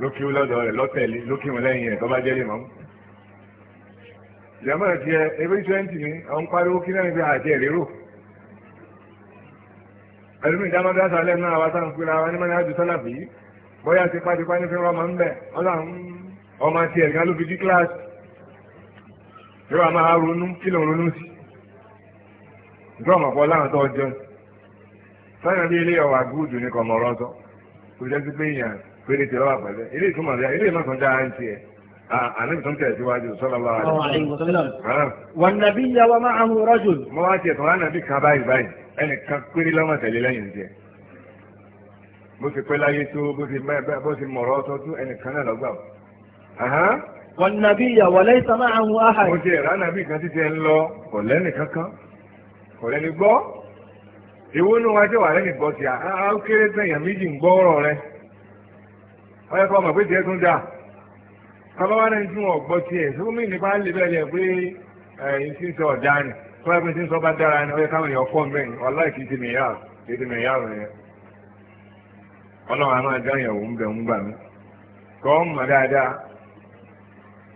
ló kéwù lọ́dọ̀ rẹ̀ lọ́tẹ̀lé ló kéwù lẹ́yìn ẹ̀ tó bá jẹ́ lè mọ́. ìjàmbá ti ẹ ebí twenty ni àwọn pariwo kí náà ń fi àjẹ rérò ẹlòmíì dá mọ́tò àtàlẹ́ náà wá sáà ń pera wa ní mọ́tò bóyá si ní fi ń bẹ̀ ọlọ́run ọmọ àti ẹ̀gá ló fi dí kíláàsì yóò wá máa ronú kí ló ń ronú sí ọ̀pọ̀ láwọn tó jẹun ilé ní kò jẹ́ sí pé péré ti lọ́wọ́ pẹ̀lẹ́ ilé ìtumọ̀ rẹ̀ ilé ìmọ̀sán dáa ń tiẹ̀ ànábì tó ń tẹ̀ síwájú sọ́lá bá wà. nàbí yà wà máa ń rọ́jò. mo wá kan bó ti pẹ́ láyé tó bó ti mọ̀rọ̀ ọtọ́ tó ẹnìkan náà lọ́gbà ó. wọn nàbí ìyàwó lẹ́yìn sábà àwọn ahàyè. mo ti ẹ̀rọ kan kankan kò gbọ́ iwu inú wa jẹ́ wà lẹ́ni gbọ́ ti à ó kéré tán èèyàn méjì ń gbọ́ ọ̀rọ̀ rẹ wọ́n yẹ kó ọmọ pé tiẹ̀ tún dà kábàbá náà tún tiẹ̀ tó mí nípa lè bẹ́ẹ̀ pé ẹ̀yìn ọlọ́run a máa dáyàwó ń bẹ̀ ń gbà mí kọ́ mọ̀ dáadáa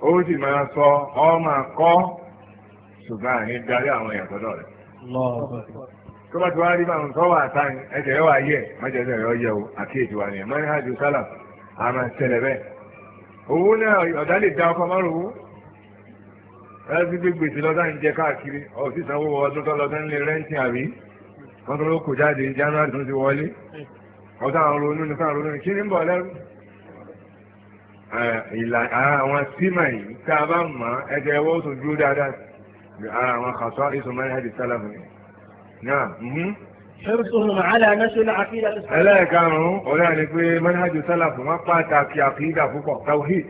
ó sì máa sọ ọ máa kọ́ ṣùgbọ́n àní darí àwọn èèyàn rẹ̀. tó bá ti wá rí báwọn sọ́wọ́ àtàn yóò wá yẹ yóò yẹ o wa nìyẹn mọ́ni hajj a máa ṣẹlẹ̀ bẹ́ẹ̀. owó náà ọ̀dà lè da ọkọ̀ márùn gbèsè ń jẹ káàkiri ọ̀sísanwó ọdún tó lọ́dún rẹ́ǹtì àbí jáde january tó ti ọ̀tá àwọn ronú ní fáwọn ronú ní kí ní bọ̀ lẹ́rú ìlà àwọn símà yìí tá a bá mọ̀ ẹ̀jẹ̀ ẹwọ́ tó dúró dáadáa ara àwọn kàṣọ ìsọmọ ẹ̀hẹ́ di sálàmù ni. náà mhm. ṣẹ́rùsùnmù àlà national akida. ẹlẹ́ẹ̀karùn-ún ọ̀rẹ́ àni pé manhajú sálàfù wọn pàtàkì àkídà púpọ̀ tawhid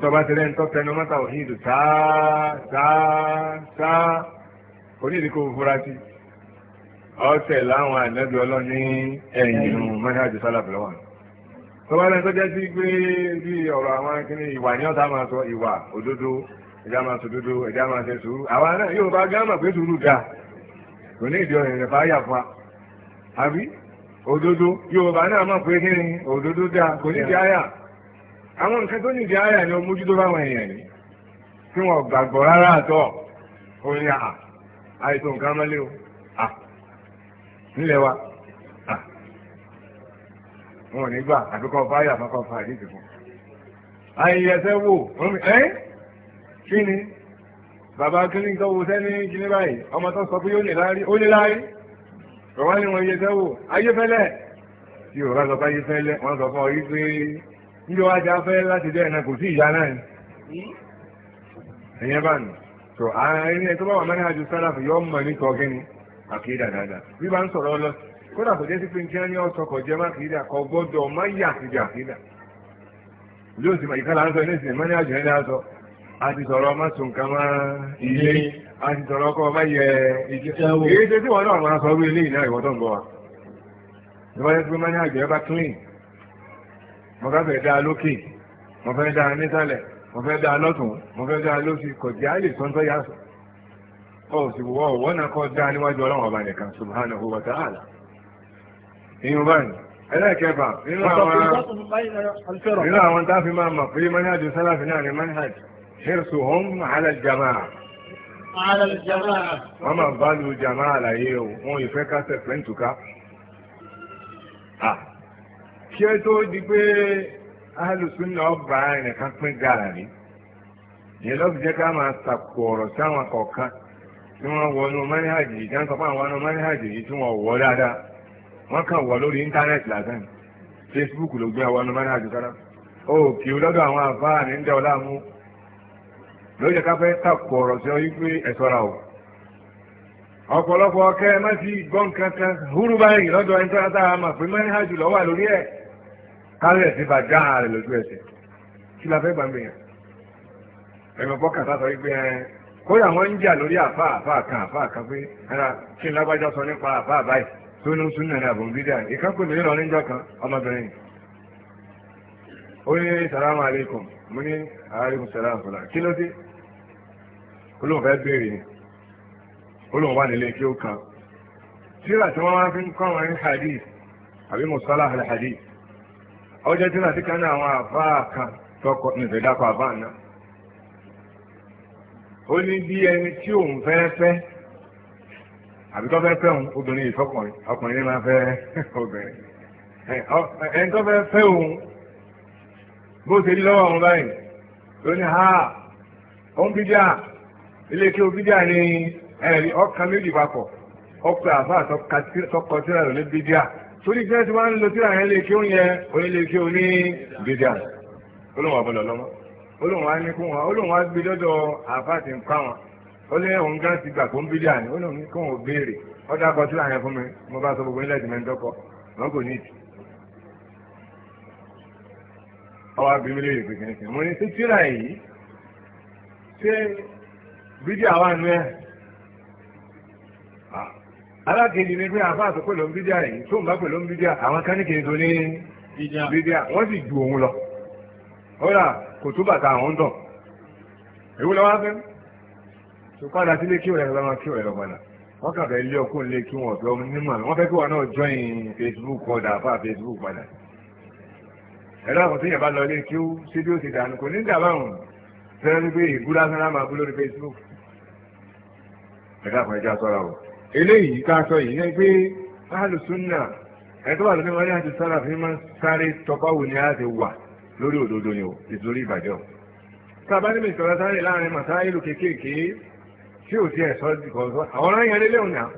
tọba tẹ́lẹ̀ ń tọ́tẹnu mọ́ tawhid sáà sáà sáà onídìí kò fura sí i. ọ̀sẹ̀ láwọn ànábì ọlọ́ni ẹ̀yìn mọ́nájú sálàbì lọ́wọ́ tó bá lẹ́nu tó jẹ́ sí pé bí ọ̀rọ̀ àwọn akíní ìwà ni ọ̀tá máa sọ ìwà òdodo ẹ̀já máa ẹ̀já máa ṣe sùúrù náà yóò bá pé sùúrù dà kò ní ìdí ọ̀rẹ́ rẹ̀ bá yà fún wa àbí òdodo yóò bá náà pé kí ni òdodo dà kò ní ìdí àyà àwọn nǹkan tó ní ìdí àyà o nílẹ̀ wa ah. wọn ò ní gbà àfikọ́ fáyà àfikọ́ fáyà ní ìsìnkú ayẹyẹsẹ wò ẹ́ kí ni bàbá kíní tó wo sẹ́ni kíní báyìí ọmọ tó sọ pé ó lè láárí ó lè láárí bàbá ni wọn yẹsẹ wò ayéfẹ́lẹ́ tí ò bá sọ pé ayéfẹ́lẹ́ wọn sọ fún ọ yí pé níbi wá já fẹ́ láti dẹ́ ẹ̀nà kò sí ìyá náà ni ẹ̀yẹ́ bá nù tó àárín ẹ̀ tó bá wà mẹ́rin àjò sálàfù yọ ọmọ ní tọ́kíní àkídà dáadáa bí bá ń sọ̀rọ̀ lọ kódà kò jẹ́ sí pé nǹkan ní ọ̀sọ̀ kò jẹ́ mákìdà kò gbọ́dọ̀ má yà síbi àkídà ló sì máa ìkálà ń sọ nísìnyí mọ́ni àjọ ẹ̀dá sọ a ti sọ̀rọ̀ ọmọ sùn kan mọ́ ilé a ti sọ̀rọ̀ ọkọ ọmọ yẹ ìjẹ́ èyí tó tí wọn náà máa sọ orí ilé ìná ìwọ́ ń bọ̀ wa ìjọba yẹn ti pé mọ́ni àjọ ẹ clean mo fẹ́ fẹ́ dáa lókè mo fẹ́ dáa nísàlẹ̀ mo fẹ́ dáa lọ́tún mo fẹ́ dáa lósì kò jẹ́ àlè sọ́ńtọ́ yá sọ ọ̀sì wọ́ wọ́n náà kọ́ dá níwájú ọlọ́run ọba nìkan subhanahu wa ta'ala inú báyìí ẹlẹ́ẹ̀kẹfà nínú àwọn tá a fi máa mọ̀ pé manhaj sálàfin náà ni manhaj hirsuhum ala al-jama'a ala al-jama'a wọ́n máa bá lu jama'a àlàyé o wọn ìfẹ́ ká sẹ̀fẹ́ kí ẹ tó di pé alùsùn náà bá ẹnìkan pín gàrà ní ìyẹn lọ́sì jẹ́ ká máa sàkóòrò sáwọn kọ̀ọ̀kan tí wọ́n wọnú mẹ́nìhàjì yìí jáǹsọ̀ fún àwọn mẹ́nìhàjì yìí tí wọ́n wọ dáadáa wọ́n kàn wọ lórí íńtánẹ́ẹ̀tì lásán Facebook ló gbé àwọn mẹ́nìhàjì kára ó kì í lọ́dọ̀ àwọn àfáà ní ìjọ láàmú lóye ká fẹ́ tàkù ọ̀rọ̀ sí ọ yí pé o ọ̀pọ̀lọpọ̀ ọkẹ́ má sí gbọ́n kankan húrú báyìí lọ́dọ̀ kódà wọ́n ń jà lórí àfa àfa kan àfa kan pé ara kí n lágbájá sọ nípa àfa àbáyé tó ní lọ níjọ kan ọmọbìnrin ó ní sàlámù aleikum mo ní aleikum sàlámù fúlà kí ló dé olóhùn fẹ́ béèrè ni olóhùn wà nílé kí ó kan síra tí máa fi ń kọ́ wọn ní hadith àbí musala hadith tí ti kan ní àwọn àfa kan tọkọ náà. ó ní bí ẹni tí òun fẹ́ fẹ́ àbí tó fẹ́ fẹ́ òun obìnrin ìfọkùnrin ọkùnrin ní máa fẹ́ obìnrin ẹni tó fẹ́ fẹ́ òun bó ṣe rí lọ́wọ́ òun báyìí ló ní ha òun bídíà ilé kí o bídíà ní ẹ̀rí ọkàn méjì papọ̀ ọkọ̀ àfáà tọkọ síra lọ ní bídíà torí bí wọ́n ti máa ń lo síra yẹn lè kí ó yẹ onílé kí o ní bídíà ó lóun àbọ̀lọ̀ lọ́mọ́ olóhùn wa ní kó wọn olóhùn wa gbé lọ́dọ̀ àáfà tí ń pa wọn ó lé òun gán ti gbà fún bílíà ni olóhùn ní kó wọn béèrè ó dákọ sílẹ̀ yẹn fún mi mo bá sọ gbogbo nílẹ̀ ìdìmẹ́ ńdọ́kọ wọn kò ní ìtì. ọwọ́ abí mi léèrè pèsè mo ní sí tíra yìí ṣé bídíà wà nú ẹ̀ ah, alákejì ni pé àáfà àtọ́pẹ́ ló ń bídíà yìí tóun bá pẹ̀ ló ń bídíà àwọn káníkì ń so ní bídíà wọ́n sì ju òun lọ kódà kò tó bàtà àwọn dàn èwo lọ wá fẹ́ tó padà sílé kí òrẹ́ lọ́wọ́ kí òrẹ́ lọ padà wọ́n kà fẹ́ lé ọkùnrin lé kí wọ́n fẹ́ onímọ̀ wọ́n fẹ́ kí wọn náà join Facebook padà fà Facebook padà ẹ̀rọ àwọn tíyẹ̀ bá lọ lé kí ó ṣe bí ó ti dànù kò ní dàbáwọn fẹ́rẹ́ ní pé ìgúdá sára máa bú lórí Facebook ẹ̀dá àwọn sọ́ra o eléyìí ká sọ yìí ní pé alùsùn náà ẹ̀tọ́ wà lórí wọn àti sára fi máa sáré tọpáwò ní àti wà lórí òdodo ni o ètò lórí ìbàjẹ́ o sábà níbi ìsọ̀rọ̀ sáré láàrin màsáìlú kéékèèké tí ò sí ẹ̀sọ́ ìkọ̀ọ̀sọ́ àwọn ọ̀rọ̀ yẹn lé léwu náà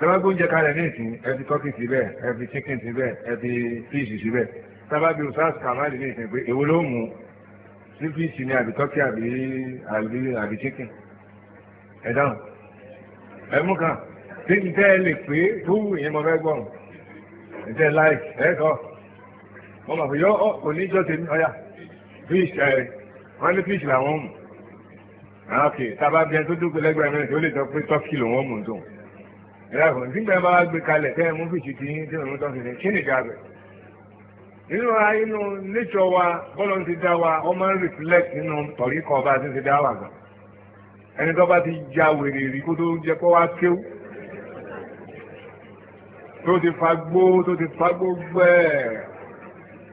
sábà gbóúnjẹ kalẹ̀ ní ìsìn ẹ tọ́kì síbẹ̀ ẹ fi chicken síbẹ̀ ẹ fi fíìsì síbẹ̀ sábà bí usas kamali ní ìsìn pé èwo ló mú sí fíìsì ni àbí tọ́kì àbí àbí chicken ẹ dáhùn ẹ mú kàn tí ìtẹ́ ẹ lè pé tó wù yín mo fẹ́ gbọ́n ìtẹ́ láì ẹ kọ́ wọ́n bàbá yọ ọ́ oníjọ́ oh, tèmi ọ̀yà fish ẹ̀ eh, wọ́n ní fish làwọn mú ah, ok tába bí ẹni tó dúpẹ́ lẹ́gbẹ̀ẹ́ mẹ́rin tó lè sọ pé tọ́kì lòun ọ̀mù tó ẹ̀rọ ìfọ̀n tí gbẹ̀rẹ̀ bá wá gbé kalẹ̀ tẹ́ mú fish ti yín tí òun tọ́kì ní kí ni ìjà rẹ̀ nínú ara inú nature wa bọ́lọ̀ ti dá wa ọmọ ń reflect nínú tọ̀rí kan bá ti ti dá wà gan ẹni tó bá ti ya wèrè rí kó tó jẹ kó wá kéwú tó ti fa gbó tó ti fa gbó gbẹ́ẹ̀.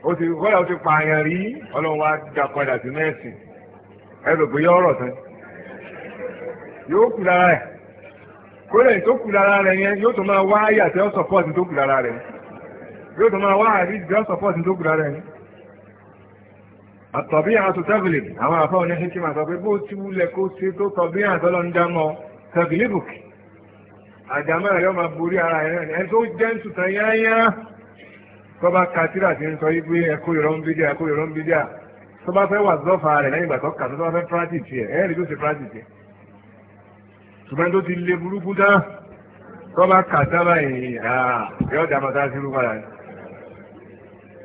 ó ti wọ́n yàtọ̀ ti pààyàn rí ọlọ́run wa dá padà sí mẹ́sìn ẹ rò pé yọ ọ̀rọ̀ tán yóò kú lára ẹ̀ kólẹ̀ tó kú lára rẹ̀ yẹn yóò tó máa wá ayé àti ọ́sọ̀pọ̀tì tó kú lára rẹ̀ yóò tó máa wá àríjì ọ́sọ̀pọ̀tì tó kú lára rẹ̀ àtọ̀bí àtò tẹ́bìlì àwọn máa sọ pé bó ti wúlẹ̀ kó ṣe tó tọ̀bí ń tẹ́bìlì bùkì máa borí ara rẹ̀ ẹni tó jẹ́ ń yáyá tọ́ba katira ti ń sọ yí pé ẹkú ìrọ̀ ń bí díà ẹkú ìrọ̀ ń bí díà tọ́ba fẹ́ wà zọ́fà rẹ̀ lẹ́yìn ìgbà tó kà tó tọ́ba fẹ́ pírátìtì ẹ̀ ẹ́rì tó ṣe pírátìtì ẹ̀ ṣùgbọ́n tó ti le burúkú tán tọ́ba kàtà báyìí yóò dá mọ́tà sí irúgbà rẹ̀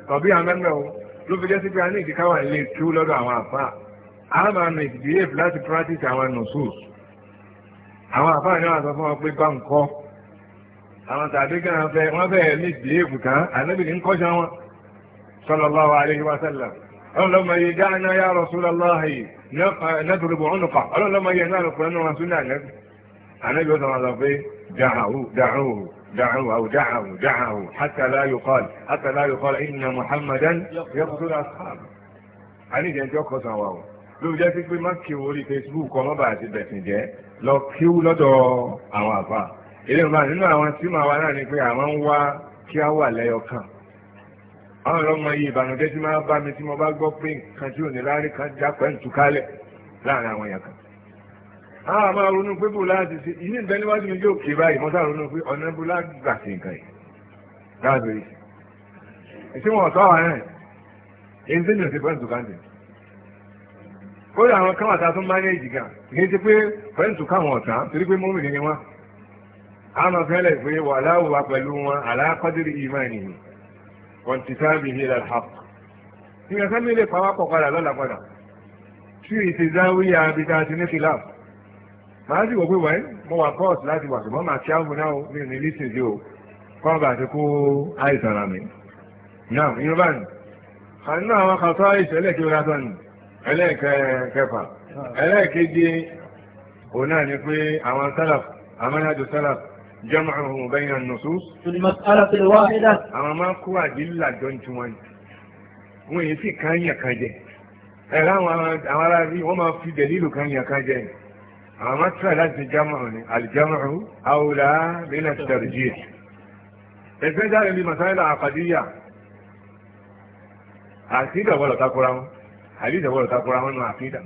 tọ́bí àmẹ́mẹ́ o ló fi jẹ́ sí pé a ní ìdíkà wà lè tú lọ́dọ̀ àwọn àfa a máa nà ìdíyèf láti pírátìtì àwọn nùsùs àwọn àfa ni wọ́n sọ fún wọn pé bá ń àwọn tàbí gan fẹ́ wọ́n fẹ́ ní dìébù kan ànábì ní kọ́ṣán wọn sallallahu alaihi wa sallam ọlọ́mọ yìí dáná ya rasulallahi nẹ́tùrùbù ọ̀nùfà ọlọ́mọ yìí náà lọ́kùnrin náà sún náà nẹ́bí ànábì ó sọ̀rọ̀ lọ pé dàhù dàhù dàhù àwù dàhù dàhù hatta la yuqal hatta la yuqal inna muhammadan yaqtul ashab àníjẹ́ jọ́ kọ́sán wa o ló jẹ́ sí pé má kí orí facebook ọlọ́ba àti bẹ̀sìn jẹ́ lọ kíw lọ́dọ̀ àwọn àfáà ilé ọba nínú àwọn tí màá wá náà ni pé àwọn ń wá kí á wà lẹ́yọ àwọn ọlọ́mọ yìí ìbànújẹ́ tí máa bá mi tí mo bá gbọ́ pé nǹkan tí ò ní láárí kan ntúkálẹ̀ láàrin àwọn èèyàn àwọn máa ronú pé bò láti ṣe níwájú mi yóò báyìí mo sá ronú pé ọ̀nà sí nǹkan yìí yìí wọn ọ̀tọ́ àwọn èyí tí ti pẹ́ àmọ́ fẹ́lẹ̀ pé wà láwùwà pẹ̀lú wọn aláàkọ́dìrì ìmáànì ni wọ́n ti sáàbì ní ilẹ̀ àpò. ìgbà sẹ́mi lè pa wákọ̀ padà lọ́la padà sí ìtìzáwíyà abidá àti nífìlà màá sì wò pé wẹ́n mo wà kọ́ọ̀sì láti wà ṣùgbọ́n màá kí àwọn náà mi ní lísìn sí o kọ́ bá ti kó àìsàn rà mí. náà inú bá ní àánú àwọn kan sọ àìsàn ẹlẹ́ẹ̀kẹ́ wọn látọ̀ nù ẹlẹ́ẹ̀kẹfà ah. جمعه بين النصوص في المسألة الواحدة أما ما كوا دلة جونت وان وين في كان يكاجة ẹ̀rọ àwọn ará rí wọ́n máa fi dẹ̀lílù kan yàn kan jẹ́ àwọn mátírà láti jámọ̀ ní alìjámọ̀ àwòlá nínú tẹ̀rìjì ẹ̀fẹ́ jáde ní masáyílà àkàdíyà àti ìdàwọ̀lọ̀ takura wọn àti ìdàwọ̀lọ̀ takura wọn nù àfihàn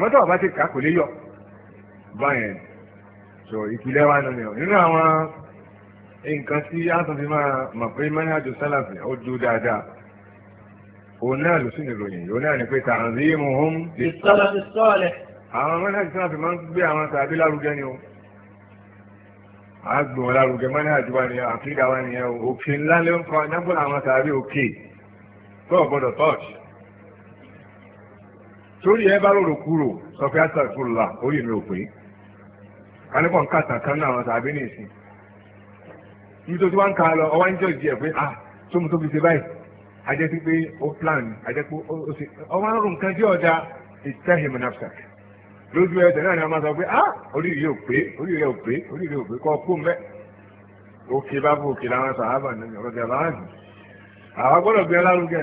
mọ́tò ọ̀bá ti kà kò lè yọ báyẹn so ìpìlẹ̀ wa nínú nínú àwọn nǹkan tí asan fi máa mọ̀ pé mẹ́nàjò sálàfì ó ju dáadáa òun náà ló sì ní ìròyìn òun náà ní pé tàǹzíìmù hum. ìsọlọ́sí sọ́ọ̀lẹ̀. àwọn mẹ́nàjò sálàfì máa ń gbé àwọn tàbí lárugẹ ni o a gbé wọn lárugẹ mẹ́nàjò wa ni àfíríkà wa ni òkè ńlá ló ń kọ nábọ̀ àwọn tàbí òkè tó ò gbọ́dọ̀ torí ẹ bá rorò kúrò sọfẹ́ àtàkùrùlà orí mi ò pé kanípọ̀ ń kàtà kan náà tàbí ní ìsìn ibi tó ti wá ń ka lọ ọwọ́ ń jọ ìdí ẹ̀ pé ah tó mu tó fi ṣe báyìí ajẹ́ sí pé ó plan ajẹ́ pé ó ṣe ọwọ́ ń nǹkan tí ọ̀dà ìtẹ́hìm nafsak lójú ẹsẹ̀ náà ni a máa sọ pé ah oríire ò pé oríire ò pé oríire ò pé kọ́ kó mẹ́ òkè bá òkè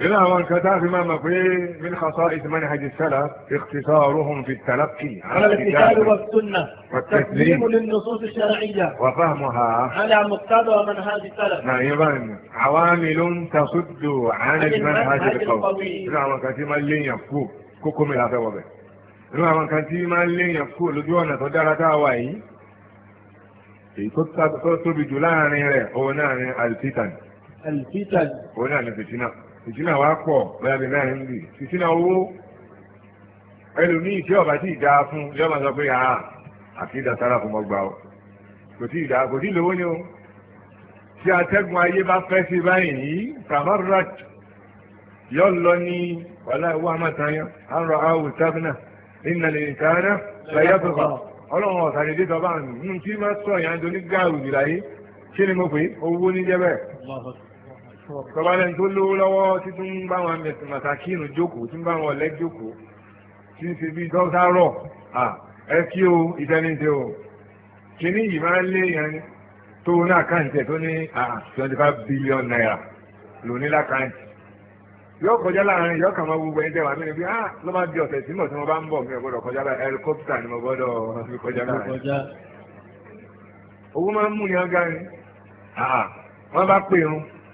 إذا وانكتاف ما مفيه من خصائص منهج السلف اختصارهم في التلقي على الكتاب والسنة والتسليم للنصوص الشرعية وفهمها على مقتضى منهج السلف نعم عوامل تصد عن المنهج القوي إذا وانكتاف ما لن يفكوك كوكو من هذا وضع إذا وانكتاف ما لن يفكوك لجوانا تدارة وعي في كتاب صوت بجلاني هنا الفتن الفتن هنا الفتنة fìtínà wa pọ̀ bóyá bí mẹ́rin ń bì fìtínà owó ẹlòmíì tí ọba tí ì dáa fún yóò máa sọ pé àá ah, àti ìdàsára fún ọgbà o kò tí ì dáa kò tí ì lówó ni o tí atẹ́gùn ayé bá fẹ́ sí báyìí tamarat yọ lọ ní wàhálà owó amátayán àrùn àwò sábìnà nínú ilé ìtaara lẹ́yìn àtọ̀kọ̀ ọlọ́run ọ̀sàdédé tọ́ bá nù tí má sọ ìyàndó ní gáàrú ìlàyé kí ni mo pè owó níjẹ́ bẹ́ẹ̀ tọ́ba lẹ́nu tó lówó lọ́wọ́ tí tún ń bá wọn mẹ̀sìn màsàkínù jókòó tí ń bá wọn ọ̀lẹ́ jókòó tí ń ṣe bí dọ́kítà rọ̀ ẹ kí o ìfẹ́nìṣe o kìíní yìí máa ń lé yẹn tó ní àkáǹtì ẹ̀ tó ní twenty five billion naira lóní lákáǹtì yóò kọjá láàrin yóò kà máa gbogbo ẹni tẹ́wàá mi ni bí ah ló máa di ọ̀sẹ̀ tí mo tí mo bá ń bọ̀ mi ò gbọ́dọ̀ kọjá bá ẹlikọ́pítà ni mo gbọ́dọ̀ fi kọjá láàrin. owó máa ń mú ni ọgá ni wọ́n bá pè é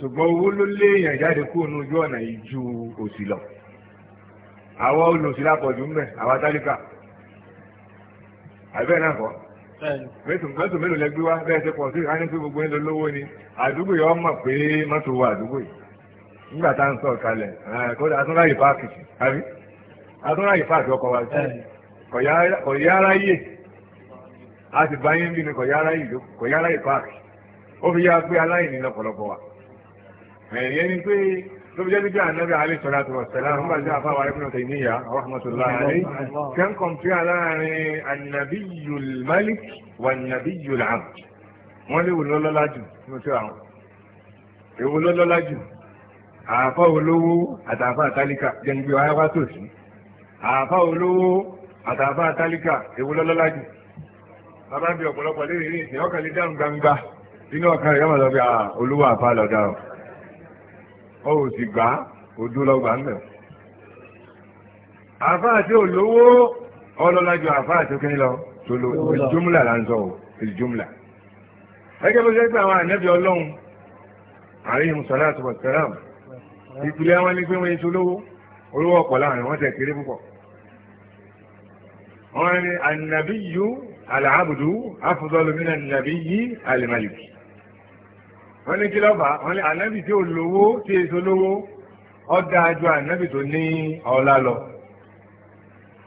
ṣùgbọ́n owó ló léèyàn jáde ojú ọ̀nà yìí ju òsì lọ àwọn pọ̀ pọ̀jù ń bẹ̀ àwọn tálíkà àbẹ́ náà kọ́ mẹ́tò mélòó lẹ wá bẹ́ẹ̀ ṣe pọ̀ sí ìránṣẹ́ gbogbo ni àdúgbò yọ ọmọ pé mọ́tò àdúgbò yìí nígbà tá à ń wa sí a sì bá yín bí ni páàkì ó fi pé ẹ̀yìn ẹni pé tó fi jẹ́ pé ànábì alẹ́ sọ̀rọ̀ àti wọ̀sẹ̀lá ń bàjẹ́ àfáwà ẹ̀kúnnà tẹ̀ níyà rahmatullah alayhi kẹ́ ń kọ̀mpíà láàrin annabiyul malik wa annabiyul abd wọ́n léwu lọ́lọ́lá jù ní ti àwọn èwo lọ́lọ́lá jù àáfà olówó àtàfà àtàlíkà jẹ́ngbé wáyé wá tòsí àáfà olówó àtàfà àtàlíkà èwo lọ́lọ́lá jù bàbá bí ọ̀pọ̀lọpọ̀ léèrè ní ìsìn ọkàn ó sì gbà ojú lọ́gbà ń bẹ̀. àfáà tí ò lówó ọlọ́lájú àfáà tó kí lọ tó lówó ìjúmùlà là ń sọ ò ìjúmùlà. ẹgbẹ́ bó ṣe pé àwọn ànẹ́bí ọlọ́run àríyìn sọlá àti wọ̀sẹ̀rám ìpìlẹ̀ wọn ni pé wọ́n èso lówó olówó ọ̀pọ̀ láàrin wọ́n tẹ̀ kéré púpọ̀. wọ́n ní ànàbí yìí alàábùdù afdal ànàbí yìí alìmàlìkì wọ́n ní kí lọ́ba wọ́n ní ànábì tí ò lówó tí èso lówó ọ̀dà àjọ ànábì tó ní ọ̀la lọ.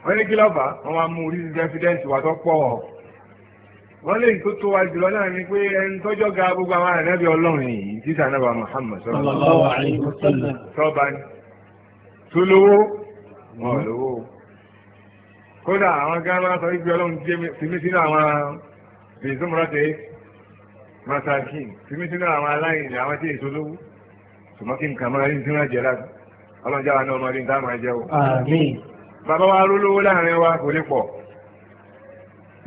wọ́n ní kí lọ́ba wọ́n máa mú orí ṣiṣẹ́ fidẹ́ǹsì wa tó pọ̀ wọ́n lè tó tó wa jùlọ náà ni pé ẹni tọ́jọ́ ga gbogbo àwọn ànábì ọlọ́run yìí títà ànábà Muhammad sallallahu alaihi wasallam tọ́ba ni tó lówó wọn ò lówó kódà àwọn gánà sọ wípé ọlọ́run ti mí sínú àwọn bìsúmùrọ̀tẹ̀ masakin fimi sínú àwọn aláìní àwọn tí èso lówó ṣùgbọ́n kí n kà máa rí ní sínú àjẹ́ láti ọlọ́jà wa náà máa rí o. bàbá wa rólówó láàrin wa kò lè pọ̀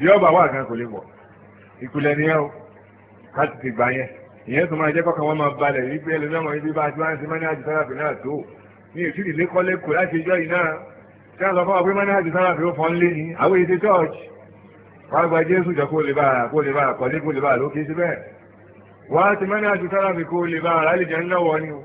yóò bá wà kan kò lè pọ̀ ìkùlẹ̀ nìyẹn o láti ti gbà yẹn ìyẹn tó máa jẹ́ kọ́kàn wọn máa balẹ̀ wípé ẹlòmíràn ibi bá a ti máa ń ṣe mọ́níhàjì sáráàfin náà tó ní èsì ìlékọ́lẹ́kọ̀ọ́ láti ìjọ yìí náà tí wọ́n fún wa pé mọ́níhàjì sáráàfin ó fọ́n lé ní àwọn èdè chọ́ọ̀chì wá gba jésù jọ kó lè bá ara kó lè bá àkọ́lé kó lè bá àlókè síbẹ̀ wá ti mẹ́rin àti sára kó lè bá ara jẹ́ ńlọ́wọ́ ni o.